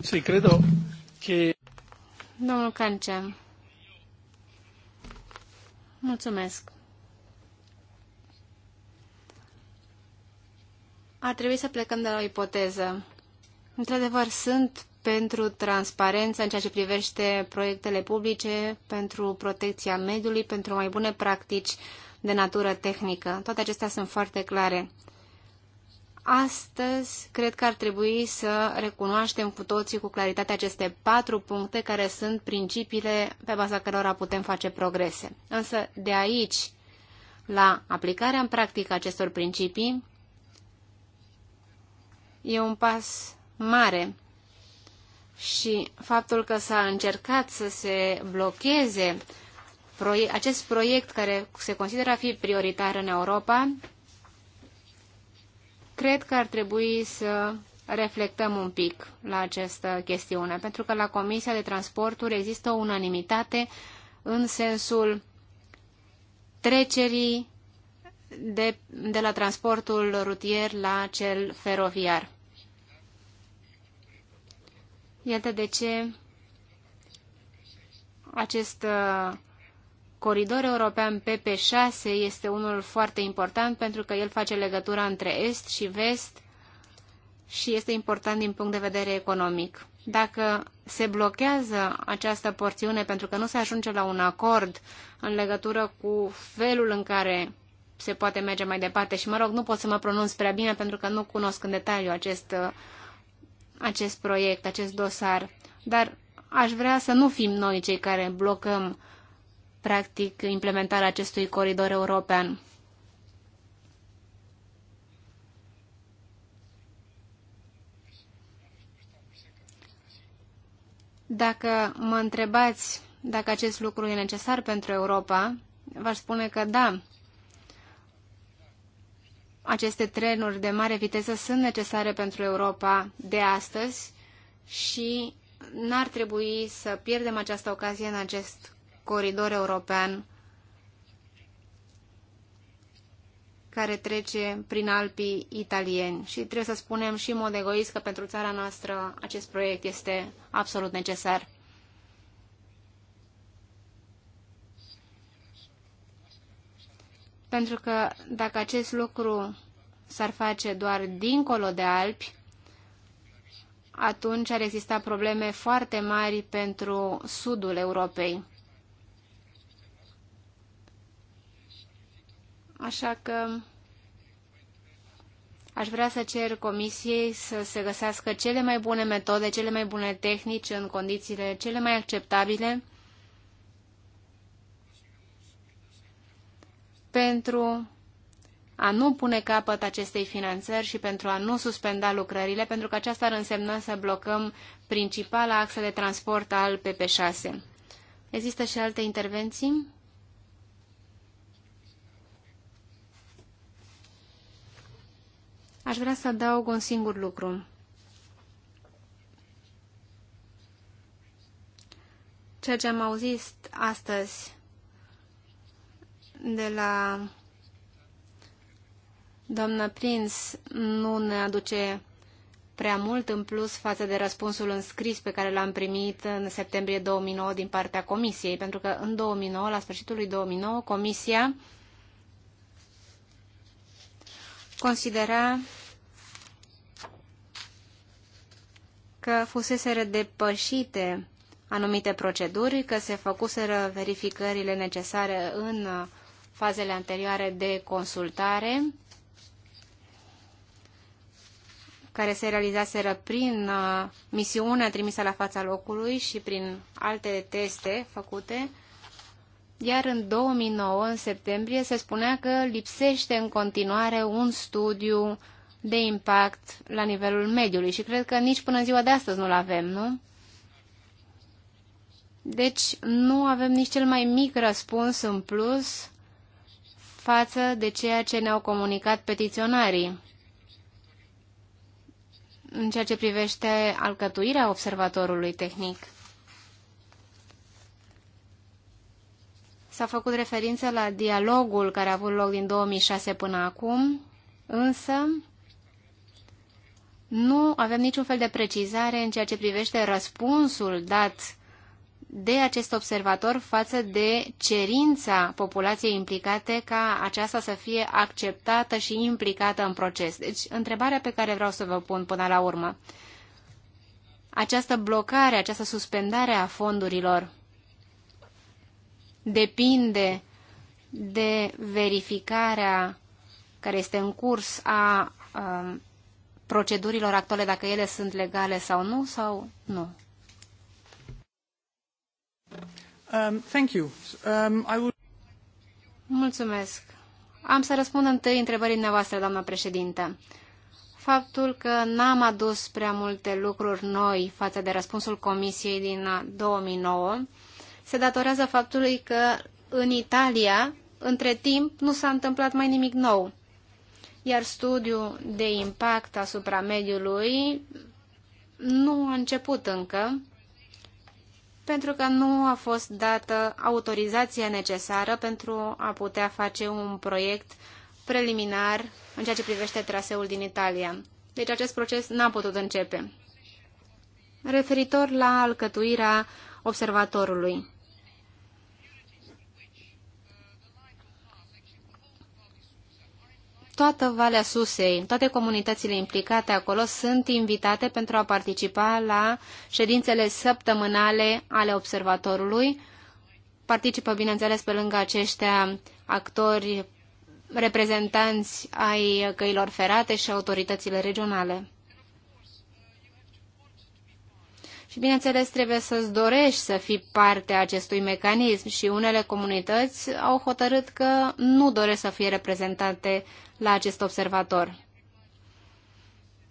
Sí, credo che... Domnul Cancem, Mulțumesc. Ar trebui să plecăm de la o ipoteză. Într-adevăr, sunt pentru transparență în ceea ce privește proiectele publice, pentru protecția mediului, pentru mai bune practici de natură tehnică. Toate acestea sunt foarte clare. Astăzi, cred că ar trebui să recunoaștem cu toții cu claritate aceste patru puncte care sunt principiile pe baza cărora putem face progrese. Însă, de aici, la aplicarea în practică acestor principii, e un pas mare și faptul că s-a încercat să se blocheze acest proiect care se consideră a fi prioritar în Europa cred că ar trebui să reflectăm un pic la această chestiune, pentru că la Comisia de Transporturi există o unanimitate în sensul trecerii de, de la transportul rutier la cel feroviar. Iată de ce acest uh, Coridor european PP6 este unul foarte important pentru că el face legătura între est și vest și este important din punct de vedere economic. Dacă se blochează această porțiune pentru că nu se ajunge la un acord în legătură cu felul în care se poate merge mai departe și, mă rog, nu pot să mă pronunț prea bine pentru că nu cunosc în detaliu acest, acest proiect, acest dosar, dar aș vrea să nu fim noi cei care blocăm practic, implementarea acestui coridor european. Dacă mă întrebați dacă acest lucru e necesar pentru Europa, v-aș spune că da. Aceste trenuri de mare viteză sunt necesare pentru Europa de astăzi și n-ar trebui să pierdem această ocazie în acest coridor european care trece prin Alpii italieni. Și trebuie să spunem și în mod egoist că pentru țara noastră acest proiect este absolut necesar. Pentru că dacă acest lucru s-ar face doar dincolo de Alpi, atunci ar exista probleme foarte mari pentru sudul Europei. Așa că aș vrea să cer comisiei să se găsească cele mai bune metode, cele mai bune tehnici în condițiile cele mai acceptabile pentru a nu pune capăt acestei finanțări și pentru a nu suspenda lucrările, pentru că aceasta ar însemna să blocăm principala axă de transport al PP6. Există și alte intervenții? Aș vrea să adaug un singur lucru. Ceea ce am auzit astăzi de la doamna Prins nu ne aduce prea mult în plus față de răspunsul înscris pe care l-am primit în septembrie 2009 din partea Comisiei, pentru că în 2009, la sfârșitul lui 2009, Comisia considera că fuseseră depășite anumite proceduri, că se făcuseră verificările necesare în fazele anterioare de consultare, care se realizaseră prin uh, misiunea trimisă la fața locului și prin alte teste făcute, iar în 2009, în septembrie, se spunea că lipsește în continuare un studiu de impact la nivelul mediului și cred că nici până în ziua de astăzi nu-l avem, nu? Deci nu avem nici cel mai mic răspuns în plus față de ceea ce ne-au comunicat petiționarii în ceea ce privește alcătuirea observatorului tehnic. S-a făcut referință la dialogul care a avut loc din 2006 până acum, însă nu avem niciun fel de precizare în ceea ce privește răspunsul dat de acest observator față de cerința populației implicate ca aceasta să fie acceptată și implicată în proces. Deci, întrebarea pe care vreau să vă pun până la urmă. Această blocare, această suspendare a fondurilor depinde de verificarea care este în curs a um, procedurilor actuale, dacă ele sunt legale sau nu, sau nu? Um, thank you. Um, I will... Mulțumesc. Am să răspund întâi întrebării dumneavoastră, doamna președintă. Faptul că n-am adus prea multe lucruri noi față de răspunsul Comisiei din 2009 se datorează faptului că în Italia, între timp, nu s-a întâmplat mai nimic nou iar studiul de impact asupra mediului nu a început încă, pentru că nu a fost dată autorizația necesară pentru a putea face un proiect preliminar în ceea ce privește traseul din Italia. Deci acest proces n-a putut începe. Referitor la alcătuirea observatorului. toată Valea Susei, toate comunitățile implicate acolo sunt invitate pentru a participa la ședințele săptămânale ale observatorului. Participă, bineînțeles, pe lângă aceștia actori reprezentanți ai căilor ferate și autoritățile regionale. Și bineînțeles trebuie să-ți dorești să fii parte a acestui mecanism și unele comunități au hotărât că nu doresc să fie reprezentate la acest observator.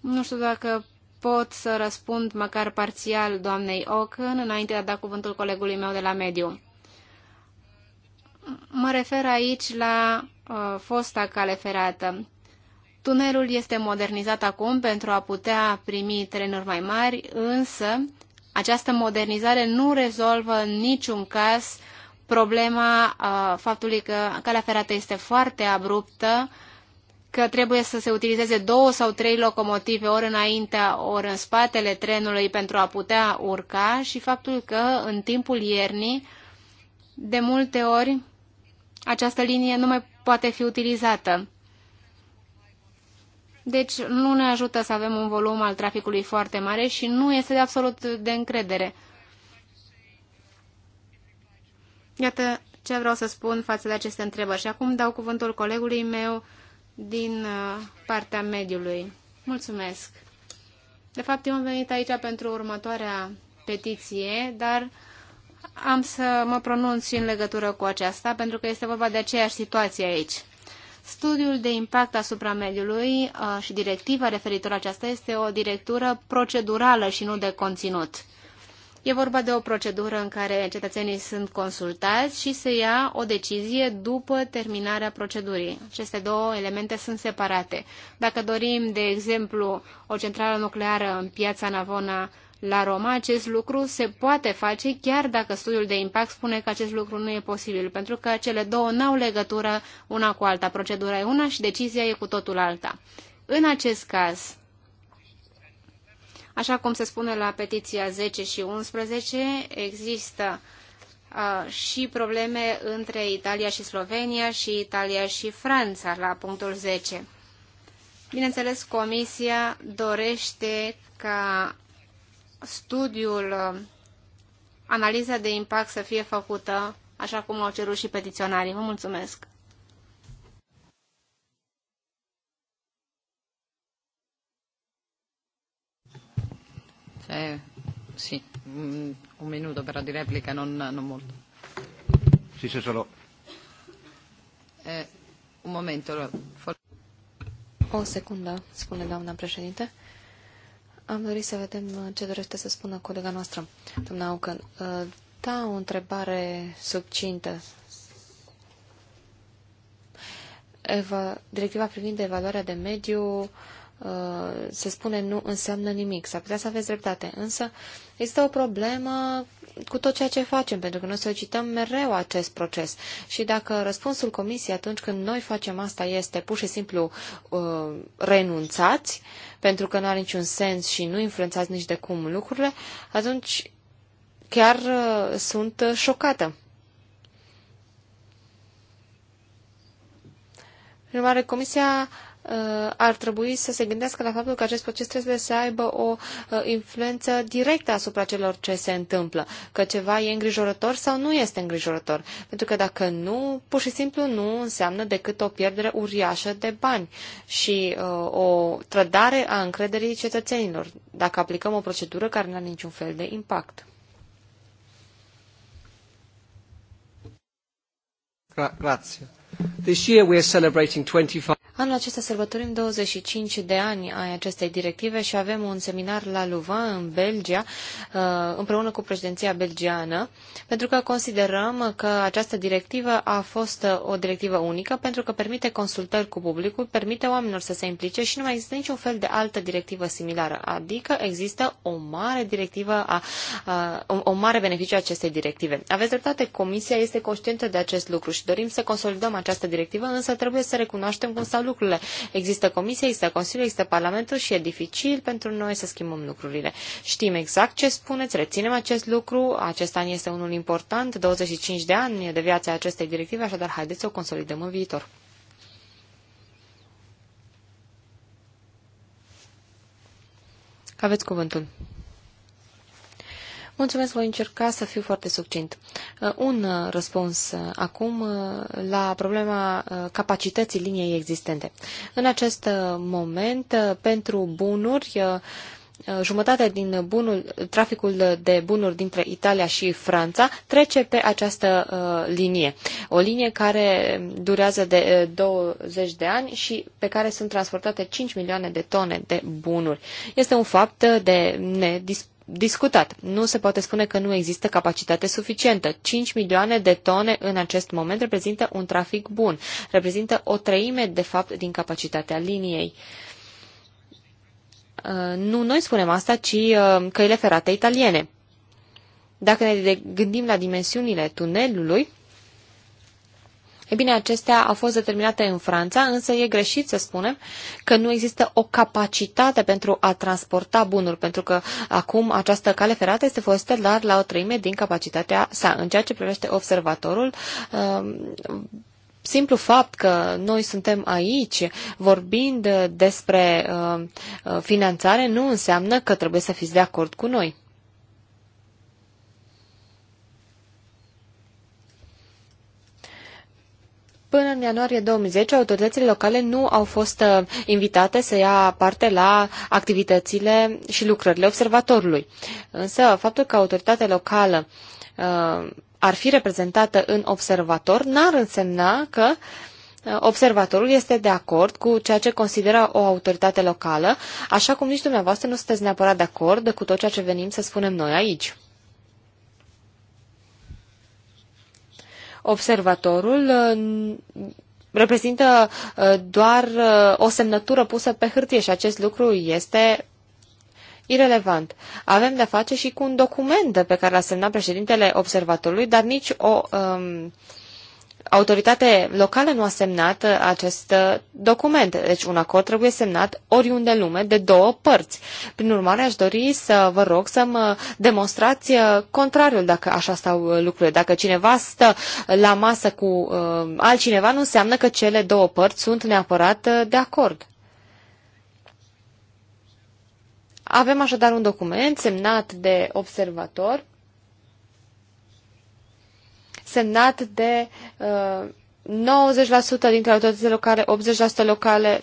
Nu știu dacă pot să răspund măcar parțial doamnei Ocân înainte de a da cuvântul colegului meu de la mediu. Mă refer aici la uh, fosta cale ferată. Tunelul este modernizat acum pentru a putea primi trenuri mai mari, însă această modernizare nu rezolvă în niciun caz problema uh, faptului că calea ferată este foarte abruptă, că trebuie să se utilizeze două sau trei locomotive ori înaintea, ori în spatele trenului pentru a putea urca și faptul că în timpul iernii, de multe ori, această linie nu mai poate fi utilizată. Deci nu ne ajută să avem un volum al traficului foarte mare și nu este de absolut de încredere. Iată ce vreau să spun față de aceste întrebări. Și acum dau cuvântul colegului meu din uh, partea mediului. Mulțumesc! De fapt, eu am venit aici pentru următoarea petiție, dar am să mă pronunț și în legătură cu aceasta, pentru că este vorba de aceeași situație aici. Studiul de impact asupra mediului uh, și directiva referitor aceasta este o directură procedurală și nu de conținut. E vorba de o procedură în care cetățenii sunt consultați și se ia o decizie după terminarea procedurii. Aceste două elemente sunt separate. Dacă dorim, de exemplu, o centrală nucleară în piața Navona la Roma, acest lucru se poate face chiar dacă studiul de impact spune că acest lucru nu e posibil, pentru că cele două n-au legătură una cu alta. Procedura e una și decizia e cu totul alta. În acest caz, așa cum se spune la petiția 10 și 11, există uh, și probleme între Italia și Slovenia și Italia și Franța la punctul 10. Bineînțeles, Comisia dorește ca studiul, uh, analiza de impact să fie făcută așa cum au cerut și petiționarii. Vă mulțumesc! Eh, sì, mm, un minuto però di replica, non, non molto. Sì, se solo. Eh, un momento. For... O secundă, spune doamna președinte. Am dorit să vedem uh, ce dorește să spună colega noastră, doamna Aucă. Uh, da, o întrebare subcintă. Eva, directiva privind evaluarea de mediu Uh, se spune nu înseamnă nimic. S-ar putea să aveți dreptate, însă există o problemă cu tot ceea ce facem, pentru că noi solicităm mereu acest proces. Și dacă răspunsul comisiei atunci când noi facem asta este pur și simplu uh, renunțați, pentru că nu are niciun sens și nu influențați nici de cum lucrurile, atunci chiar uh, sunt șocată. Prin urmare, comisia Uh, ar trebui să se gândească la faptul că acest proces trebuie să aibă o uh, influență directă asupra celor ce se întâmplă, că ceva e îngrijorător sau nu este îngrijorător. Pentru că dacă nu, pur și simplu nu înseamnă decât o pierdere uriașă de bani și uh, o trădare a încrederii cetățenilor, dacă aplicăm o procedură care nu are niciun fel de impact. grazie. This year we are celebrating 25 Anul acesta sărbătorim 25 de ani ai acestei directive și avem un seminar la Louvain, în Belgia, uh, împreună cu președinția belgiană, pentru că considerăm că această directivă a fost uh, o directivă unică pentru că permite consultări cu publicul, permite oamenilor să se implice și nu mai există niciun fel de altă directivă similară. Adică există o mare directivă, a, a, o, mare beneficiu a acestei directive. Aveți dreptate, Comisia este conștientă de acest lucru și dorim să consolidăm această directivă, însă trebuie să recunoaștem cum s-au lucrurile. Există comisie, există Consiliu, există Parlamentul și e dificil pentru noi să schimbăm lucrurile. Știm exact ce spuneți, reținem acest lucru, acest an este unul important, 25 de ani de viața acestei directive, așadar haideți să o consolidăm în viitor. Aveți cuvântul. Mulțumesc, voi încerca să fiu foarte succint. Uh, un uh, răspuns uh, acum la problema capacității liniei existente. În acest moment, pentru bunuri, jumătate din bunul, traficul de bunuri dintre Italia și Franța trece pe această linie. O linie care durează de 20 de ani și pe care sunt transportate 5 milioane de tone de bunuri. Este un fapt de nedisputat discutat. Nu se poate spune că nu există capacitate suficientă. 5 milioane de tone în acest moment reprezintă un trafic bun. Reprezintă o treime, de fapt, din capacitatea liniei. Uh, nu noi spunem asta, ci uh, căile ferate italiene. Dacă ne gândim la dimensiunile tunelului, E bine, acestea au fost determinate în Franța, însă e greșit să spunem că nu există o capacitate pentru a transporta bunuri, pentru că acum această cale ferată este folosită doar la o treime din capacitatea sa. În ceea ce privește observatorul, um, simplu fapt că noi suntem aici vorbind despre uh, uh, finanțare nu înseamnă că trebuie să fiți de acord cu noi. Până în ianuarie 2010, autoritățile locale nu au fost uh, invitate să ia parte la activitățile și lucrările observatorului. Însă, faptul că autoritatea locală uh, ar fi reprezentată în observator n-ar însemna că uh, observatorul este de acord cu ceea ce consideră o autoritate locală, așa cum nici dumneavoastră nu sunteți neapărat de acord cu tot ceea ce venim să spunem noi aici. observatorul uh, reprezintă uh, doar uh, o semnătură pusă pe hârtie și acest lucru este irelevant. Avem de-a face și cu un document pe care l-a semnat președintele observatorului, dar nici o um, autoritate locală nu a semnat uh, acest uh, document. Deci un acord trebuie semnat oriunde lume de două părți. Prin urmare, aș dori să vă rog să mă demonstrați uh, contrariul dacă așa stau lucrurile. Dacă cineva stă la masă cu uh, altcineva, nu înseamnă că cele două părți sunt neapărat de acord. Avem așadar un document semnat de observator semnat de uh, 90% dintre autoritățile locale, 80% locale,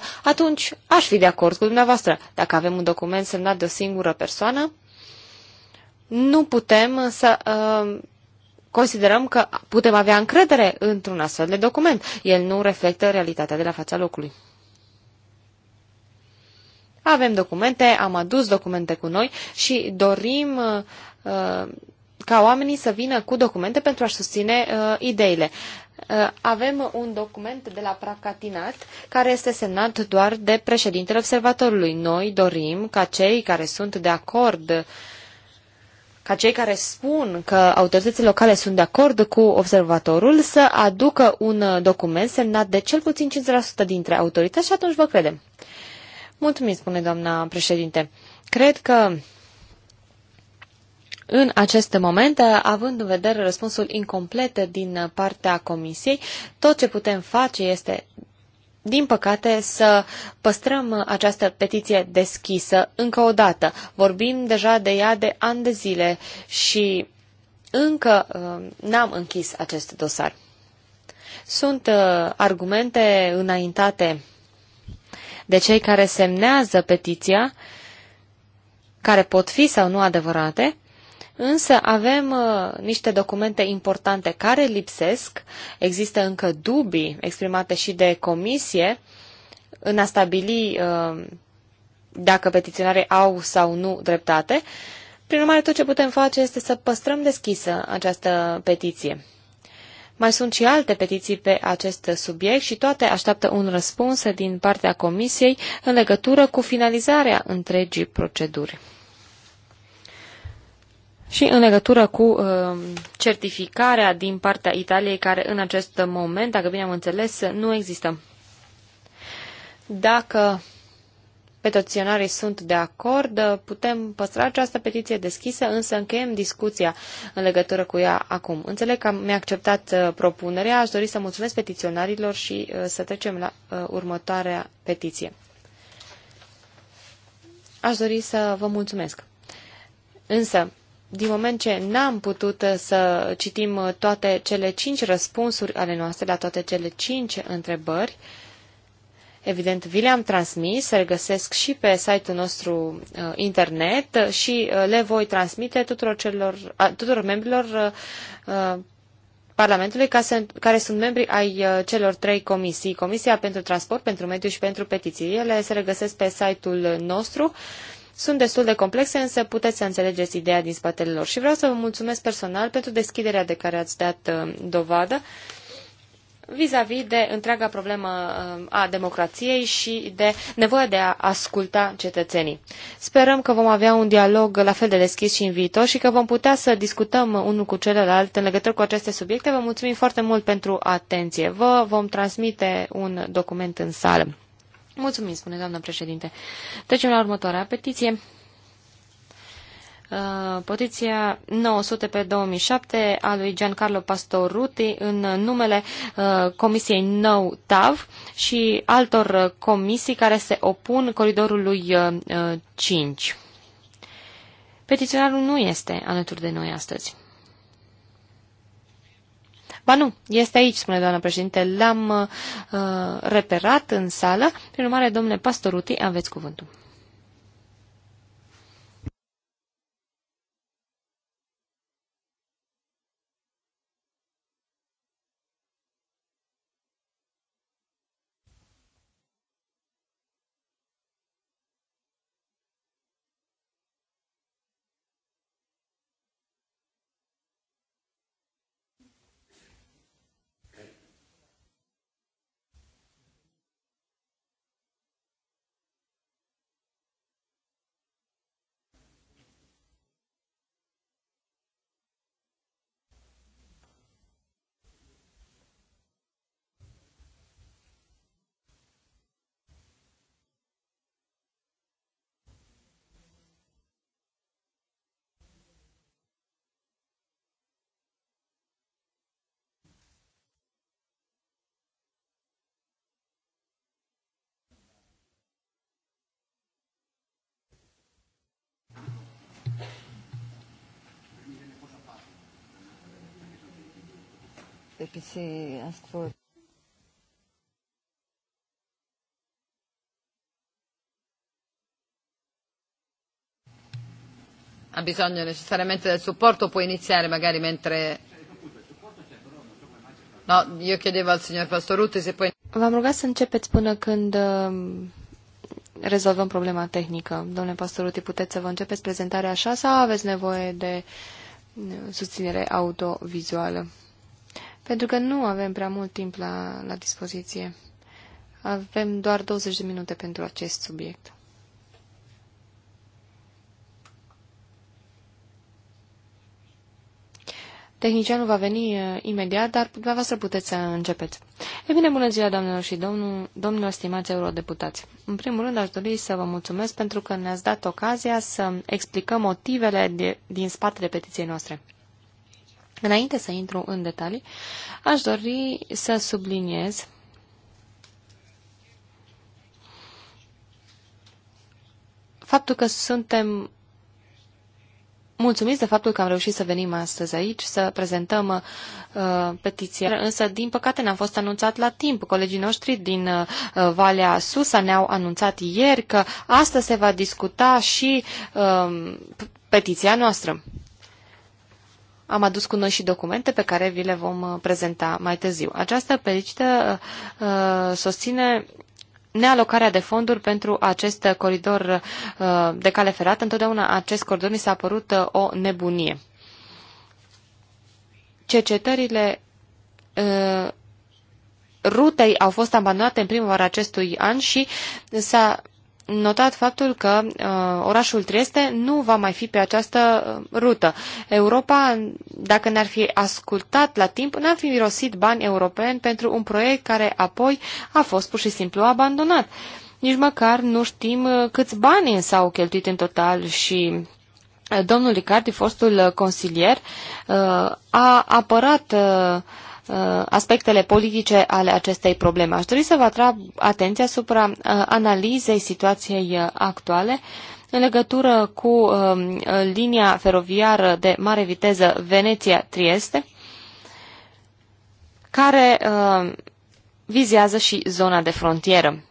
70%, atunci aș fi de acord cu dumneavoastră. Dacă avem un document semnat de o singură persoană, nu putem să uh, considerăm că putem avea încredere într-un astfel de document. El nu reflectă realitatea de la fața locului. Avem documente, am adus documente cu noi și dorim uh, ca oamenii să vină cu documente pentru a-și susține uh, ideile. Uh, avem un document de la Pracatinat care este semnat doar de președintele observatorului. Noi dorim ca cei care sunt de acord ca cei care spun că autoritățile locale sunt de acord cu observatorul să aducă un document semnat de cel puțin 50% dintre autorități și atunci vă credem. Mulțumim, spune doamna președinte. Cred că în aceste momente, având în vedere răspunsul incomplet din partea Comisiei, tot ce putem face este din păcate, să păstrăm această petiție deschisă încă o dată. Vorbim deja de ea de ani de zile și încă uh, n-am închis acest dosar. Sunt uh, argumente înaintate de cei care semnează petiția, care pot fi sau nu adevărate, Însă avem uh, niște documente importante care lipsesc, există încă dubii exprimate și de comisie în a stabili uh, dacă petiționare au sau nu dreptate. Prin urmare, tot ce putem face este să păstrăm deschisă această petiție. Mai sunt și alte petiții pe acest subiect și toate așteaptă un răspuns din partea Comisiei în legătură cu finalizarea întregii proceduri. Și în legătură cu uh, certificarea din partea Italiei, care în acest moment, dacă bine am înțeles, nu există. Dacă Petiționarii sunt de acord, putem păstra această petiție deschisă, însă încheiem discuția în legătură cu ea acum. Înțeleg că mi-a acceptat uh, propunerea, aș dori să mulțumesc petiționarilor și uh, să trecem la uh, următoarea petiție. Aș dori să vă mulțumesc. Însă, din moment ce n-am putut uh, să citim uh, toate cele cinci răspunsuri ale noastre la toate cele cinci întrebări, Evident, vi le-am transmis, Le găsesc și pe site-ul nostru uh, internet uh, și uh, le voi transmite tuturor, celor, uh, tuturor membrilor uh, Parlamentului ca să, care sunt membri ai uh, celor trei comisii. Comisia pentru Transport, pentru Mediu și pentru Petiții. Ele se regăsesc pe site-ul nostru. Uh, sunt destul de complexe, însă puteți să înțelegeți ideea din spatele lor. Și vreau să vă mulțumesc personal pentru deschiderea de care ați dat uh, dovadă vis-a-vis -vis de întreaga problemă uh, a democrației și de nevoia de a asculta cetățenii. Sperăm că vom avea un dialog la fel de deschis și în viitor și că vom putea să discutăm unul cu celălalt în legătură cu aceste subiecte. Vă mulțumim foarte mult pentru atenție. Vă vom transmite un document în sală. Mulțumim, spune doamna președinte. Trecem la următoarea petiție. Uh, petiția 900 pe 2007 a lui Giancarlo Pastoruti în numele uh, Comisiei Nou TAV și altor uh, comisii care se opun coridorului 5. Petiționarul nu este alături de noi astăzi. Ba nu, este aici, spune doamna președinte, l-am uh, reperat în sală. Prin urmare, domnule Pastoruti, aveți cuvântul. EPC asked for ha bisogno necessariamente del supporto può iniziare magari mentre No, eu chiedevo al signor Pastorute se poi V-am rugat să începeți până când um, rezolvăm problema tehnică. Domnule Pastoruti, puteți să vă începeți prezentarea așa sau aveți nevoie de uh, susținere audio-vizuală? pentru că nu avem prea mult timp la, la dispoziție. Avem doar 20 de minute pentru acest subiect. Tehnicianul va veni uh, imediat, dar dumneavoastră puteți să începeți. E bine, bună ziua, doamnelor și domnul, domnilor, stimați eurodeputați. În primul rând, aș dori să vă mulțumesc pentru că ne-ați dat ocazia să explicăm motivele de, din spatele petiției noastre. Înainte să intru în detalii, aș dori să subliniez faptul că suntem mulțumiți de faptul că am reușit să venim astăzi aici, să prezentăm uh, petiția, însă, din păcate, n-a fost anunțat la timp. Colegii noștri din uh, Valea Susa ne-au anunțat ieri că astăzi se va discuta și uh, petiția noastră. Am adus cu noi și documente pe care vi le vom uh, prezenta mai târziu. Această pericită uh, uh, susține nealocarea de fonduri pentru acest coridor uh, de cale ferată. Întotdeauna acest coridor mi s-a părut uh, o nebunie. Cercetările uh, rutei au fost abandonate în primăvara acestui an și s-a notat faptul că uh, orașul Trieste nu va mai fi pe această uh, rută. Europa, dacă ne-ar fi ascultat la timp, n-ar fi mirosit bani europeni pentru un proiect care apoi a fost pur și simplu abandonat. Nici măcar nu știm uh, câți bani s-au cheltuit în total și uh, domnul Ricardi, fostul uh, consilier, uh, a apărat uh, Uh, aspectele politice ale acestei probleme. Aș dori să vă atrag atenția asupra uh, analizei situației uh, actuale în legătură cu um, linia feroviară de mare viteză Veneția-Trieste, care vizează și zona de frontieră.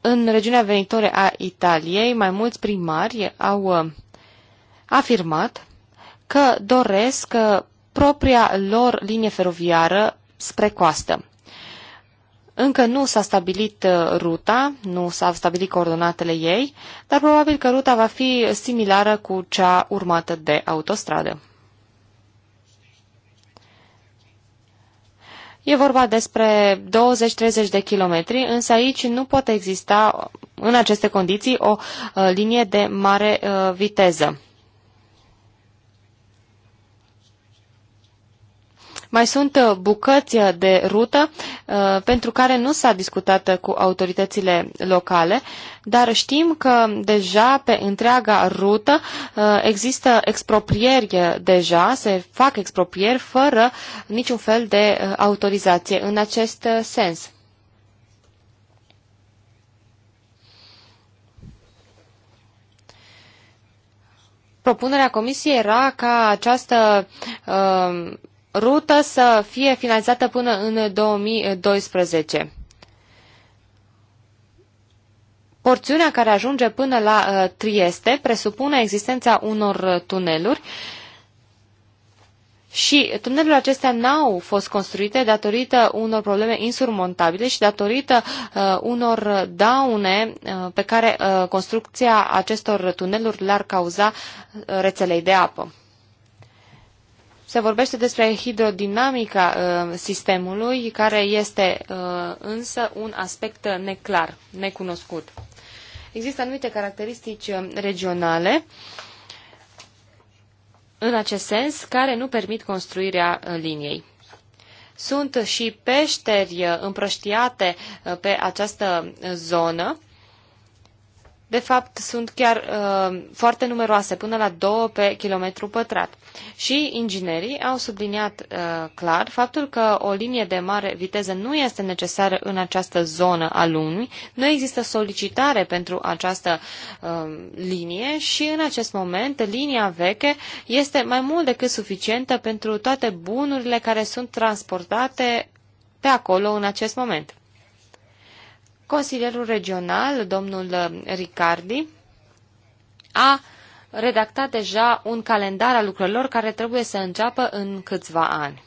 În regiunea venitoare a Italiei, mai mulți primari au afirmat că doresc propria lor linie feroviară spre coastă. Încă nu s-a stabilit uh, ruta, nu s-au stabilit coordonatele ei, dar probabil că ruta va fi similară cu cea urmată de autostradă. E vorba despre 20-30 de kilometri, însă aici nu poate exista în aceste condiții o uh, linie de mare uh, viteză. Mai sunt uh, bucăți uh, de rută uh, pentru care nu s-a discutat cu autoritățile locale, dar știm că deja pe întreaga rută există exproprieri deja, se fac exproprieri fără niciun fel de autorizație în acest sens. Propunerea comisiei era ca această uh, rută să fie finalizată până în 2012. Porțiunea care ajunge până la uh, Trieste presupune existența unor uh, tuneluri și tunelurile acestea n-au fost construite datorită unor probleme insurmontabile și datorită uh, unor uh, daune uh, pe care uh, construcția acestor tuneluri le-ar cauza uh, rețelei de apă se vorbește despre hidrodinamica uh, sistemului, care este uh, însă un aspect neclar, necunoscut. Există anumite caracteristici uh, regionale în acest sens care nu permit construirea uh, liniei. Sunt și peșteri uh, împrăștiate pe această zonă de fapt, sunt chiar uh, foarte numeroase, până la 2 pe kilometru pătrat. Și inginerii au subliniat uh, clar faptul că o linie de mare viteză nu este necesară în această zonă a lunii, nu există solicitare pentru această uh, linie și în acest moment linia veche este mai mult decât suficientă pentru toate bunurile care sunt transportate pe acolo în acest moment. Consilierul regional, domnul Ricardi, a redactat deja un calendar al lucrurilor care trebuie să înceapă în câțiva ani.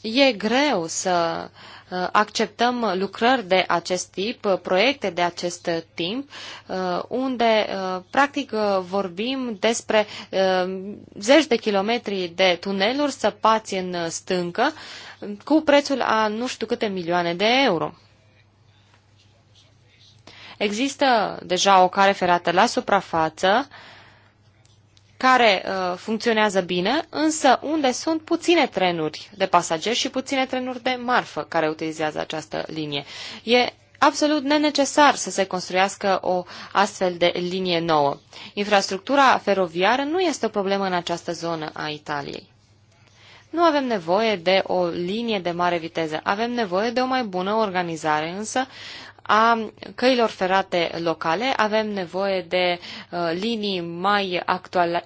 E greu să uh, acceptăm lucrări de acest tip, uh, proiecte de acest timp, uh, unde practic vorbim despre zeci de kilometri de tuneluri săpați în stâncă cu prețul a nu știu câte milioane de euro. Există deja o cale ferată la suprafață care uh, funcționează bine, însă unde sunt puține trenuri de pasageri și puține trenuri de marfă care utilizează această linie. E absolut nenecesar să se construiască o astfel de linie nouă. Infrastructura feroviară nu este o problemă în această zonă a Italiei. Nu avem nevoie de o linie de mare viteză, avem nevoie de o mai bună organizare, însă a căilor ferate locale. Avem nevoie de uh, linii mai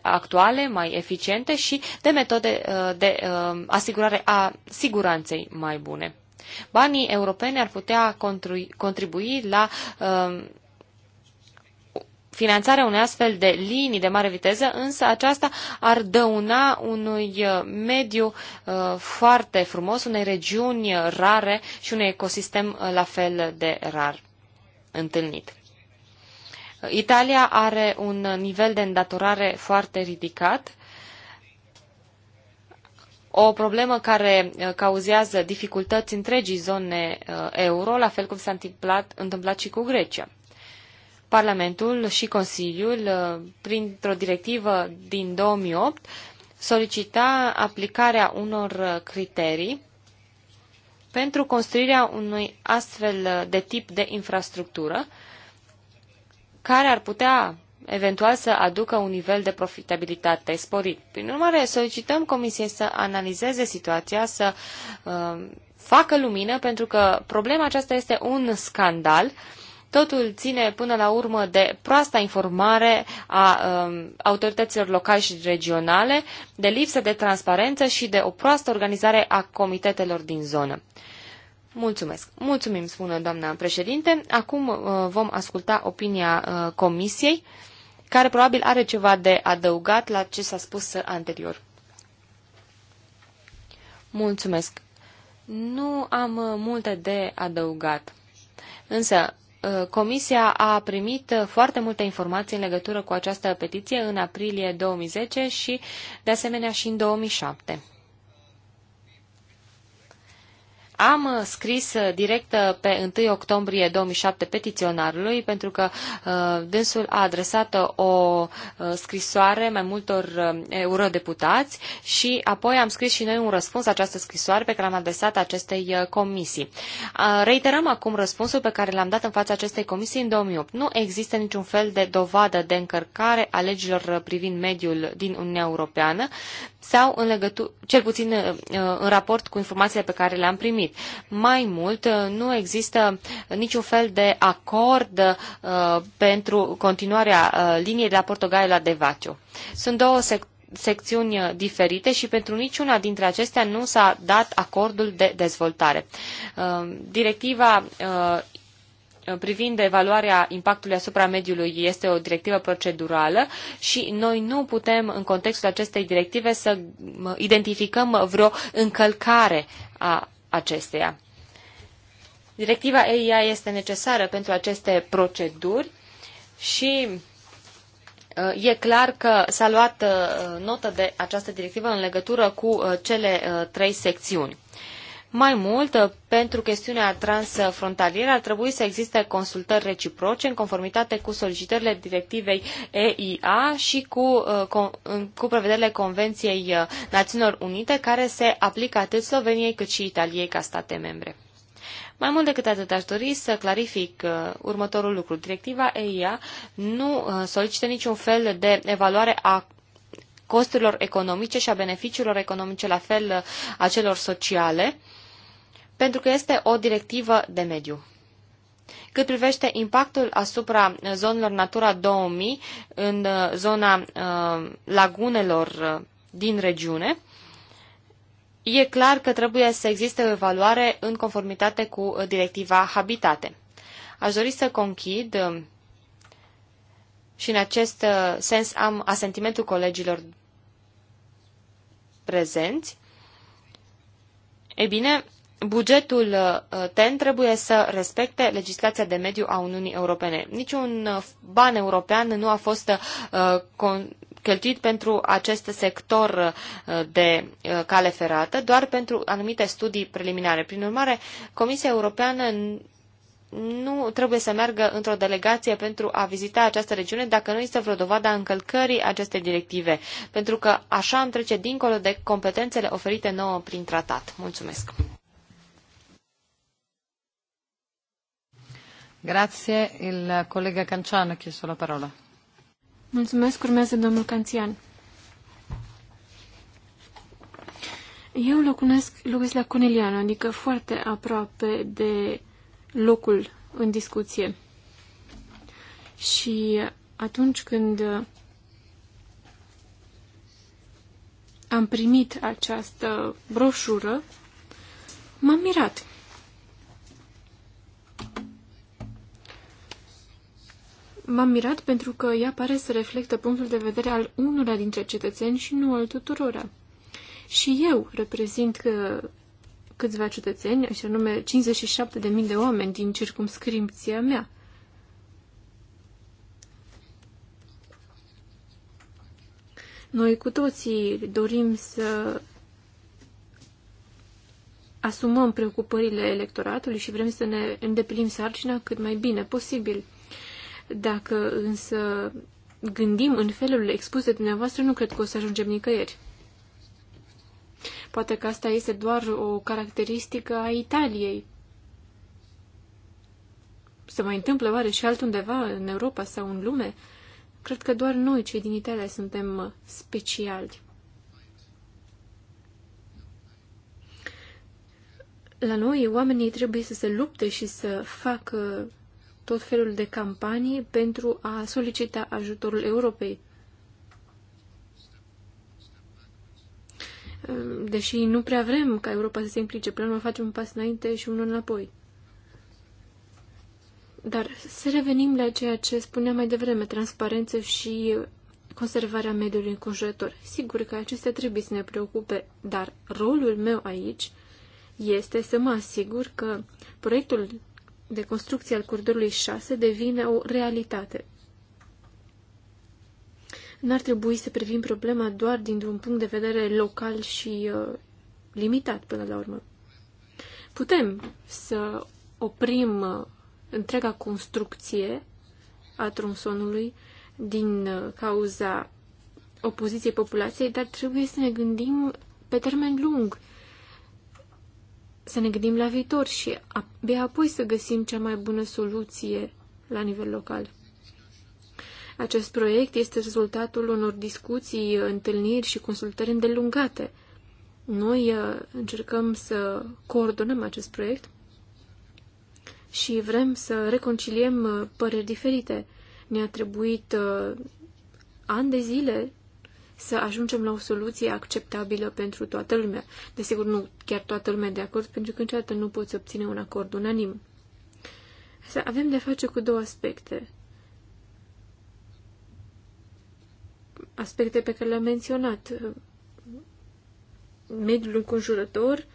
actuale, mai eficiente și de metode uh, de uh, asigurare a siguranței mai bune. Banii europene ar putea contribui la finanțarea unei astfel de linii de mare viteză, însă aceasta ar dăuna unui uh, mediu uh, foarte frumos, unei regiuni rare și unui ecosistem uh, la fel de rar întâlnit. Italia are un nivel de îndatorare foarte ridicat, o problemă care cauzează dificultăți întregii zone euro, la fel cum s-a întâmplat, întâmplat și cu Grecia. Parlamentul și Consiliul, uh, printr-o directivă din 2008, solicita aplicarea unor uh, criterii pentru construirea unui astfel uh, de tip de infrastructură care ar putea eventual să aducă un nivel de profitabilitate sporit. Prin urmare, solicităm Comisiei să analizeze situația, să uh, facă lumină, pentru că problema aceasta este un scandal uh, Totul ține până la urmă de proasta informare a um, autorităților locale și regionale, de lipsă de transparență și de o proastă organizare a comitetelor din zonă. Mulțumesc. Mulțumim, spună doamna președinte. Acum uh, vom asculta opinia uh, comisiei, care probabil are ceva de adăugat la ce s-a spus uh, anterior. Mulțumesc. Nu am uh, multe de adăugat. Însă, Uh, comisia a primit uh, foarte multe informații în legătură cu această petiție în aprilie 2010 și, de asemenea, și în 2007. Am uh, scris uh, direct uh, pe 1 octombrie 2007 petiționarului pentru că dânsul a adresat o scrisoare mai multor eurodeputați și apoi am scris și noi un răspuns această scrisoare pe care am adresat acestei comisii. Reiterăm acum răspunsul pe care l-am dat în fața acestei comisii în 2008. Nu există niciun fel de dovadă de încărcare a legilor privind mediul din Uniunea Europeană, sau în legătură, cel puțin uh, în raport cu informațiile pe care le-am primit. Mai mult, uh, nu există niciun fel de acord uh, pentru continuarea liniei de la Portogaia la Devaciu. Sunt două sectoare secțiuni diferite și pentru niciuna dintre acestea nu s-a dat acordul de dezvoltare. Directiva privind evaluarea impactului asupra mediului este o directivă procedurală și noi nu putem, în contextul acestei directive, să identificăm vreo încălcare a acesteia. Directiva EIA este necesară pentru aceste proceduri și uh, e clar că s-a luat uh, notă de această directivă în legătură cu uh, cele trei secțiuni. Mai mult, pentru chestiunea transfrontalieră ar trebui să existe consultări reciproce în conformitate cu solicitările directivei EIA și cu, uh, cu prevederile Convenției uh, Națiunilor Unite care se aplică atât Sloveniei cât și Italiei ca state membre. Mai mult decât atât, aș dori să clarific uh, următorul lucru. Directiva EIA nu uh, solicită niciun fel de evaluare a costurilor economice și a beneficiilor economice, la fel uh, a celor sociale. Uh, pentru că este o directivă de mediu. Cât privește impactul asupra zonelor Natura 2000 în uh, zona uh, lagunelor uh, din regiune, e clar că trebuie să existe o evaluare în conformitate cu directiva Habitate. Aș dori să conchid și în acest sens am asentimentul colegilor prezenți. Ei bine, bugetul uh, TEN trebuie să respecte legislația de mediu a Uniunii Europene. Niciun uh, ban european nu a fost uh, cheltuit pentru acest sector de cale ferată, doar pentru anumite studii preliminare. Prin urmare, Comisia Europeană nu trebuie să meargă într-o delegație pentru a vizita această regiune dacă nu este vreo dovadă a încălcării acestei directive, pentru că așa am trece dincolo de competențele oferite nouă prin tratat. Mulțumesc! Grazie. Il colega Cancian a chiesto la parola. Mulțumesc. Urmează domnul Canțian. Eu locuiesc, locuiesc la Coneliano, adică foarte aproape de locul în discuție. Și atunci când am primit această broșură, m-am mirat. M-am mirat pentru că ea pare să reflectă punctul de vedere al unora dintre cetățeni și nu al tuturora. Și eu reprezint că uh, câțiva cetățeni, așa nume 57.000 de oameni din circumscripția mea. Noi cu toții dorim să asumăm preocupările electoratului și vrem să ne îndeplinim sarcina cât mai bine posibil. Dacă însă gândim în felul expus de dumneavoastră, nu cred că o să ajungem nicăieri. Poate că asta este doar o caracteristică a Italiei. Se mai întâmplă oare și altundeva în Europa sau în lume? Cred că doar noi, cei din Italia, suntem speciali. La noi, oamenii trebuie să se lupte și să facă tot felul de campanii pentru a solicita ajutorul Europei. Deși nu prea vrem ca Europa să se implice, până facem un pas înainte și unul înapoi. Dar să revenim la ceea ce spuneam mai devreme, transparență și conservarea mediului înconjurător. Sigur că acestea trebuie să ne preocupe, dar rolul meu aici este să mă asigur că proiectul de construcție al coridorului 6 devine o realitate. N-ar trebui să privim problema doar dintr-un punct de vedere local și uh, limitat până la urmă. Putem să oprim uh, întreaga construcție a tronsonului din uh, cauza opoziției populației, dar trebuie să ne gândim pe termen lung. Uh, să ne gândim la viitor și abia apoi să găsim cea mai bună soluție la nivel local. Acest proiect este rezultatul unor discuții, întâlniri și consultări îndelungate. Noi uh, încercăm să coordonăm acest proiect și vrem să reconciliem uh, păreri diferite. Ne-a trebuit uh, ani de zile să ajungem la o soluție acceptabilă pentru toată lumea. Desigur, nu chiar toată lumea de acord, pentru că încearcă nu poți obține un acord unanim. Să avem de face cu două aspecte. Aspecte pe care le-am menționat. Mediul înconjurător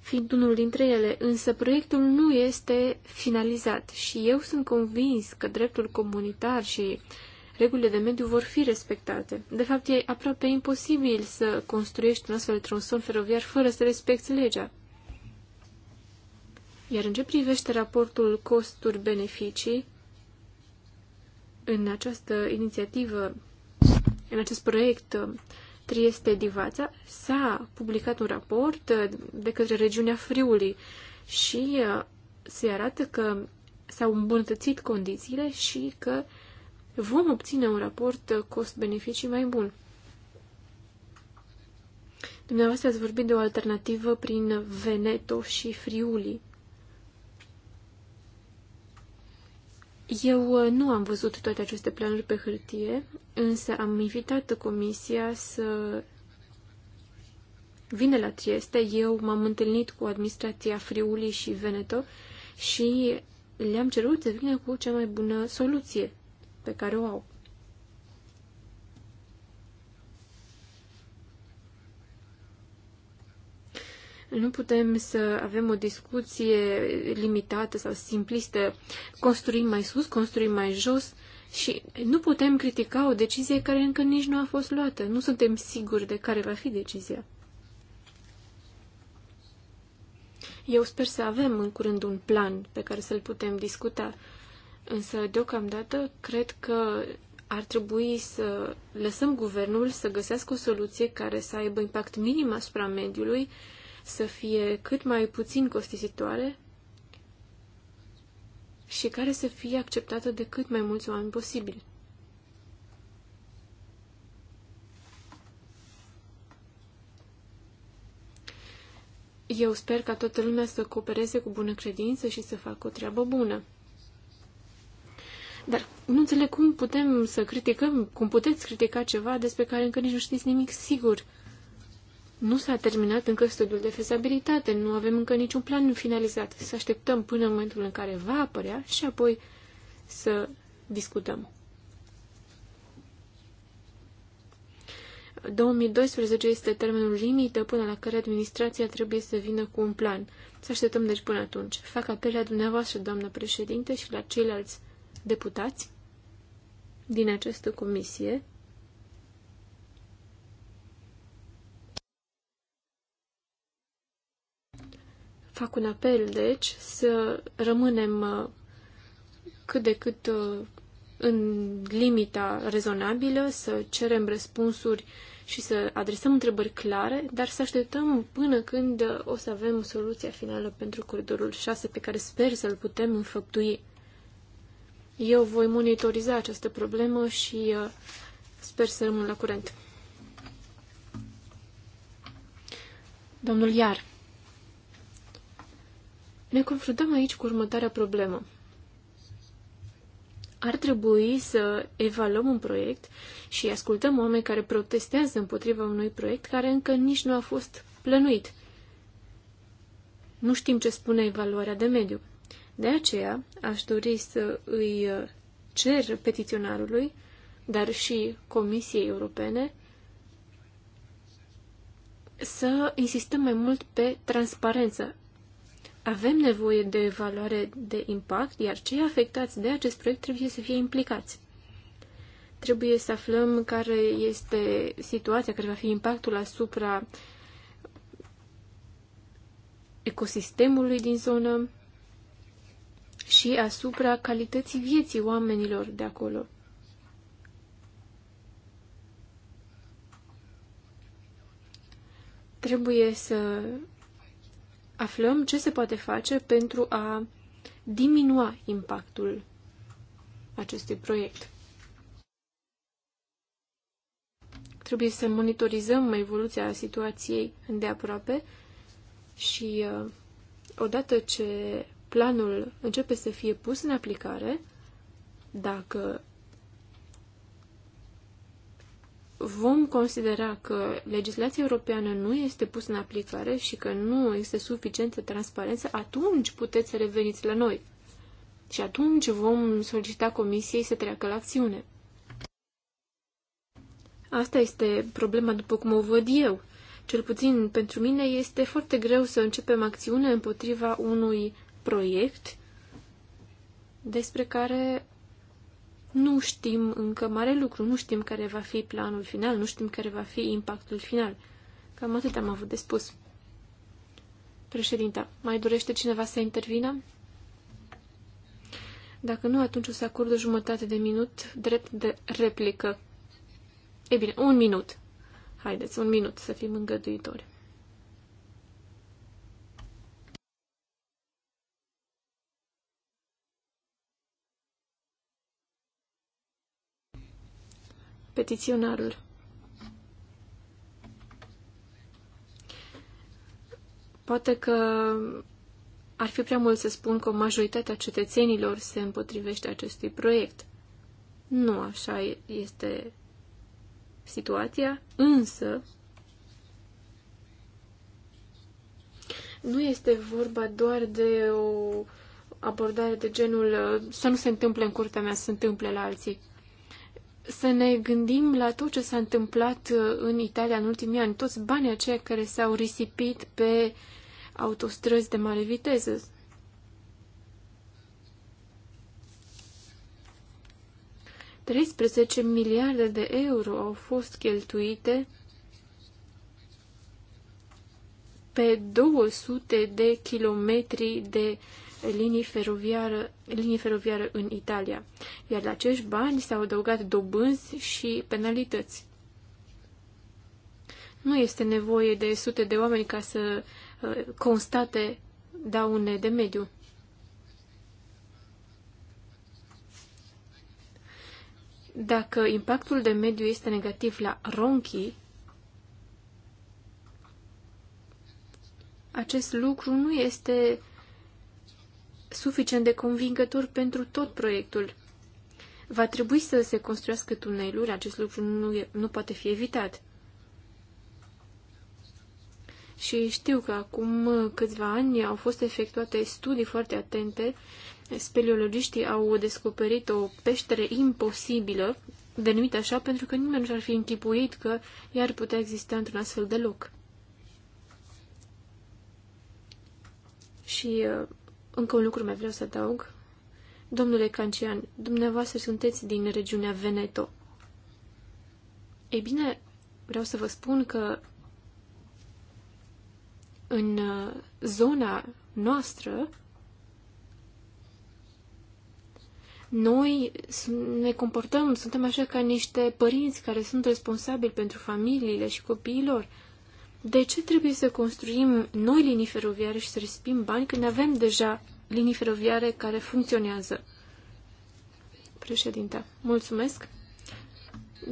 fiind unul dintre ele, însă proiectul nu este finalizat și eu sunt convins că dreptul comunitar și uh, regulile de mediu vor fi respectate. De fapt, e aproape imposibil să construiești un astfel de tronson feroviar fără să respecti legea. Iar în ce privește raportul costuri-beneficii, în această inițiativă, în acest proiect uh, Trieste Divața, s-a publicat un raport uh, de către regiunea Friului și uh, se arată că s-au îmbunătățit condițiile și că vom obține un raport cost-beneficii mai bun. Dumneavoastră ați vorbit de o alternativă prin Veneto și Friuli. Eu uh, nu am văzut toate aceste planuri pe hârtie, însă am invitat comisia să vină la Trieste. Eu m-am întâlnit cu administrația Friuli și Veneto și le-am cerut să vină cu cea mai bună soluție pe care o au. Nu putem să avem o discuție limitată sau simplistă, construim mai sus, construim mai jos și nu putem critica o decizie care încă nici nu a fost luată. Nu suntem siguri de care va fi decizia. Eu sper să avem în curând un plan pe care să-l putem discuta Însă, deocamdată, cred că ar trebui să lăsăm guvernul să găsească o soluție care să aibă impact minim asupra mediului, să fie cât mai puțin costisitoare și care să fie acceptată de cât mai mulți oameni posibil. Eu sper ca toată lumea să coopereze cu bună credință și să facă o treabă bună. Dar nu înțeleg cum putem să criticăm, cum puteți critica ceva despre care încă nici nu știți nimic sigur. Nu s-a terminat încă studiul de fezabilitate, nu avem încă niciun plan finalizat. Să așteptăm până în momentul în care va apărea și apoi să discutăm. 2012 este termenul limită până la care administrația trebuie să vină cu un plan. Să așteptăm deci până atunci. Fac apel la dumneavoastră, doamnă președinte, și la ceilalți deputați din această comisie fac un apel, deci, să rămânem uh, cât de cât uh, în limita rezonabilă, să cerem răspunsuri și să adresăm întrebări clare, dar să așteptăm până când uh, o să avem soluția finală pentru coridorul 6, pe care sper să-l putem înfăptui. Eu voi monitoriza această problemă și uh, sper să rămân la curent. Domnul Iar. Ne confruntăm aici cu următoarea problemă. Ar trebui să evaluăm un proiect și ascultăm oameni care protestează împotriva unui proiect care încă nici nu a fost plănuit. Nu știm ce spune evaluarea de mediu. De aceea aș dori să îi cer petiționarului, dar și Comisiei Europene, să insistăm mai mult pe transparență. Avem nevoie de evaluare de impact, iar cei afectați de acest proiect trebuie să fie implicați. Trebuie să aflăm care este situația, care va fi impactul asupra ecosistemului din zonă, și asupra calității vieții oamenilor de acolo. Trebuie să aflăm ce se poate face pentru a diminua impactul acestui proiect. Trebuie să monitorizăm evoluția situației îndeaproape și uh, odată ce planul începe să fie pus în aplicare, dacă vom considera că legislația europeană nu este pusă în aplicare și că nu este suficientă transparență, atunci puteți să reveniți la noi. Și atunci vom solicita comisiei să treacă la acțiune. Asta este problema după cum o văd eu. Cel puțin pentru mine este foarte greu să începem acțiune împotriva unui proiect despre care nu știm încă mare lucru, nu știm care va fi planul final, nu știm care va fi impactul final. Cam atât am avut de spus. Președinta, mai dorește cineva să intervină? Dacă nu, atunci o să acord o jumătate de minut drept de replică. E bine, un minut. Haideți, un minut să fim îngăduitori. petiționarul. Poate că ar fi prea mult să spun că o majoritate a cetățenilor se împotrivește acestui proiect. Nu așa este situația, însă nu este vorba doar de o abordare de genul să nu se întâmple în curtea mea, să se întâmple la alții să ne gândim la tot ce s-a întâmplat uh, în Italia în ultimii ani, toți banii aceia care s-au risipit pe autostrăzi de mare viteză. Treisprezece miliarde de euro au fost cheltuite pe 200 de kilometri de uh, linii feroviare, linii feroviare în Italia, iar la acești bani s-au adăugat dobânzi și penalități. Nu este nevoie de sute de oameni ca să uh, constate daune de mediu. Dacă impactul de mediu este negativ la Ronchi, acest lucru nu este suficient de convingător pentru tot proiectul. Va trebui să se construiască tuneluri, acest lucru nu, e, nu poate fi evitat. Și știu că acum câțiva ani au fost efectuate studii foarte atente. Speleologiștii au descoperit o peștere imposibilă, denumită așa pentru că nimeni nu și-ar fi închipuit că i-ar putea exista într-un astfel de loc. Și uh, încă un lucru mai vreau să adaug. Domnule Cancian, dumneavoastră sunteți din regiunea Veneto. Ei bine, vreau să vă spun că în uh, zona noastră noi ne comportăm, suntem așa ca niște părinți care sunt responsabili pentru familiile și copiilor de ce trebuie să construim noi linii feroviare și să respim bani când avem deja linii feroviare care funcționează? Președinte, mulțumesc.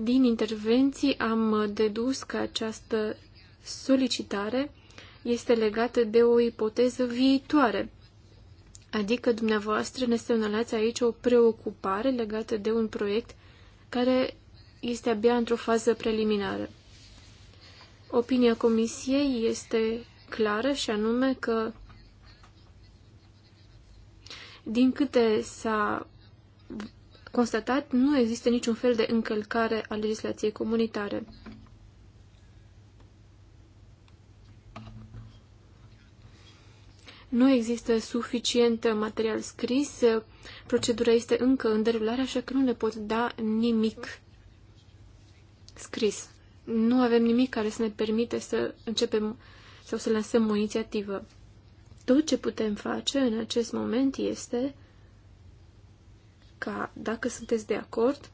Din intervenții am dedus că această solicitare este legată de o ipoteză viitoare. Adică dumneavoastră ne semnalați aici o preocupare legată de un proiect care este abia într-o fază preliminară. Opinia Comisiei este clară și anume că din câte s-a constatat, nu există niciun fel de încălcare a legislației comunitare. Nu există suficient material scris, procedura este încă în derulare, așa că nu ne pot da nimic scris nu avem nimic care să ne permite să începem sau să lansăm o inițiativă. Tot ce putem face în acest moment este ca, dacă sunteți de acord,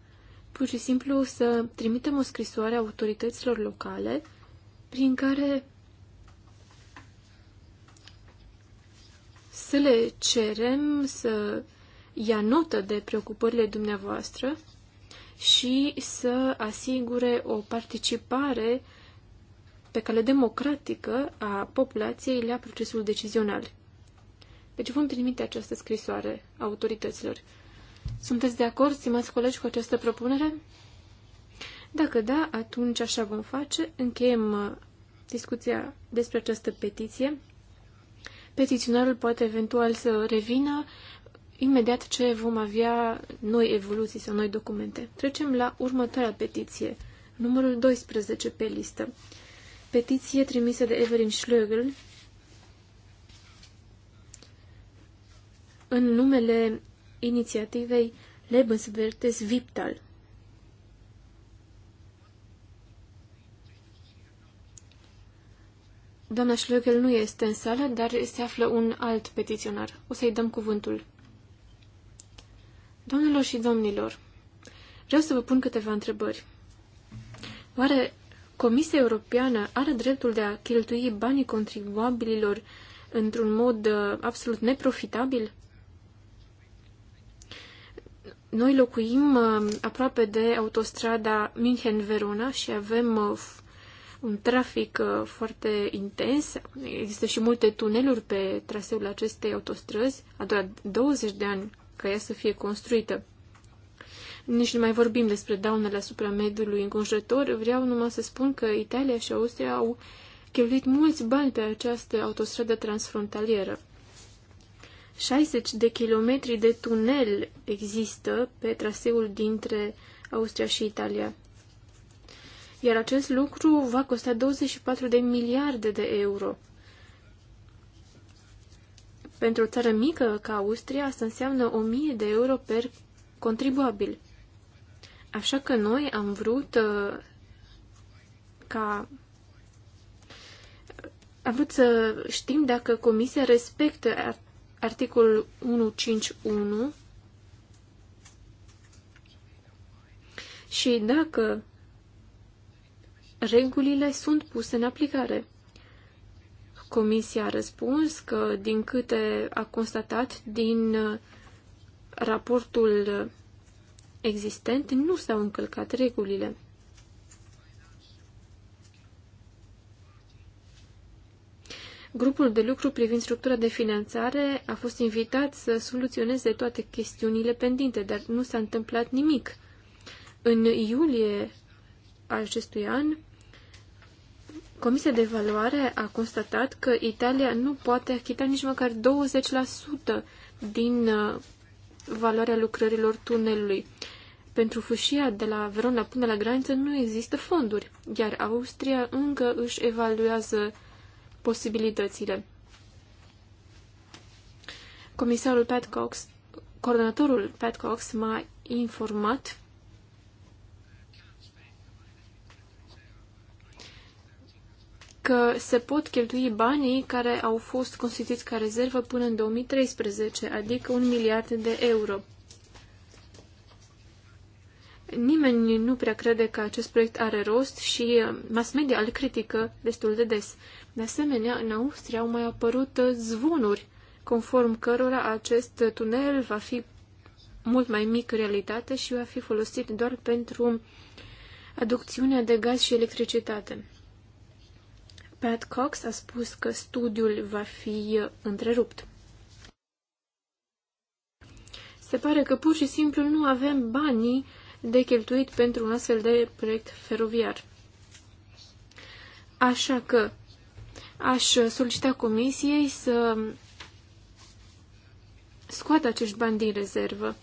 pur și simplu să trimitem o scrisoare autorităților locale prin care să le cerem să ia notă de preocupările dumneavoastră și să asigure o participare pe cale democratică a populației la procesul decizional. Deci vom trimite această scrisoare autorităților. Sunteți de acord, stimați colegi, cu această propunere? Dacă da, atunci așa vom face. Încheiem uh, discuția despre această petiție. Petiționarul poate eventual să revină, imediat ce vom avea noi evoluții sau noi documente. Trecem la următoarea petiție, numărul 12 pe listă. Petiție trimisă de Evelyn Schlögel în numele inițiativei Lebenswertes Viptal. Doamna Schlögel nu este în sală, dar se află un alt petiționar. O să-i dăm cuvântul. Doamnelor și domnilor, vreau să vă pun câteva întrebări. Oare Comisia Europeană are dreptul de a cheltui banii contribuabililor într-un mod uh, absolut neprofitabil? Noi locuim uh, aproape de autostrada München-Verona și avem uh, un trafic foarte intens. Există și multe tuneluri pe traseul acestei autostrăzi. A durat 20 de ani ca ea să fie construită. Nici nu mai vorbim despre daunele asupra mediului înconjurător, vreau numai să spun că Italia și Austria au cheltuit mulți bani pe această autostradă transfrontalieră. 60 de kilometri de tunel există pe traseul dintre Austria și Italia. Iar acest lucru va costa 24 de miliarde de euro. Pentru o țară mică ca Austria, asta înseamnă 1000 de euro per contribuabil. Așa că noi am vrut uh, ca am vrut să știm dacă Comisia respectă articolul 151 și dacă regulile sunt puse în aplicare. Comisia a răspuns că, din câte a constatat din uh, raportul existent, nu s-au încălcat regulile. Grupul de lucru privind structura de finanțare a fost invitat să soluționeze toate chestiunile pendinte, dar nu s-a întâmplat nimic. În iulie acestui an, Comisia de evaluare a constatat că Italia nu poate achita nici măcar 20% din uh, valoarea lucrărilor tunelului. Pentru fâșia de la Verona până la graniță nu există fonduri, iar Austria încă își evaluează posibilitățile. Comisarul Pat Cox, coordonatorul Pat Cox m-a informat că se pot cheltui banii care au fost constituiți ca rezervă până în 2013, adică un miliard de euro. Nimeni nu prea crede că acest proiect are rost și uh, mass media îl critică destul de des. De asemenea, în Austria au mai apărut uh, zvonuri conform cărora acest tunel va fi mult mai mic în realitate și va fi folosit doar pentru aducțiunea de gaz și electricitate. Pat Cox a spus că studiul va fi întrerupt. Se pare că pur și simplu nu avem banii de cheltuit pentru un astfel de proiect feroviar. Așa că aș solicita comisiei să scoată acești bani din rezervă.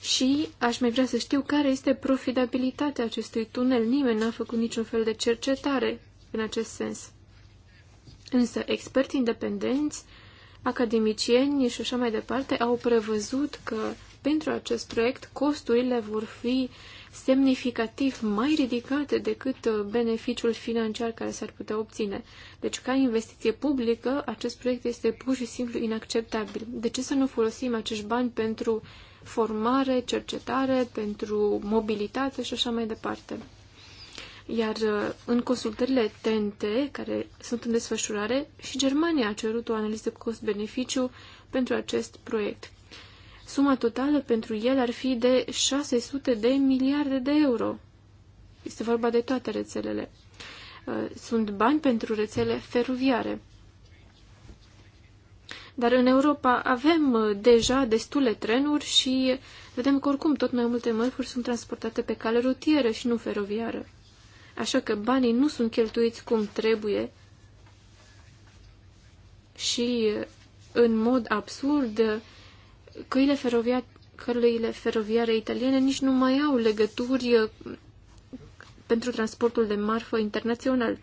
Și aș mai vrea să știu care este profitabilitatea acestui tunel. Nimeni n-a făcut niciun fel de cercetare în acest sens. Însă, experți independenți, academicieni și așa mai departe au prevăzut că pentru acest proiect costurile vor fi semnificativ mai ridicate decât uh, beneficiul financiar care s-ar putea obține. Deci, ca investiție publică, acest proiect este pur și simplu inacceptabil. De ce să nu folosim acești bani pentru formare, cercetare, pentru mobilitate și așa mai departe? Iar uh, în consultările TNT, care sunt în desfășurare, și Germania a cerut o analiză cost-beneficiu pentru acest proiect. Suma totală pentru el ar fi de 600 de miliarde de euro. Este vorba de toate rețelele. Uh, sunt bani pentru rețele feroviare. Dar în Europa avem uh, deja destule trenuri și vedem că oricum tot mai multe mărfuri sunt transportate pe cale rutieră și nu feroviară așa că banii nu sunt cheltuiți cum trebuie și în mod absurd căile feroviare, căile feroviare italiene nici nu mai au legături uh, pentru transportul de marfă internațional.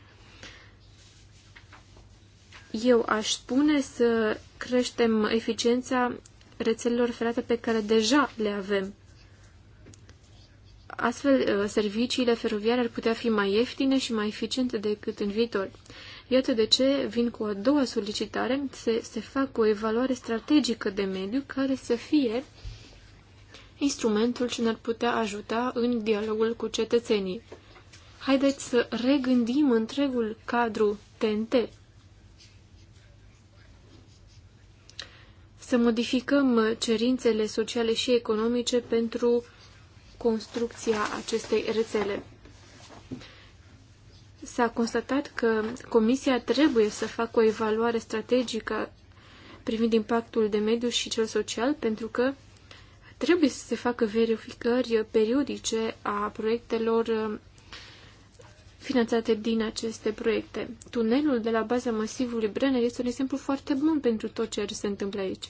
Eu aș spune să creștem eficiența rețelelor ferate pe care deja le avem. Astfel, uh, serviciile feroviare ar putea fi mai ieftine și mai eficiente decât în viitor. Iată de ce vin cu a doua solicitare, să se facă o evaluare strategică de mediu care să fie instrumentul ce ne-ar putea ajuta în dialogul cu cetățenii. Haideți să regândim întregul cadru TNT. Să modificăm cerințele sociale și economice pentru construcția acestei rețele. S-a constatat că Comisia trebuie să facă o evaluare strategică privind impactul de mediu și cel social, pentru că trebuie să se facă verificări periodice a proiectelor uh, finanțate din aceste proiecte. Tunelul de la baza masivului Brenner este un exemplu foarte bun pentru tot ce se întâmplă aici.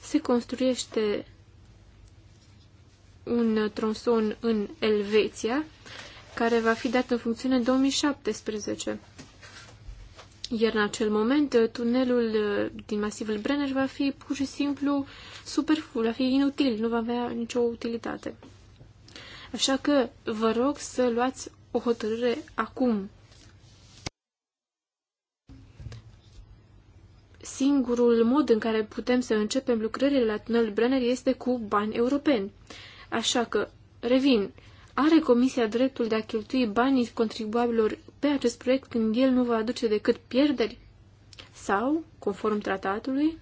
Se construiește un tronson în Elveția, care va fi dat în funcțiune în 2017. Iar în acel moment, tunelul uh, din masivul Brenner va fi pur și simplu superflu, va fi inutil, nu va avea nicio utilitate. Așa că vă rog să luați o hotărâre acum. Singurul mod în care putem să începem lucrările la tunelul Brenner este cu bani europeni. Așa că, revin, are Comisia dreptul de a cheltui banii contribuabilor pe acest proiect când el nu va aduce decât pierderi? Sau, conform tratatului,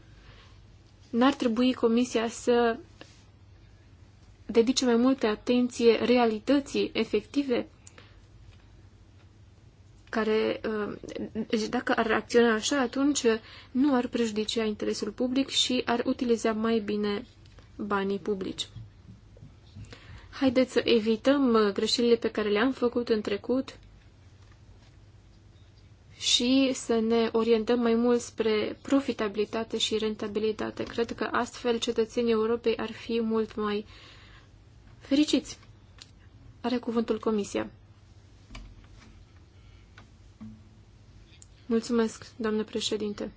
n-ar trebui Comisia să dedice mai multă atenție realității efective care, uh, deci dacă ar acționa așa, atunci nu ar prejudicia interesul public și ar utiliza mai bine banii publici. Haideți să evităm uh, greșelile pe care le-am făcut în trecut și să ne orientăm mai mult spre profitabilitate și rentabilitate. Cred că astfel cetățenii Europei ar fi mult mai fericiți. Are cuvântul Comisia. Mulțumesc, doamnă președinte.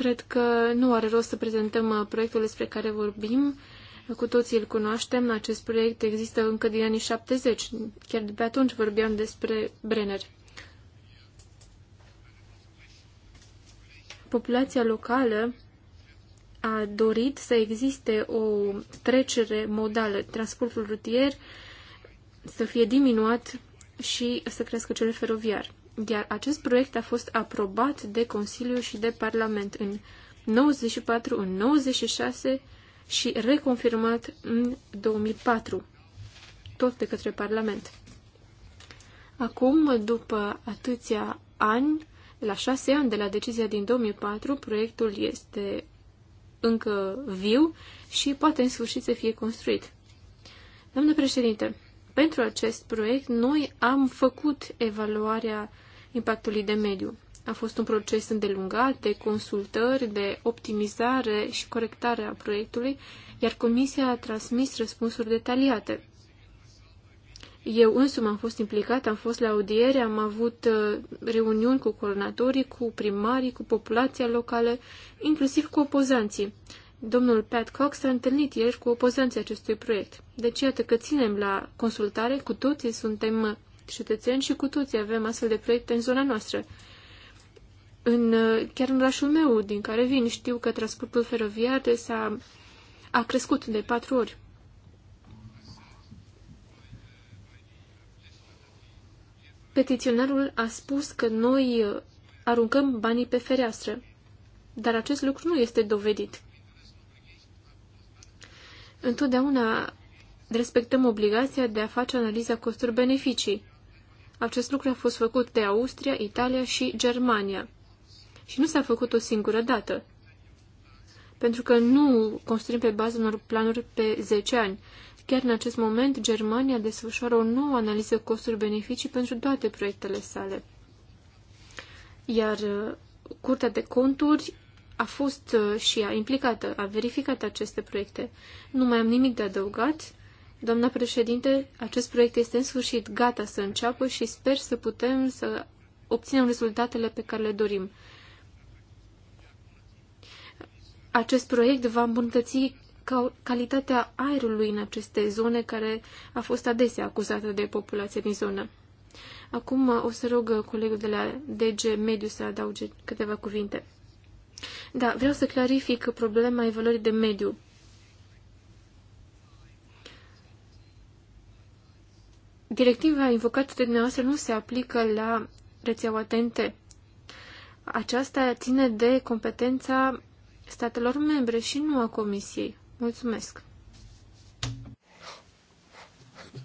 Cred că nu are rost să prezentăm uh, proiectul despre care vorbim. Cu toții îl cunoaștem. Acest proiect există încă din anii 70. Chiar de pe atunci vorbeam despre Brenner. Populația locală a dorit să existe o trecere modală, transportul rutier să fie diminuat și să crească cel feroviar iar acest proiect a fost aprobat de Consiliu și de Parlament în 94, în 96 și reconfirmat în 2004, tot de către Parlament. Acum, după atâția ani, la șase ani de la decizia din 2004, proiectul este încă viu și poate în sfârșit să fie construit. Doamnă președinte, pentru acest proiect noi am făcut evaluarea impactului de mediu. A fost un proces îndelungat de consultări, de optimizare și corectare a proiectului, iar Comisia a transmis răspunsuri detaliate. Eu însumi am fost implicat, am fost la audiere, am avut uh, reuniuni cu coordonatorii, cu primarii, cu populația locală, inclusiv cu opozanții. Domnul Pat Cox s-a întâlnit ieri cu opozanții acestui proiect. Deci iată că ținem la consultare, cu toții suntem cetățeni și cu toții avem astfel de proiecte în zona noastră. În, uh, chiar în orașul meu, din care vin, știu că transportul feroviar s-a a crescut de patru ori. Petiționarul a spus că noi uh, aruncăm banii pe fereastră, dar acest lucru nu este dovedit. Întotdeauna respectăm obligația de a face analiza costuri-beneficii. Acest lucru a fost făcut de Austria, Italia și Germania. Și nu s-a făcut o singură dată. Pentru că nu construim pe baza unor planuri pe 10 ani. Chiar în acest moment, Germania desfășoară o nouă analiză costuri-beneficii pentru toate proiectele sale. Iar uh, Curtea de Conturi a fost uh, și ea implicată, a verificat aceste proiecte. Nu mai am nimic de adăugat. Doamna președinte, acest proiect este în sfârșit gata să înceapă și sper să putem să obținem rezultatele pe care le dorim. Acest proiect va îmbunătăți calitatea aerului în aceste zone care a fost adesea acuzată de populația din zonă. Acum uh, o să rog uh, colegul de la DG Mediu să adauge câteva cuvinte. Da, vreau să clarific problema evaluării de mediu. Directiva invocată de dumneavoastră nu se aplică la rețeaua TNT. Aceasta ține de competența statelor membre și nu a Comisiei. Mulțumesc.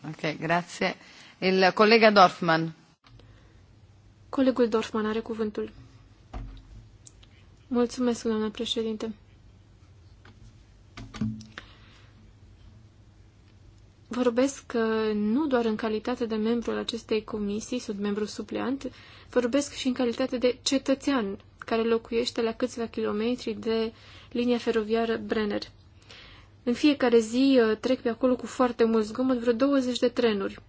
Ok, grazie. Il colega Dorfman. Colegul Dorfman are cuvântul. Mulțumesc, doamnă președinte. Vorbesc uh, nu doar în calitate de membru al acestei comisii, sunt membru supleant, vorbesc și în calitate de cetățean care locuiește la câțiva kilometri de linia feroviară Brenner. În fiecare zi uh, trec pe acolo cu foarte mult zgomot, vreo 20 de trenuri.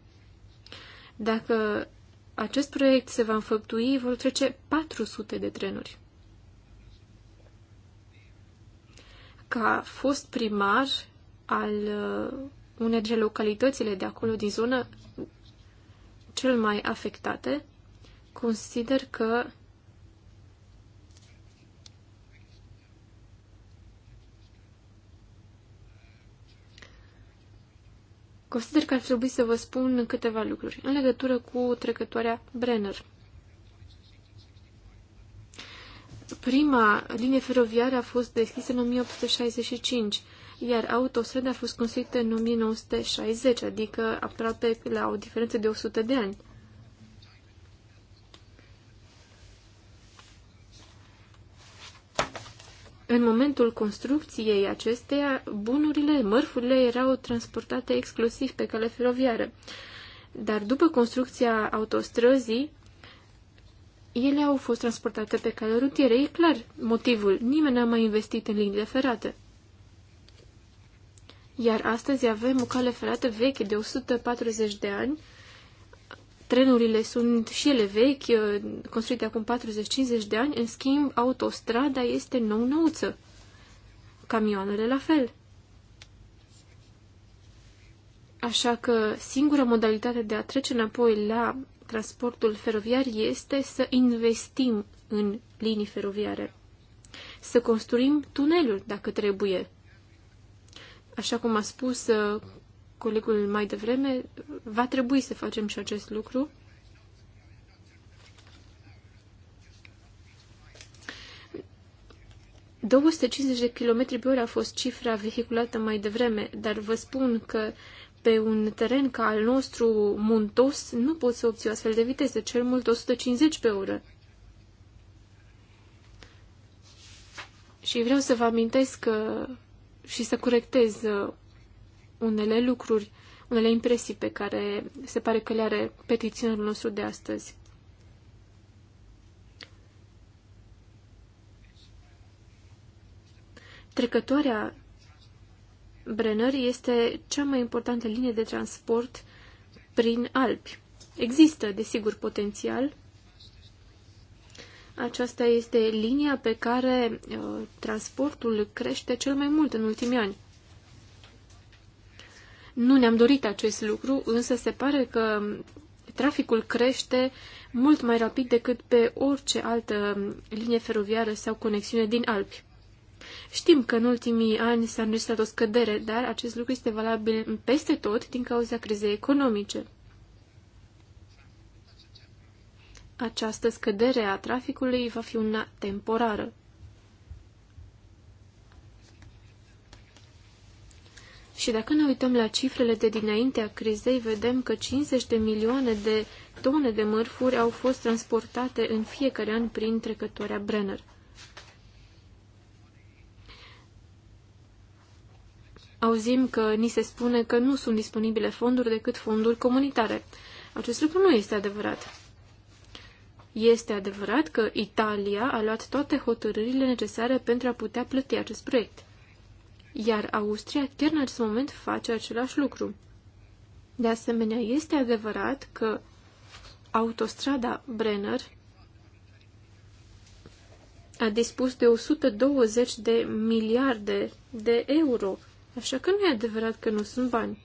Dacă acest proiect se va înfăptui, vor trece 400 de trenuri. Ca fost primar al uh, unele dintre localitățile de acolo, din zona cel mai afectate, consider că Consider că ar trebui să vă spun câteva lucruri în legătură cu trecătoarea Brenner. Prima linie feroviară a fost deschisă în 1865 iar Autostrada a fost construită în 1960, adică aproape la o diferență de 100 de ani. În momentul construcției acesteia, bunurile, mărfurile erau transportate exclusiv pe cale feroviară. Dar după construcția autostrăzii, ele au fost transportate pe cale rutieră. E clar motivul. Nimeni n-a mai investit în liniile ferate. Iar astăzi avem o cale ferată veche de 140 de ani. Trenurile sunt și ele vechi, uh, construite acum 40-50 de ani. În schimb, autostrada este nou-nouță. Camioanele la fel. Așa că singura modalitate de a trece înapoi la transportul feroviar este să investim în linii feroviare. Să construim tuneluri dacă trebuie. Așa cum a spus uh, colegul mai devreme, va trebui să facem și acest lucru. ...250 de km pe oră a fost cifra vehiculată mai devreme, dar vă spun că pe un teren ca al nostru muntos nu poți să obții astfel de viteze, cel mult 150 pe oră. Și vreau să vă amintesc că și să corectez uh, unele lucruri, unele impresii pe care se pare că le are petiționul nostru de astăzi. Trecătoarea Brenner este cea mai importantă linie de transport prin Alpi. Există, desigur, potențial aceasta este linia pe care uh, transportul crește cel mai mult în ultimii ani. Nu ne-am dorit acest lucru, însă se pare că traficul crește mult mai rapid decât pe orice altă linie feroviară sau conexiune din Alpi. Știm că în ultimii ani s-a înregistrat o scădere, dar acest lucru este valabil peste tot din cauza crizei economice. această scădere a traficului va fi una temporară. Și dacă ne uităm la cifrele de dinaintea crizei, vedem că 50 de milioane de tone de mărfuri au fost transportate în fiecare an prin trecătoarea Brenner. Auzim că ni se spune că nu sunt disponibile fonduri decât fonduri comunitare. Acest lucru nu este adevărat. Este adevărat că Italia a luat toate hotărârile necesare pentru a putea plăti acest proiect. Iar Austria chiar în acest moment face același lucru. De asemenea, este adevărat că autostrada Brenner a dispus de 120 de miliarde de euro, așa că nu e adevărat că nu sunt bani.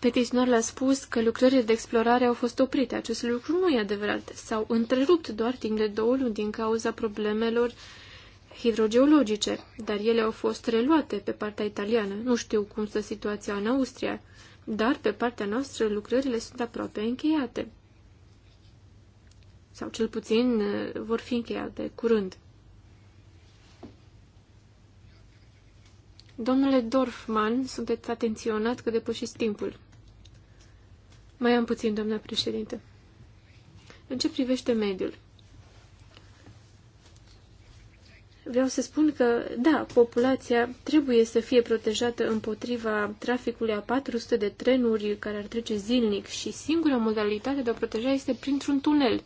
Petiționarul a spus că lucrările de explorare au fost oprite. Acest lucru nu e adevărat. S-au întrerupt doar timp de două luni din cauza problemelor hidrogeologice, dar ele au fost reluate pe partea italiană. Nu știu cum stă situația în Austria, dar pe partea noastră lucrările sunt aproape încheiate. Sau cel puțin uh, vor fi încheiate curând. Domnule Dorfman, sunteți atenționat că depășiți timpul. Mai am puțin, doamna președinte. În ce privește mediul? Vreau să spun că, da, populația trebuie să fie protejată împotriva traficului a 400 de trenuri care ar trece zilnic și singura modalitate de a proteja este printr-un tunel.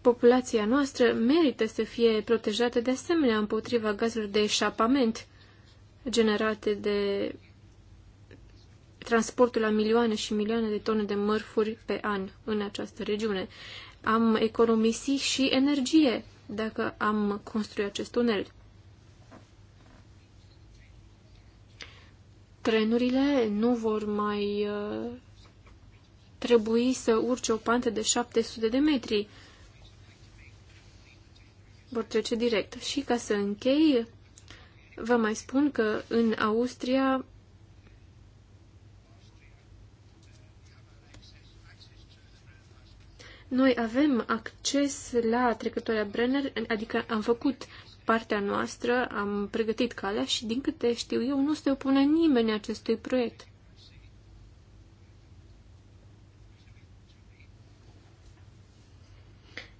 Populația noastră merită să fie protejată de asemenea împotriva gazelor de eșapament generate de transportul la milioane și milioane de tone de mărfuri pe an în această regiune. Am economisit și energie dacă am construit acest tunel. Trenurile nu vor mai uh, trebui să urce o pantă de 700 de metri. Vor trece direct. Și ca să închei, vă mai spun că în Austria Noi avem acces la trecătoarea Brenner, adică am făcut partea noastră, am pregătit calea și, din câte știu eu, nu se opune nimeni acestui proiect.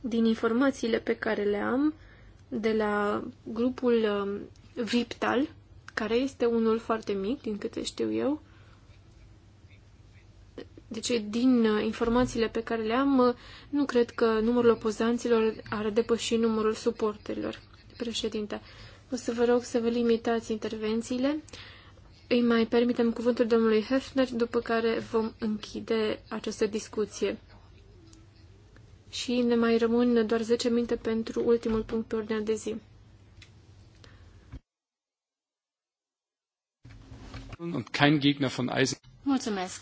Din informațiile pe care le am de la grupul um, VIPTAL, care este unul foarte mic, din câte știu eu, deci, din uh, informațiile pe care le am, uh, nu cred că numărul opozanților ar depăși numărul suporterilor. Președinte, o să vă rog să vă limitați intervențiile. Îi mai permitem cuvântul domnului Hefner, după care vom închide această discuție. Și ne mai rămân doar 10 minute pentru ultimul punct pe ordinea de zi. Mulțumesc.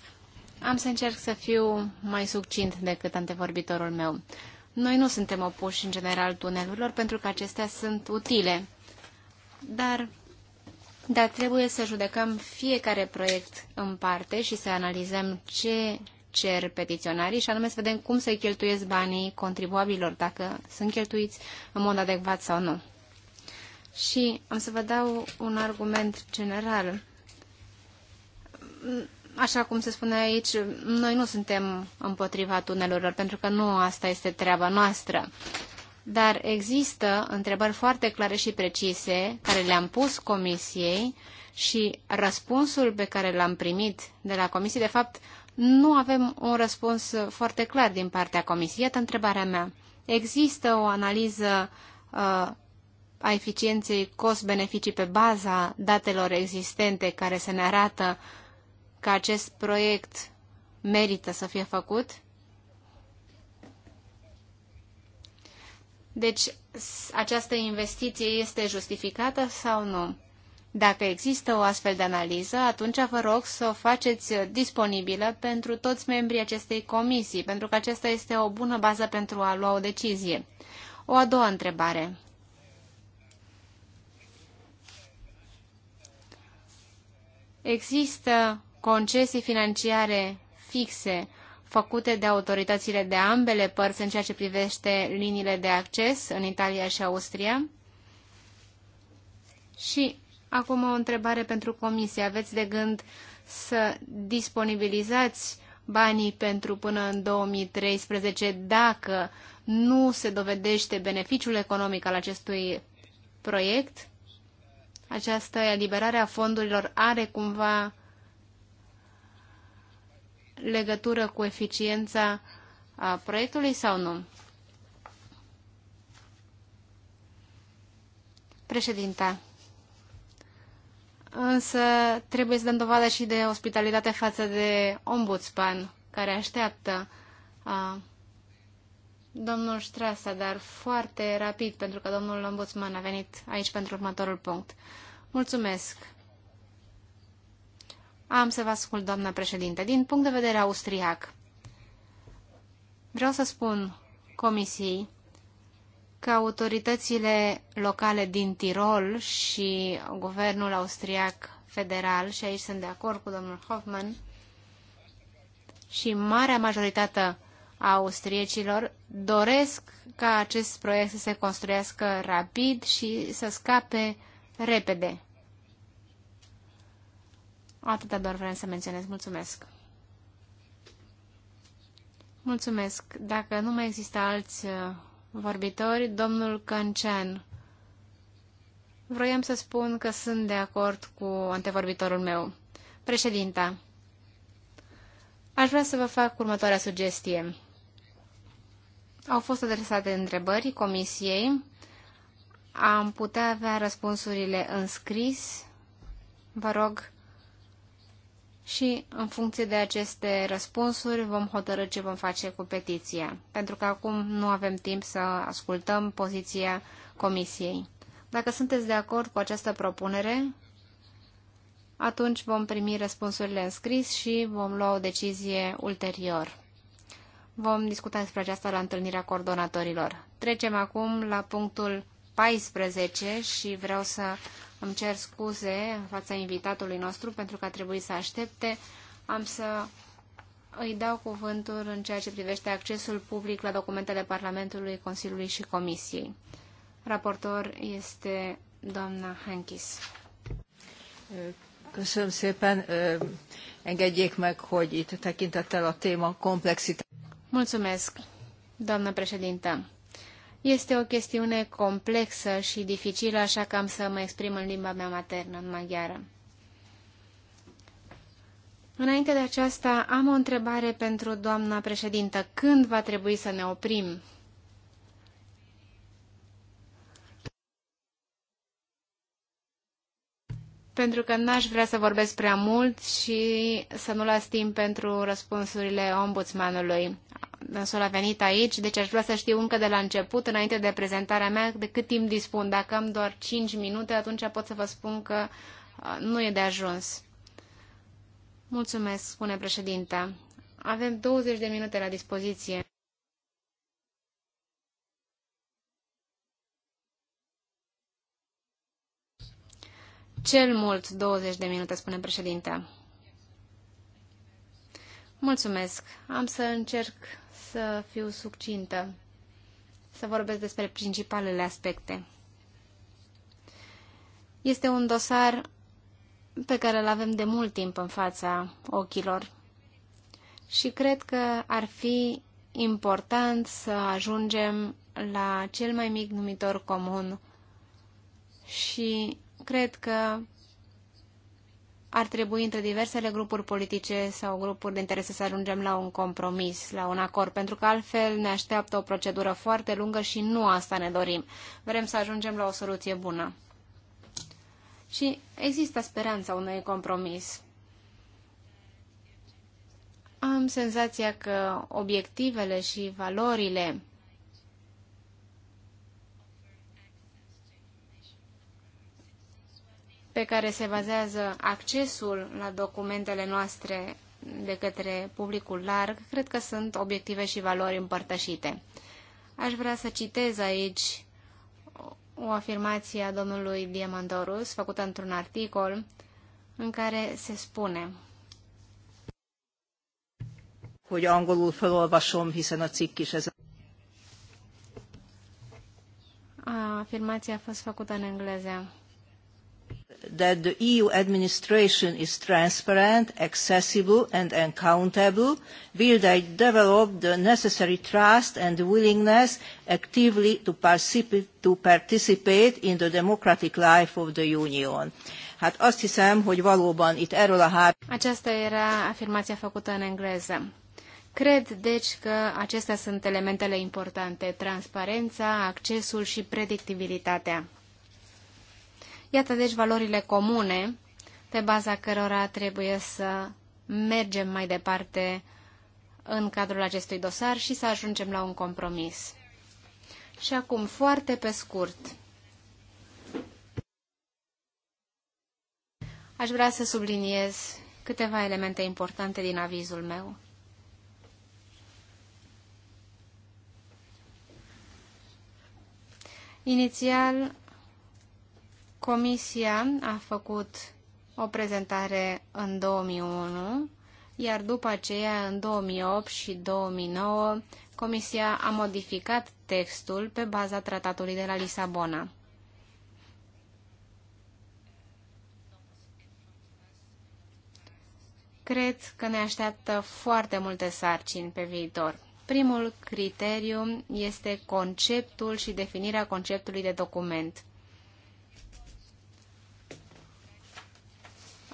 Am să încerc să fiu mai succint decât antevorbitorul meu. Noi nu suntem opuși în general tunelurilor pentru că acestea sunt utile, dar, dar trebuie să judecăm fiecare proiect în parte și să analizăm ce cer petiționarii și anume să vedem cum să-i cheltuiesc banii contribuabilor, dacă sunt cheltuiți în mod adecvat sau nu. Și am să vă dau un argument general așa cum se spune aici, noi nu suntem împotriva tunelurilor, pentru că nu asta este treaba noastră. Dar există întrebări foarte clare și precise care le-am pus comisiei și răspunsul pe care l-am primit de la comisie, de fapt, nu avem un răspuns foarte clar din partea comisiei. Iată întrebarea mea. Există o analiză uh, a eficienței cost-beneficii pe baza datelor existente care să ne arată uh, că acest proiect merită să fie făcut. Deci, această investiție este justificată sau nu? Dacă există o astfel de analiză, atunci vă rog să o faceți disponibilă pentru toți membrii acestei comisii, pentru că aceasta este o bună bază pentru a lua o decizie. O a doua întrebare. Există concesii financiare fixe făcute de autoritățile de ambele părți în ceea ce privește liniile de acces în Italia și Austria? Și acum o întrebare pentru comisie. Aveți de gând să disponibilizați banii pentru până în 2013 dacă nu se dovedește beneficiul economic al acestui proiect? Această eliberare a fondurilor are cumva legătură cu eficiența a proiectului sau nu? Președinta. Însă trebuie să dăm dovadă și de ospitalitate față de ombudsman care așteaptă a, domnul Strasa, dar foarte rapid, pentru că domnul ombudsman a venit aici pentru următorul punct. Mulțumesc! Am să vă ascult, doamna președinte. Din punct de vedere austriac, vreau să spun comisiei că autoritățile locale din Tirol și guvernul austriac federal, și aici sunt de acord cu domnul Hoffman, și marea majoritate a austriecilor doresc ca acest proiect să se construiască rapid și să scape repede. Atâta doar vreau să menționez. Mulțumesc! Mulțumesc! Dacă nu mai există alți uh, vorbitori, domnul Cancean. Vroiam să spun că sunt de acord cu antevorbitorul meu. Președinta, aș vrea să vă fac următoarea sugestie. Au fost adresate întrebări comisiei. Am putea avea răspunsurile înscris. Vă rog și în funcție de aceste răspunsuri vom hotărâ ce vom face cu petiția, pentru că acum nu avem timp să ascultăm poziția Comisiei. Dacă sunteți de acord cu această propunere, atunci vom primi răspunsurile în scris și vom lua o decizie ulterior. Vom discuta despre aceasta la întâlnirea coordonatorilor. Trecem acum la punctul 14 și vreau să îmi cer scuze în fața invitatului nostru pentru că a trebuit să aștepte. Am să îi dau cuvântul în ceea ce privește accesul public la documentele Parlamentului, Consiliului și Comisiei. Raportor este doamna Hankis. Köszönöm szépen. Engedjék meg, hogy itt tekintettel a téma komplexitás. Mulțumesc, doamnă președintă. Este o chestiune complexă și dificilă, așa că am să mă exprim în limba mea maternă, în maghiară. Înainte de aceasta, am o întrebare pentru doamna președintă. Când va trebui să ne oprim? Pentru că n-aș vrea să vorbesc prea mult și să nu las timp pentru răspunsurile ombudsmanului dânsul a venit aici, deci aș vrea să știu încă de la început, înainte de prezentarea mea, de cât timp dispun. Dacă am doar 5 minute, atunci pot să vă spun că uh, nu e de ajuns. Mulțumesc, spune președinta. Avem 20 de minute la dispoziție. Cel mult 20 de minute, spune președinta. Mulțumesc. Am să încerc să fiu succintă, să vorbesc despre principalele aspecte. Este un dosar pe care îl avem de mult timp în fața ochilor și cred că ar fi important să ajungem la cel mai mic numitor comun și cred că ar trebui între diversele grupuri politice sau grupuri de interese să ajungem la un compromis, la un acord, pentru că altfel ne așteaptă o procedură foarte lungă și nu asta ne dorim. Vrem să ajungem la o soluție bună. Și există speranța unui compromis. Am senzația că obiectivele și valorile pe care se bazează accesul la documentele noastre de către publicul larg, cred că sunt obiective și valori împărtășite. Aș vrea să citez aici o afirmație a domnului Diamandorus, făcută într-un articol, în care se spune hogy angolul felolvasom, hiszen a cikk is ez. Afirmația a fost făcută în engleză that the EU administration is transparent, accessible and accountable, will they develop the necessary trust and willingness actively to, particip to participate in the democratic life of the Union. Hát azt hiszem, hogy valóban itt erről a három... Aceasta era afirmația făcută în engleză. Cred, deci, că acestea sunt elementele importante, transparența, accesul și predictibilitatea. Iată deci valorile comune pe baza cărora trebuie să mergem mai departe în cadrul acestui dosar și să ajungem la un compromis. Și acum, foarte pe scurt, aș vrea să subliniez câteva elemente importante din avizul meu. Inițial, Comisia a făcut o prezentare în 2001, iar după aceea, în 2008 și 2009, Comisia a modificat textul pe baza tratatului de la Lisabona. Cred că ne așteaptă foarte multe sarcini pe viitor. Primul criteriu este conceptul și definirea conceptului de document.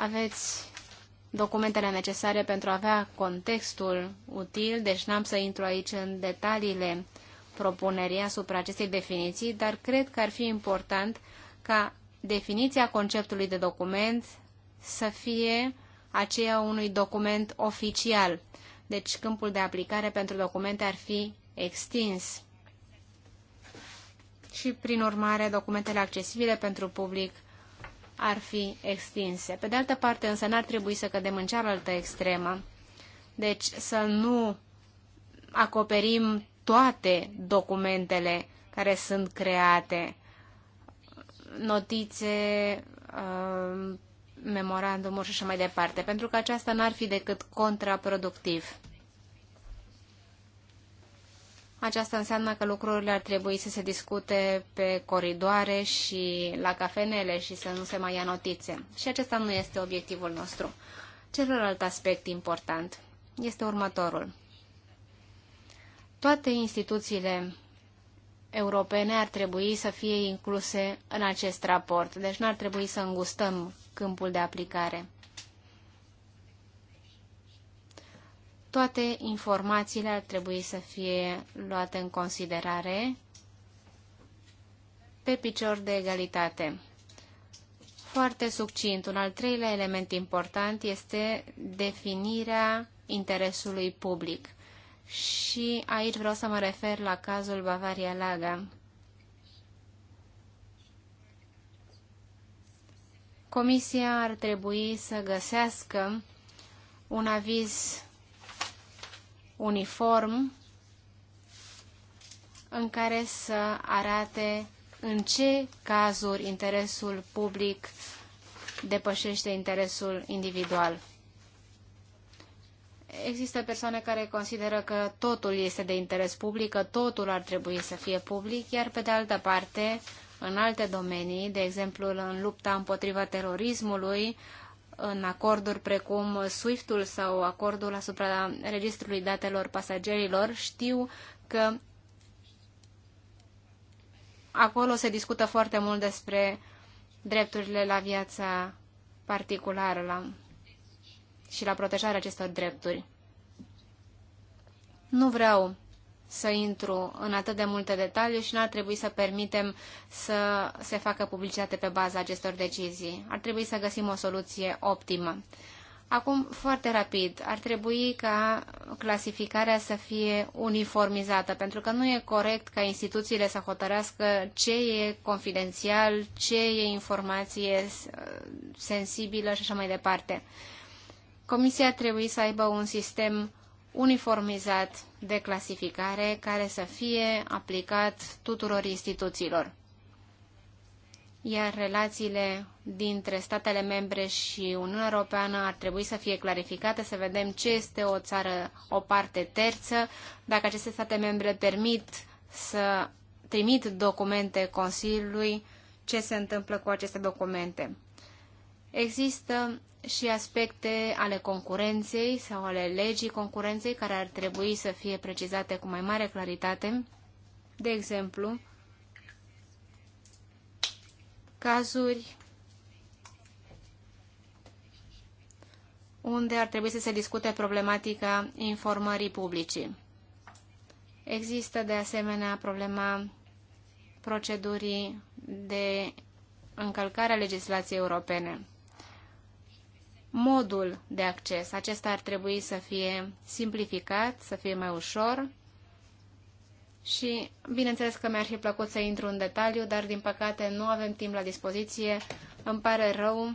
Aveți documentele necesare pentru a avea contextul util, deci n-am să intru aici în detaliile propunerii asupra acestei definiții, dar cred că ar fi important ca definiția conceptului de document să fie aceea unui document oficial. Deci câmpul de aplicare pentru documente ar fi extins. Și, prin urmare, documentele accesibile pentru public ar fi extinse. Pe de altă parte, însă, n-ar trebui să cădem în cealaltă extremă. Deci să nu acoperim toate documentele care sunt create, notițe, uh, memorandumuri și așa mai departe, pentru că aceasta n-ar fi decât contraproductiv. Aceasta înseamnă că lucrurile ar trebui să se discute pe coridoare și la cafenele și să nu se mai ia notițe. Și acesta nu este obiectivul nostru. Celălalt aspect important este următorul. Toate instituțiile europene ar trebui să fie incluse în acest raport, deci nu ar trebui să îngustăm câmpul de aplicare. Toate informațiile ar trebui să fie luate în considerare pe picior de egalitate. Foarte succint, un al treilea element important este definirea interesului public. Și aici vreau să mă refer la cazul Bavaria Laga. Comisia ar trebui să găsească un aviz uniform în care să arate în ce cazuri interesul public depășește interesul individual. Există persoane care consideră că totul este de interes public, că totul ar trebui să fie public, iar pe de altă parte, în alte domenii, de exemplu în lupta împotriva terorismului, în acorduri precum SWIFT-ul sau acordul asupra registrului datelor pasagerilor, știu că acolo se discută foarte mult despre drepturile la viața particulară la, și la protejarea acestor drepturi. Nu vreau să intru în atât de multe detalii și n-ar trebui să permitem să se facă publicitate pe baza acestor decizii. Ar trebui să găsim o soluție optimă. Acum, foarte rapid, ar trebui ca clasificarea să fie uniformizată, pentru că nu e corect ca instituțiile să hotărească ce e confidențial, ce e informație uh, sensibilă și așa mai departe. Comisia ar trebui să aibă un sistem uniformizat de clasificare care să fie aplicat tuturor instituțiilor. Iar relațiile dintre statele membre și Uniunea Europeană ar trebui să fie clarificate, să vedem ce este o țară, o parte terță, dacă aceste state membre permit să trimit documente Consiliului, ce se întâmplă cu aceste documente. Există și aspecte ale concurenței sau ale legii concurenței care ar trebui să fie precizate cu mai mare claritate. De exemplu, cazuri unde ar trebui să se discute problematica informării publicii. Există de asemenea problema procedurii de încălcare a legislației europene modul de acces. Acesta ar trebui să fie simplificat, să fie mai ușor și, bineînțeles că mi-ar fi plăcut să intru în detaliu, dar, din păcate, nu avem timp la dispoziție. Îmi pare rău.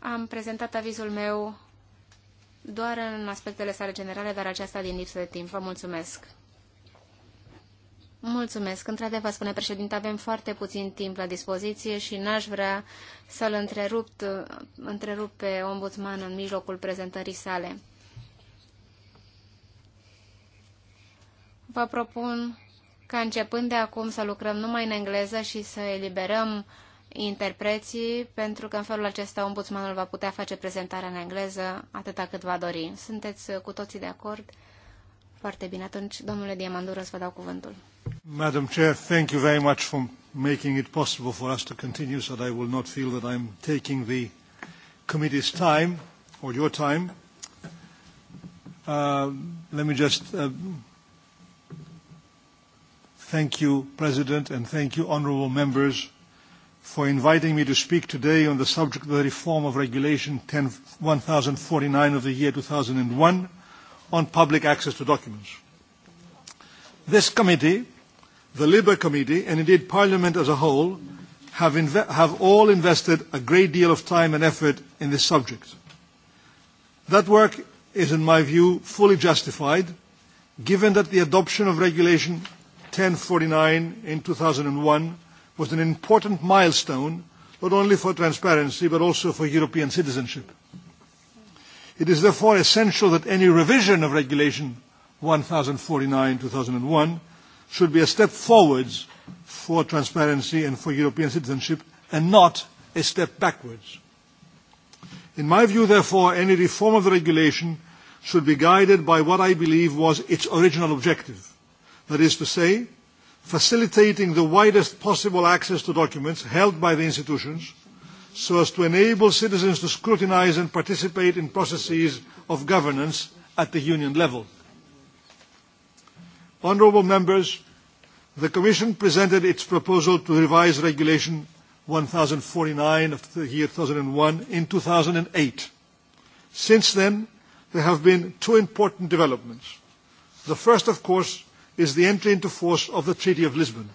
Am prezentat avizul meu doar în aspectele sale generale, dar aceasta din lipsă de timp. Vă mulțumesc! Mulțumesc. Într-adevăr, spune președinte, avem foarte puțin timp la dispoziție și n-aș vrea să-l întrerup, întrerup pe ombudsman în mijlocul prezentării sale. Vă propun ca începând de acum să lucrăm numai în engleză și să eliberăm interpreții, pentru că în felul acesta ombudsmanul va putea face prezentarea în engleză atâta cât va dori. Sunteți cu toții de acord? Foarte bine. Atunci, domnule să vă dau cuvântul. Madam Chair, thank you very much for making it possible for us to continue so that I will not feel that I'm taking the committee's time or your time. Uh, let me just uh, thank you, President, and thank you, honourable members, for inviting me to speak today on the subject of the reform of Regulation 10, 1049 of the year 2001 on public access to documents. This committee the Labour Committee, and indeed Parliament as a whole, have, have all invested a great deal of time and effort in this subject. That work is, in my view, fully justified, given that the adoption of Regulation 1049 in 2001 was an important milestone, not only for transparency, but also for European citizenship. It is therefore essential that any revision of Regulation 1049-2001 should be a step forwards for transparency and for European citizenship and not a step backwards. In my view, therefore, any reform of the regulation should be guided by what I believe was its original objective. That is to say, facilitating the widest possible access to documents held by the institutions so as to enable citizens to scrutinise and participate in processes of governance at the Union level. Honourable members, the Commission presented its proposal to revise Regulation 1049 of the year 2001 in 2008. Since then, there have been two important developments. The first, of course, is the entry into force of the Treaty of Lisbon.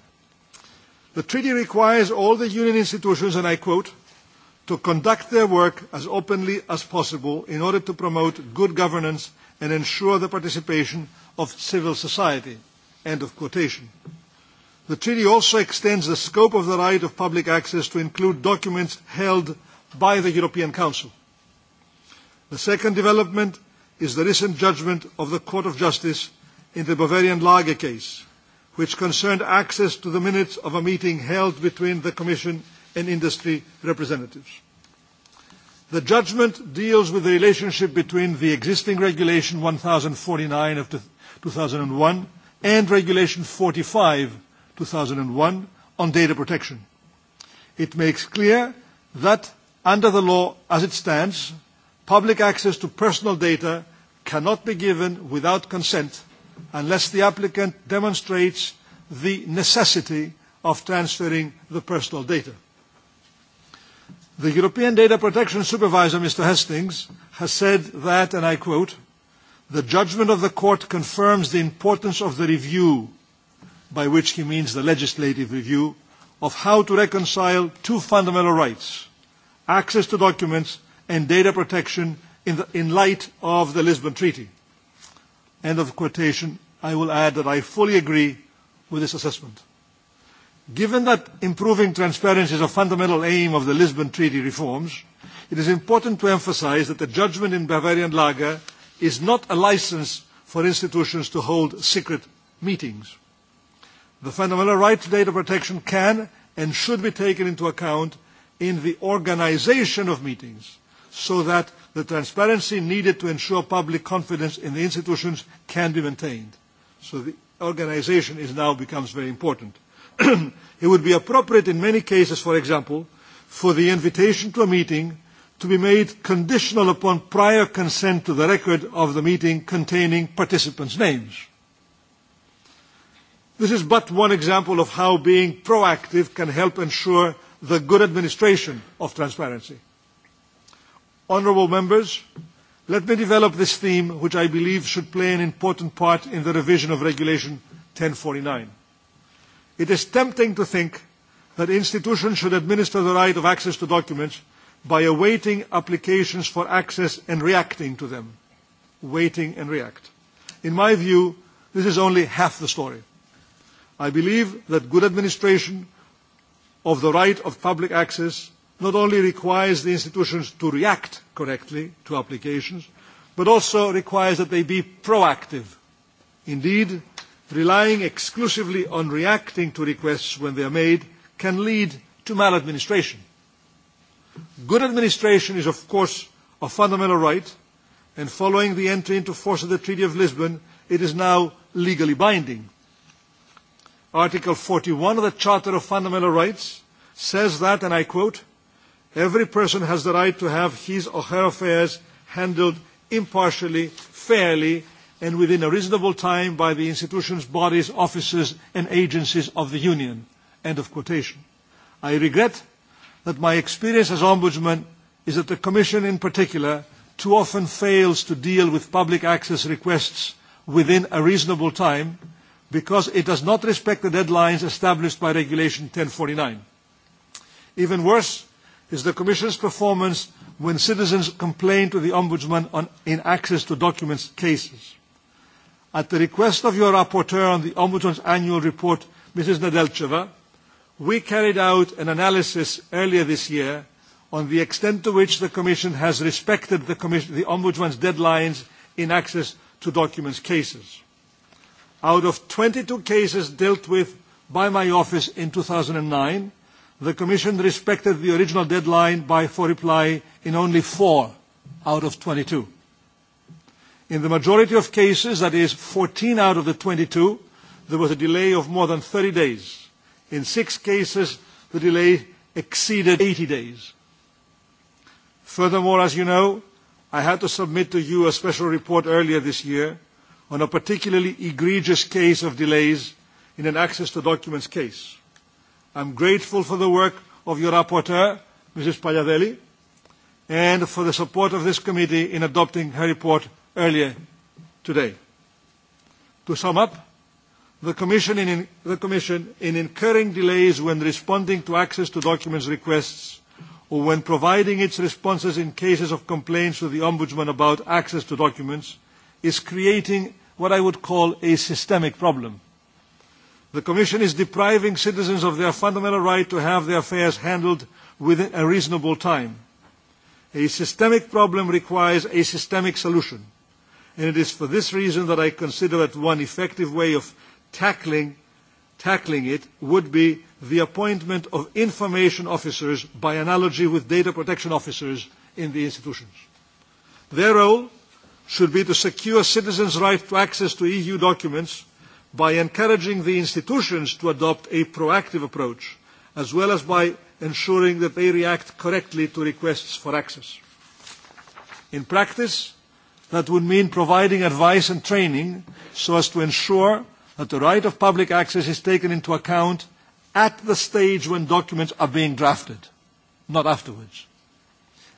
The treaty requires all the Union institutions, and I quote, to conduct their work as openly as possible in order to promote good governance and ensure the participation of civil society. End of quotation. The treaty also extends the scope of the right of public access to include documents held by the European Council. The second development is the recent judgment of the Court of Justice in the Bavarian Lager case, which concerned access to the minutes of a meeting held between the Commission and industry representatives. The judgment deals with the relationship between the existing Regulation 1049 of 2001 and Regulation 45 2001 on data protection. It makes clear that under the law as it stands, public access to personal data cannot be given without consent unless the applicant demonstrates the necessity of transferring the personal data. The European Data Protection Supervisor, Mr. Hastings, has said that, and I quote, the judgment of the court confirms the importance of the review, by which he means the legislative review, of how to reconcile two fundamental rights, access to documents and data protection in, the, in light of the Lisbon Treaty. End of quotation. I will add that I fully agree with this assessment. Given that improving transparency is a fundamental aim of the Lisbon Treaty reforms, it is important to emphasize that the judgment in Bavarian Lager is not a license for institutions to hold secret meetings. The fundamental right to data protection can and should be taken into account in the organization of meetings so that the transparency needed to ensure public confidence in the institutions can be maintained. So the organization is now becomes very important. it would be appropriate in many cases, for example, for the invitation to a meeting to be made conditional upon prior consent to the record of the meeting containing participants' names. This is but one example of how being proactive can help ensure the good administration of transparency. Honourable members, let me develop this theme, which I believe should play an important part in the revision of Regulation 1049. It is tempting to think that institutions should administer the right of access to documents by awaiting applications for access and reacting to them. Waiting and react. In my view, this is only half the story. I believe that good administration of the right of public access not only requires the institutions to react correctly to applications, but also requires that they be proactive. Indeed, relying exclusively on reacting to requests when they are made can lead to maladministration. Good administration is, of course, a fundamental right, and following the entry into force of the Treaty of Lisbon, it is now legally binding. Article 41 of the Charter of Fundamental Rights says that, and I quote, every person has the right to have his or her affairs handled impartially, fairly, and within a reasonable time by the institutions, bodies, offices and agencies of the Union. End of quotation. I regret that my experience as Ombudsman is that the Commission in particular too often fails to deal with public access requests within a reasonable time because it does not respect the deadlines established by Regulation 1049. Even worse is the Commission's performance when citizens complain to the Ombudsman on, in access to documents cases. At the request of your rapporteur on the Ombudsman's annual report, Mrs. Nedelcheva, we carried out an analysis earlier this year on the extent to which the Commission has respected the, Commission, the Ombudsman's deadlines in access to documents cases. Out of 22 cases dealt with by my office in 2009, the Commission respected the original deadline by, for reply in only four out of 22. In the majority of cases, that is 14 out of the 22, there was a delay of more than 30 days. In six cases, the delay exceeded 80 days. Furthermore, as you know, I had to submit to you a special report earlier this year on a particularly egregious case of delays in an access to documents case. I'm grateful for the work of your rapporteur, Mrs. Pagliadelli, and for the support of this committee in adopting her report earlier today. To sum up, the Commission, in, the Commission, in incurring delays when responding to access to documents requests or when providing its responses in cases of complaints to the Ombudsman about access to documents, is creating what I would call a systemic problem. The Commission is depriving citizens of their fundamental right to have their affairs handled within a reasonable time. A systemic problem requires a systemic solution. And it is for this reason that I consider that one effective way of tackling, tackling it would be the appointment of information officers by analogy with data protection officers in the institutions. Their role should be to secure citizens' right to access to EU documents by encouraging the institutions to adopt a proactive approach, as well as by ensuring that they react correctly to requests for access. In practice, That would mean providing advice and training so as to ensure that the right of public access is taken into account at the stage when documents are being drafted, not afterwards.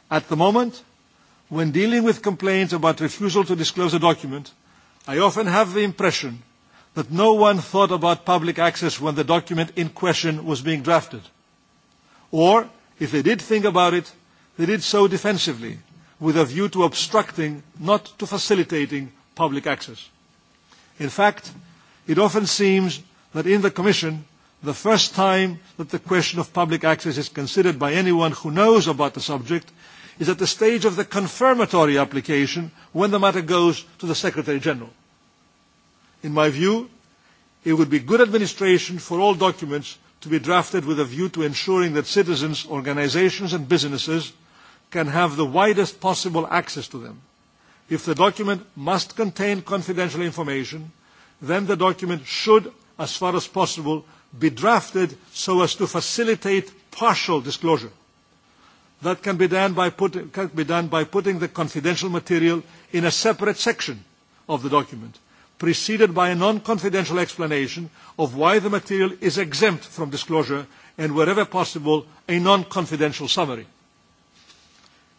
At the moment, when dealing with complaints about refusal to disclose a document, I often have the impression that no one thought about public access when the document in question was being drafted. Or, if they did think about it, they did so defensively, with a view to obstructing, not to facilitating, public access. In fact, it often seems that in the Commission, the first time that the question of public access is considered by anyone who knows about the subject is at the stage of the confirmatory application when the matter goes to the Secretary General. In my view, it would be good administration for all documents to be drafted with a view to ensuring that citizens, organizations and businesses – can have the widest possible access to them. If the document must contain confidential information, then the document should, as far as possible, be drafted so as to facilitate partial disclosure. That can be done by, put, can be done by putting the confidential material in a separate section of the document, preceded by a non-confidential explanation of why the material is exempt from disclosure and, wherever possible, a non-confidential summary.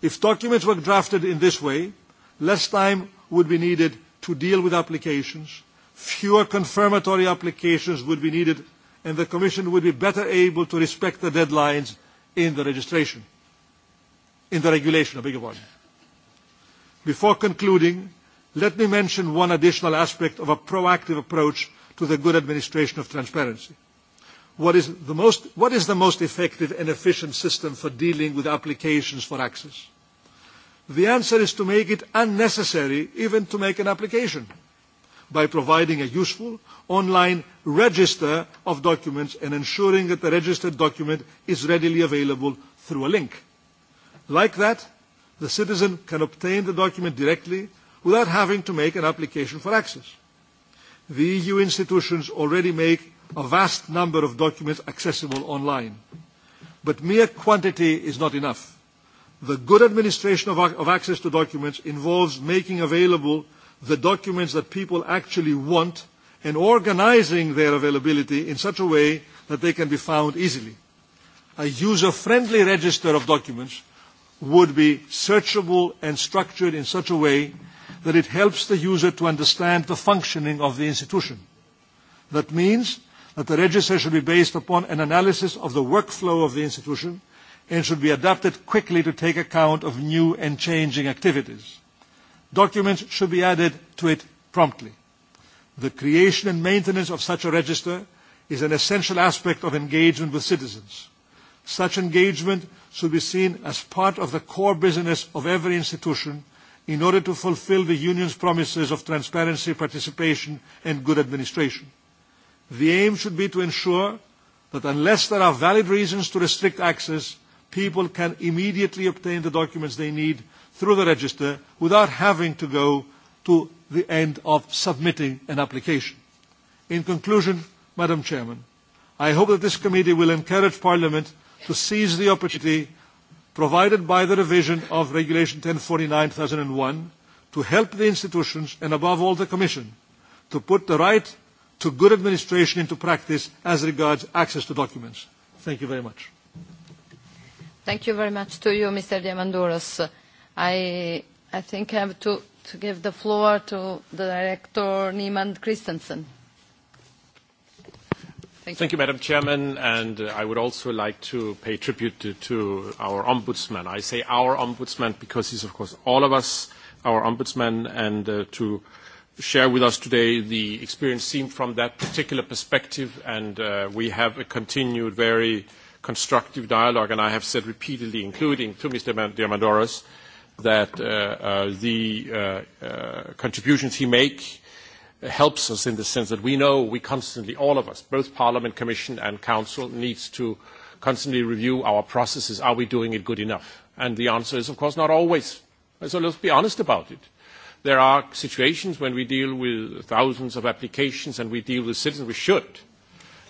If documents were drafted in this way, less time would be needed to deal with applications, fewer confirmatory applications would be needed, and the Commission would be better able to respect the deadlines in the registration, in the regulation, a bigger one. Before concluding, let me mention one additional aspect of a proactive approach to the good administration of transparency what is the most, what is the most effective and efficient system for dealing with applications for access? The answer is to make it unnecessary even to make an application by providing a useful online register of documents and ensuring that the registered document is readily available through a link. Like that, the citizen can obtain the document directly without having to make an application for access. The EU institutions already make a vast number of documents accessible online. But mere quantity is not enough. The good administration of, of access to documents involves making available the documents that people actually want and organizing their availability in such a way that they can be found easily. A user-friendly register of documents would be searchable and structured in such a way that it helps the user to understand the functioning of the institution. That means that the register should be based upon an analysis of the workflow of the institution and should be adapted quickly to take account of new and changing activities. Documents should be added to it promptly. The creation and maintenance of such a register is an essential aspect of engagement with citizens. Such engagement should be seen as part of the core business of every institution in order to fulfill the Union's promises of transparency, participation and good administration. The aim should be to ensure that unless there are valid reasons to restrict access, people can immediately obtain the documents they need through the register without having to go to the end of submitting an application. In conclusion, Madam Chairman, I hope that this committee will encourage Parliament to seize the opportunity provided by the revision of Regulation 1049-2001 to help the institutions and above all the Commission to put the right to good administration into practice as regards access to documents. Thank you very much. Thank you very much to you, Mr. Diamandouros. I, I think I have to, to give the floor to the Director Niemand Christensen. Thank you. Thank you, Madam Chairman, and uh, I would also like to pay tribute to, to our Ombudsman. I say our Ombudsman because he's, of course, all of us, our Ombudsman, and uh, to share with us today the experience seen from that particular perspective, and uh, we have a continued, very constructive dialogue. And I have said repeatedly, including to Mr. Diamandouros, that uh, uh, the uh, uh, contributions he makes helps us in the sense that we know we constantly, all of us, both Parliament, Commission, and Council, needs to constantly review our processes. Are we doing it good enough? And the answer is, of course, not always. So let's be honest about it. There are situations when we deal with thousands of applications and we deal with citizens, we should,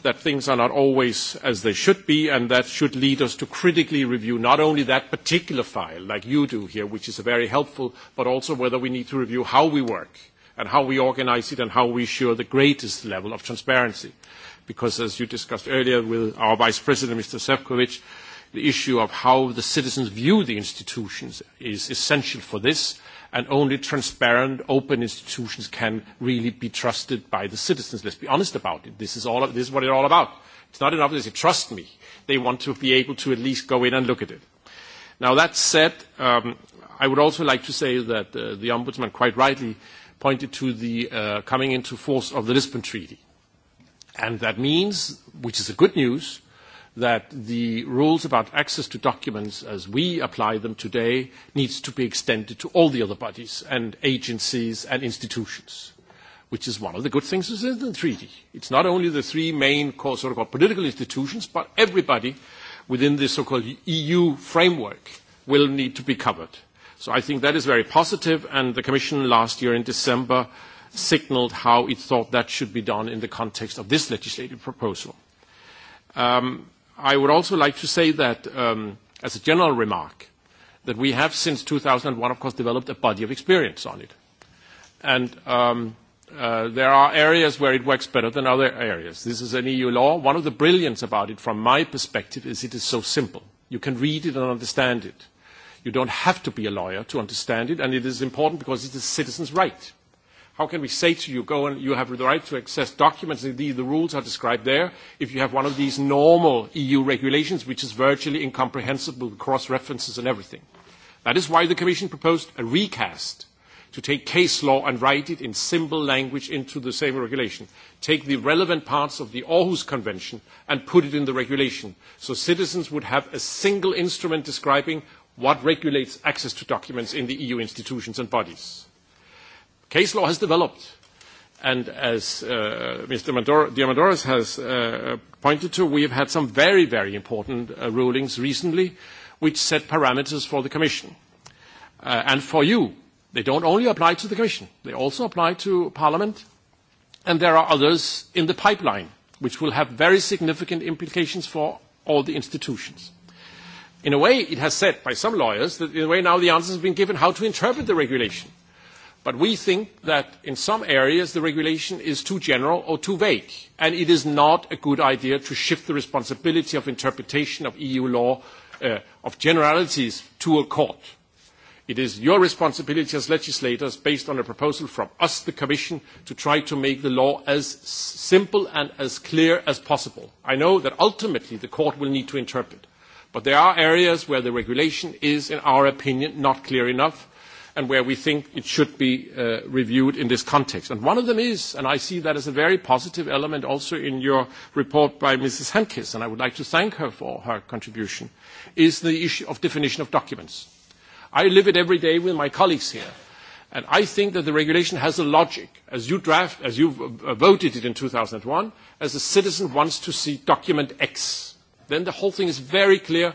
that things are not always as they should be, and that should lead us to critically review not only that particular file, like you do here, which is very helpful, but also whether we need to review how we work and how we organize it and how we ensure the greatest level of transparency. Because as you discussed earlier with our Vice President, Mr. Sefcovic, the issue of how the citizens view the institutions is essential for this, and only transparent, open institutions can really be trusted by the citizens. Let's be honest about it. This is, all, this is what it's all about. It's not enough that they say, trust me. They want to be able to at least go in and look at it. Now, that said, um, I would also like to say that uh, the Ombudsman quite rightly pointed to the uh, coming into force of the Lisbon Treaty. And that means, which is a good news, that the rules about access to documents as we apply them today needs to be extended to all the other bodies and agencies and institutions, which is one of the good things in the treaty. It's not only the three main sort of political institutions, but everybody within the so-called EU framework will need to be covered. So I think that is very positive, and the Commission last year in December signaled how it thought that should be done in the context of this legislative proposal. Um, I would also like to say that, um, as a general remark, that we have since 2001, of course, developed a body of experience on it. And um, uh, there are areas where it works better than other areas. This is an EU law. One of the brilliance about it, from my perspective, is it is so simple. You can read it and understand it. You don't have to be a lawyer to understand it, and it is important because it is a citizen's right. How can we say to you, go and you have the right to access documents, Indeed, the rules are described there, if you have one of these normal EU regulations, which is virtually incomprehensible with cross-references and everything? That is why the Commission proposed a recast to take case law and write it in simple language into the same regulation. Take the relevant parts of the Aarhus Convention and put it in the regulation. So citizens would have a single instrument describing what regulates access to documents in the EU institutions and bodies. Case law has developed. And as uh, Mr. Diamandouros has uh, pointed to, we have had some very, very important uh, rulings recently which set parameters for the Commission uh, and for you. They don't only apply to the Commission, they also apply to Parliament, and there are others in the pipeline which will have very significant implications for all the institutions. In a way, it has said by some lawyers that in a way now the answer has been given how to interpret the regulation. But we think that in some areas the regulation is too general or too vague, and it is not a good idea to shift the responsibility of interpretation of EU law uh, of generalities to a court. It is your responsibility as legislators, based on a proposal from us, the Commission, to try to make the law as simple and as clear as possible. I know that ultimately the court will need to interpret, but there are areas where the regulation is, in our opinion, not clear enough, and where we think it should be uh, reviewed in this context. And one of them is, and I see that as a very positive element also in your report by Mrs. Hankis, and I would like to thank her for her contribution, is the issue of definition of documents. I live it every day with my colleagues here. And I think that the regulation has a logic. As you draft, as you uh, voted it in 2001, as a citizen wants to see document X, then the whole thing is very clear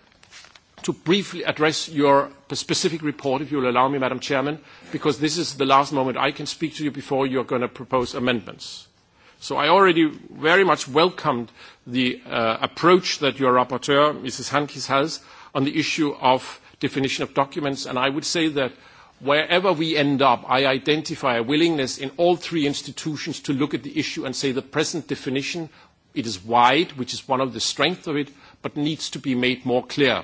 to briefly address your specific report, if you will allow me, Madam Chairman, because this is the last moment I can speak to you before you're going to propose amendments. So I already very much welcomed the uh, approach that your rapporteur, Mrs. Hankis, has on the issue of definition of documents, and I would say that wherever we end up, I identify a willingness in all three institutions to look at the issue and say the present definition, it is wide, which is one of the strengths of it, but needs to be made more clear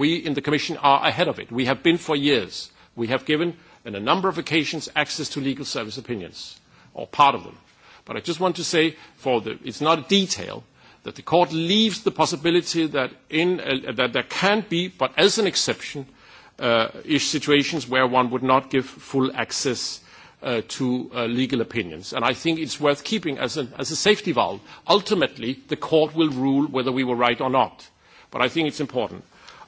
We in the Commission are ahead of it. We have been for years. We have given, on a number of occasions, access to legal service opinions, or part of them. But I just want to say, for the, it's not a detail, that the court leaves the possibility that, in, uh, that there can be, but as an exception, uh, situations where one would not give full access uh, to uh, legal opinions. And I think it's worth keeping as, an, as a safety valve. Ultimately, the court will rule whether we were right or not. But I think it's important.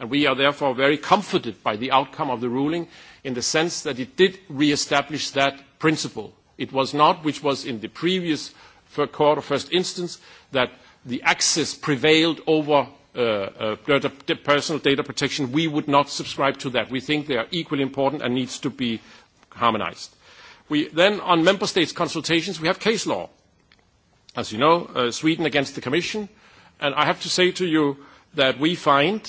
And we are therefore very comforted by the outcome of the ruling in the sense that it did re-establish that principle. It was not, which was in the previous court of first instance, that the access prevailed over uh, uh, personal data protection. We would not subscribe to that. We think they are equally important and needs to be harmonized. We, then on member states' consultations, we have case law. As you know, uh, Sweden against the Commission. And I have to say to you that we find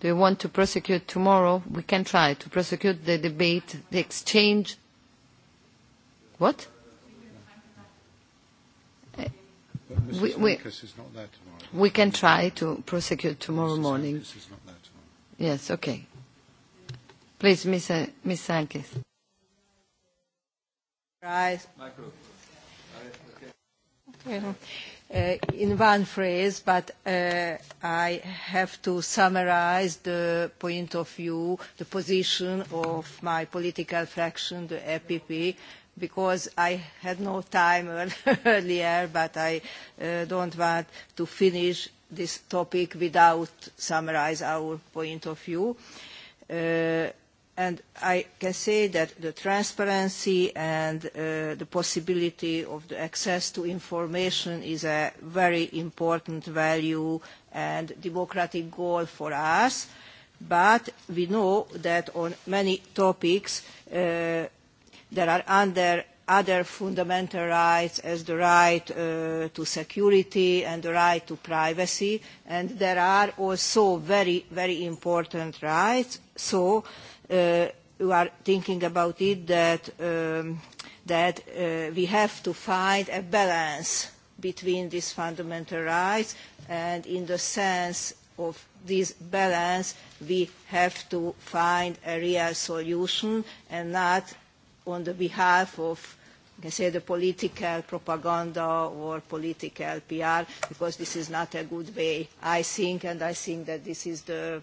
do you want to prosecute tomorrow? We can try to prosecute the debate, the exchange. What? We, we, we can try to prosecute tomorrow morning. Yes, okay. Please, Ms. Sankis. Right. Okay. Uh, in one phrase, but uh, I have to summarize the point of view, the position of my political fraction, the EPP, because I had no time earlier, but I uh, don't want to finish this topic without summarize our point of view. Uh, and I can say that the transparency and uh, the possibility of the access to information is a very important value and democratic goal for us. But we know that on many topics uh, there are under other fundamental rights as the right uh, to security and the right to privacy and there are also very, very important rights. So uh, who are thinking about it that, um, that uh, we have to find a balance between these fundamental rights and in the sense of this balance we have to find a real solution and not on the behalf of you can say the political propaganda or political PR because this is not a good way I think and I think that this is the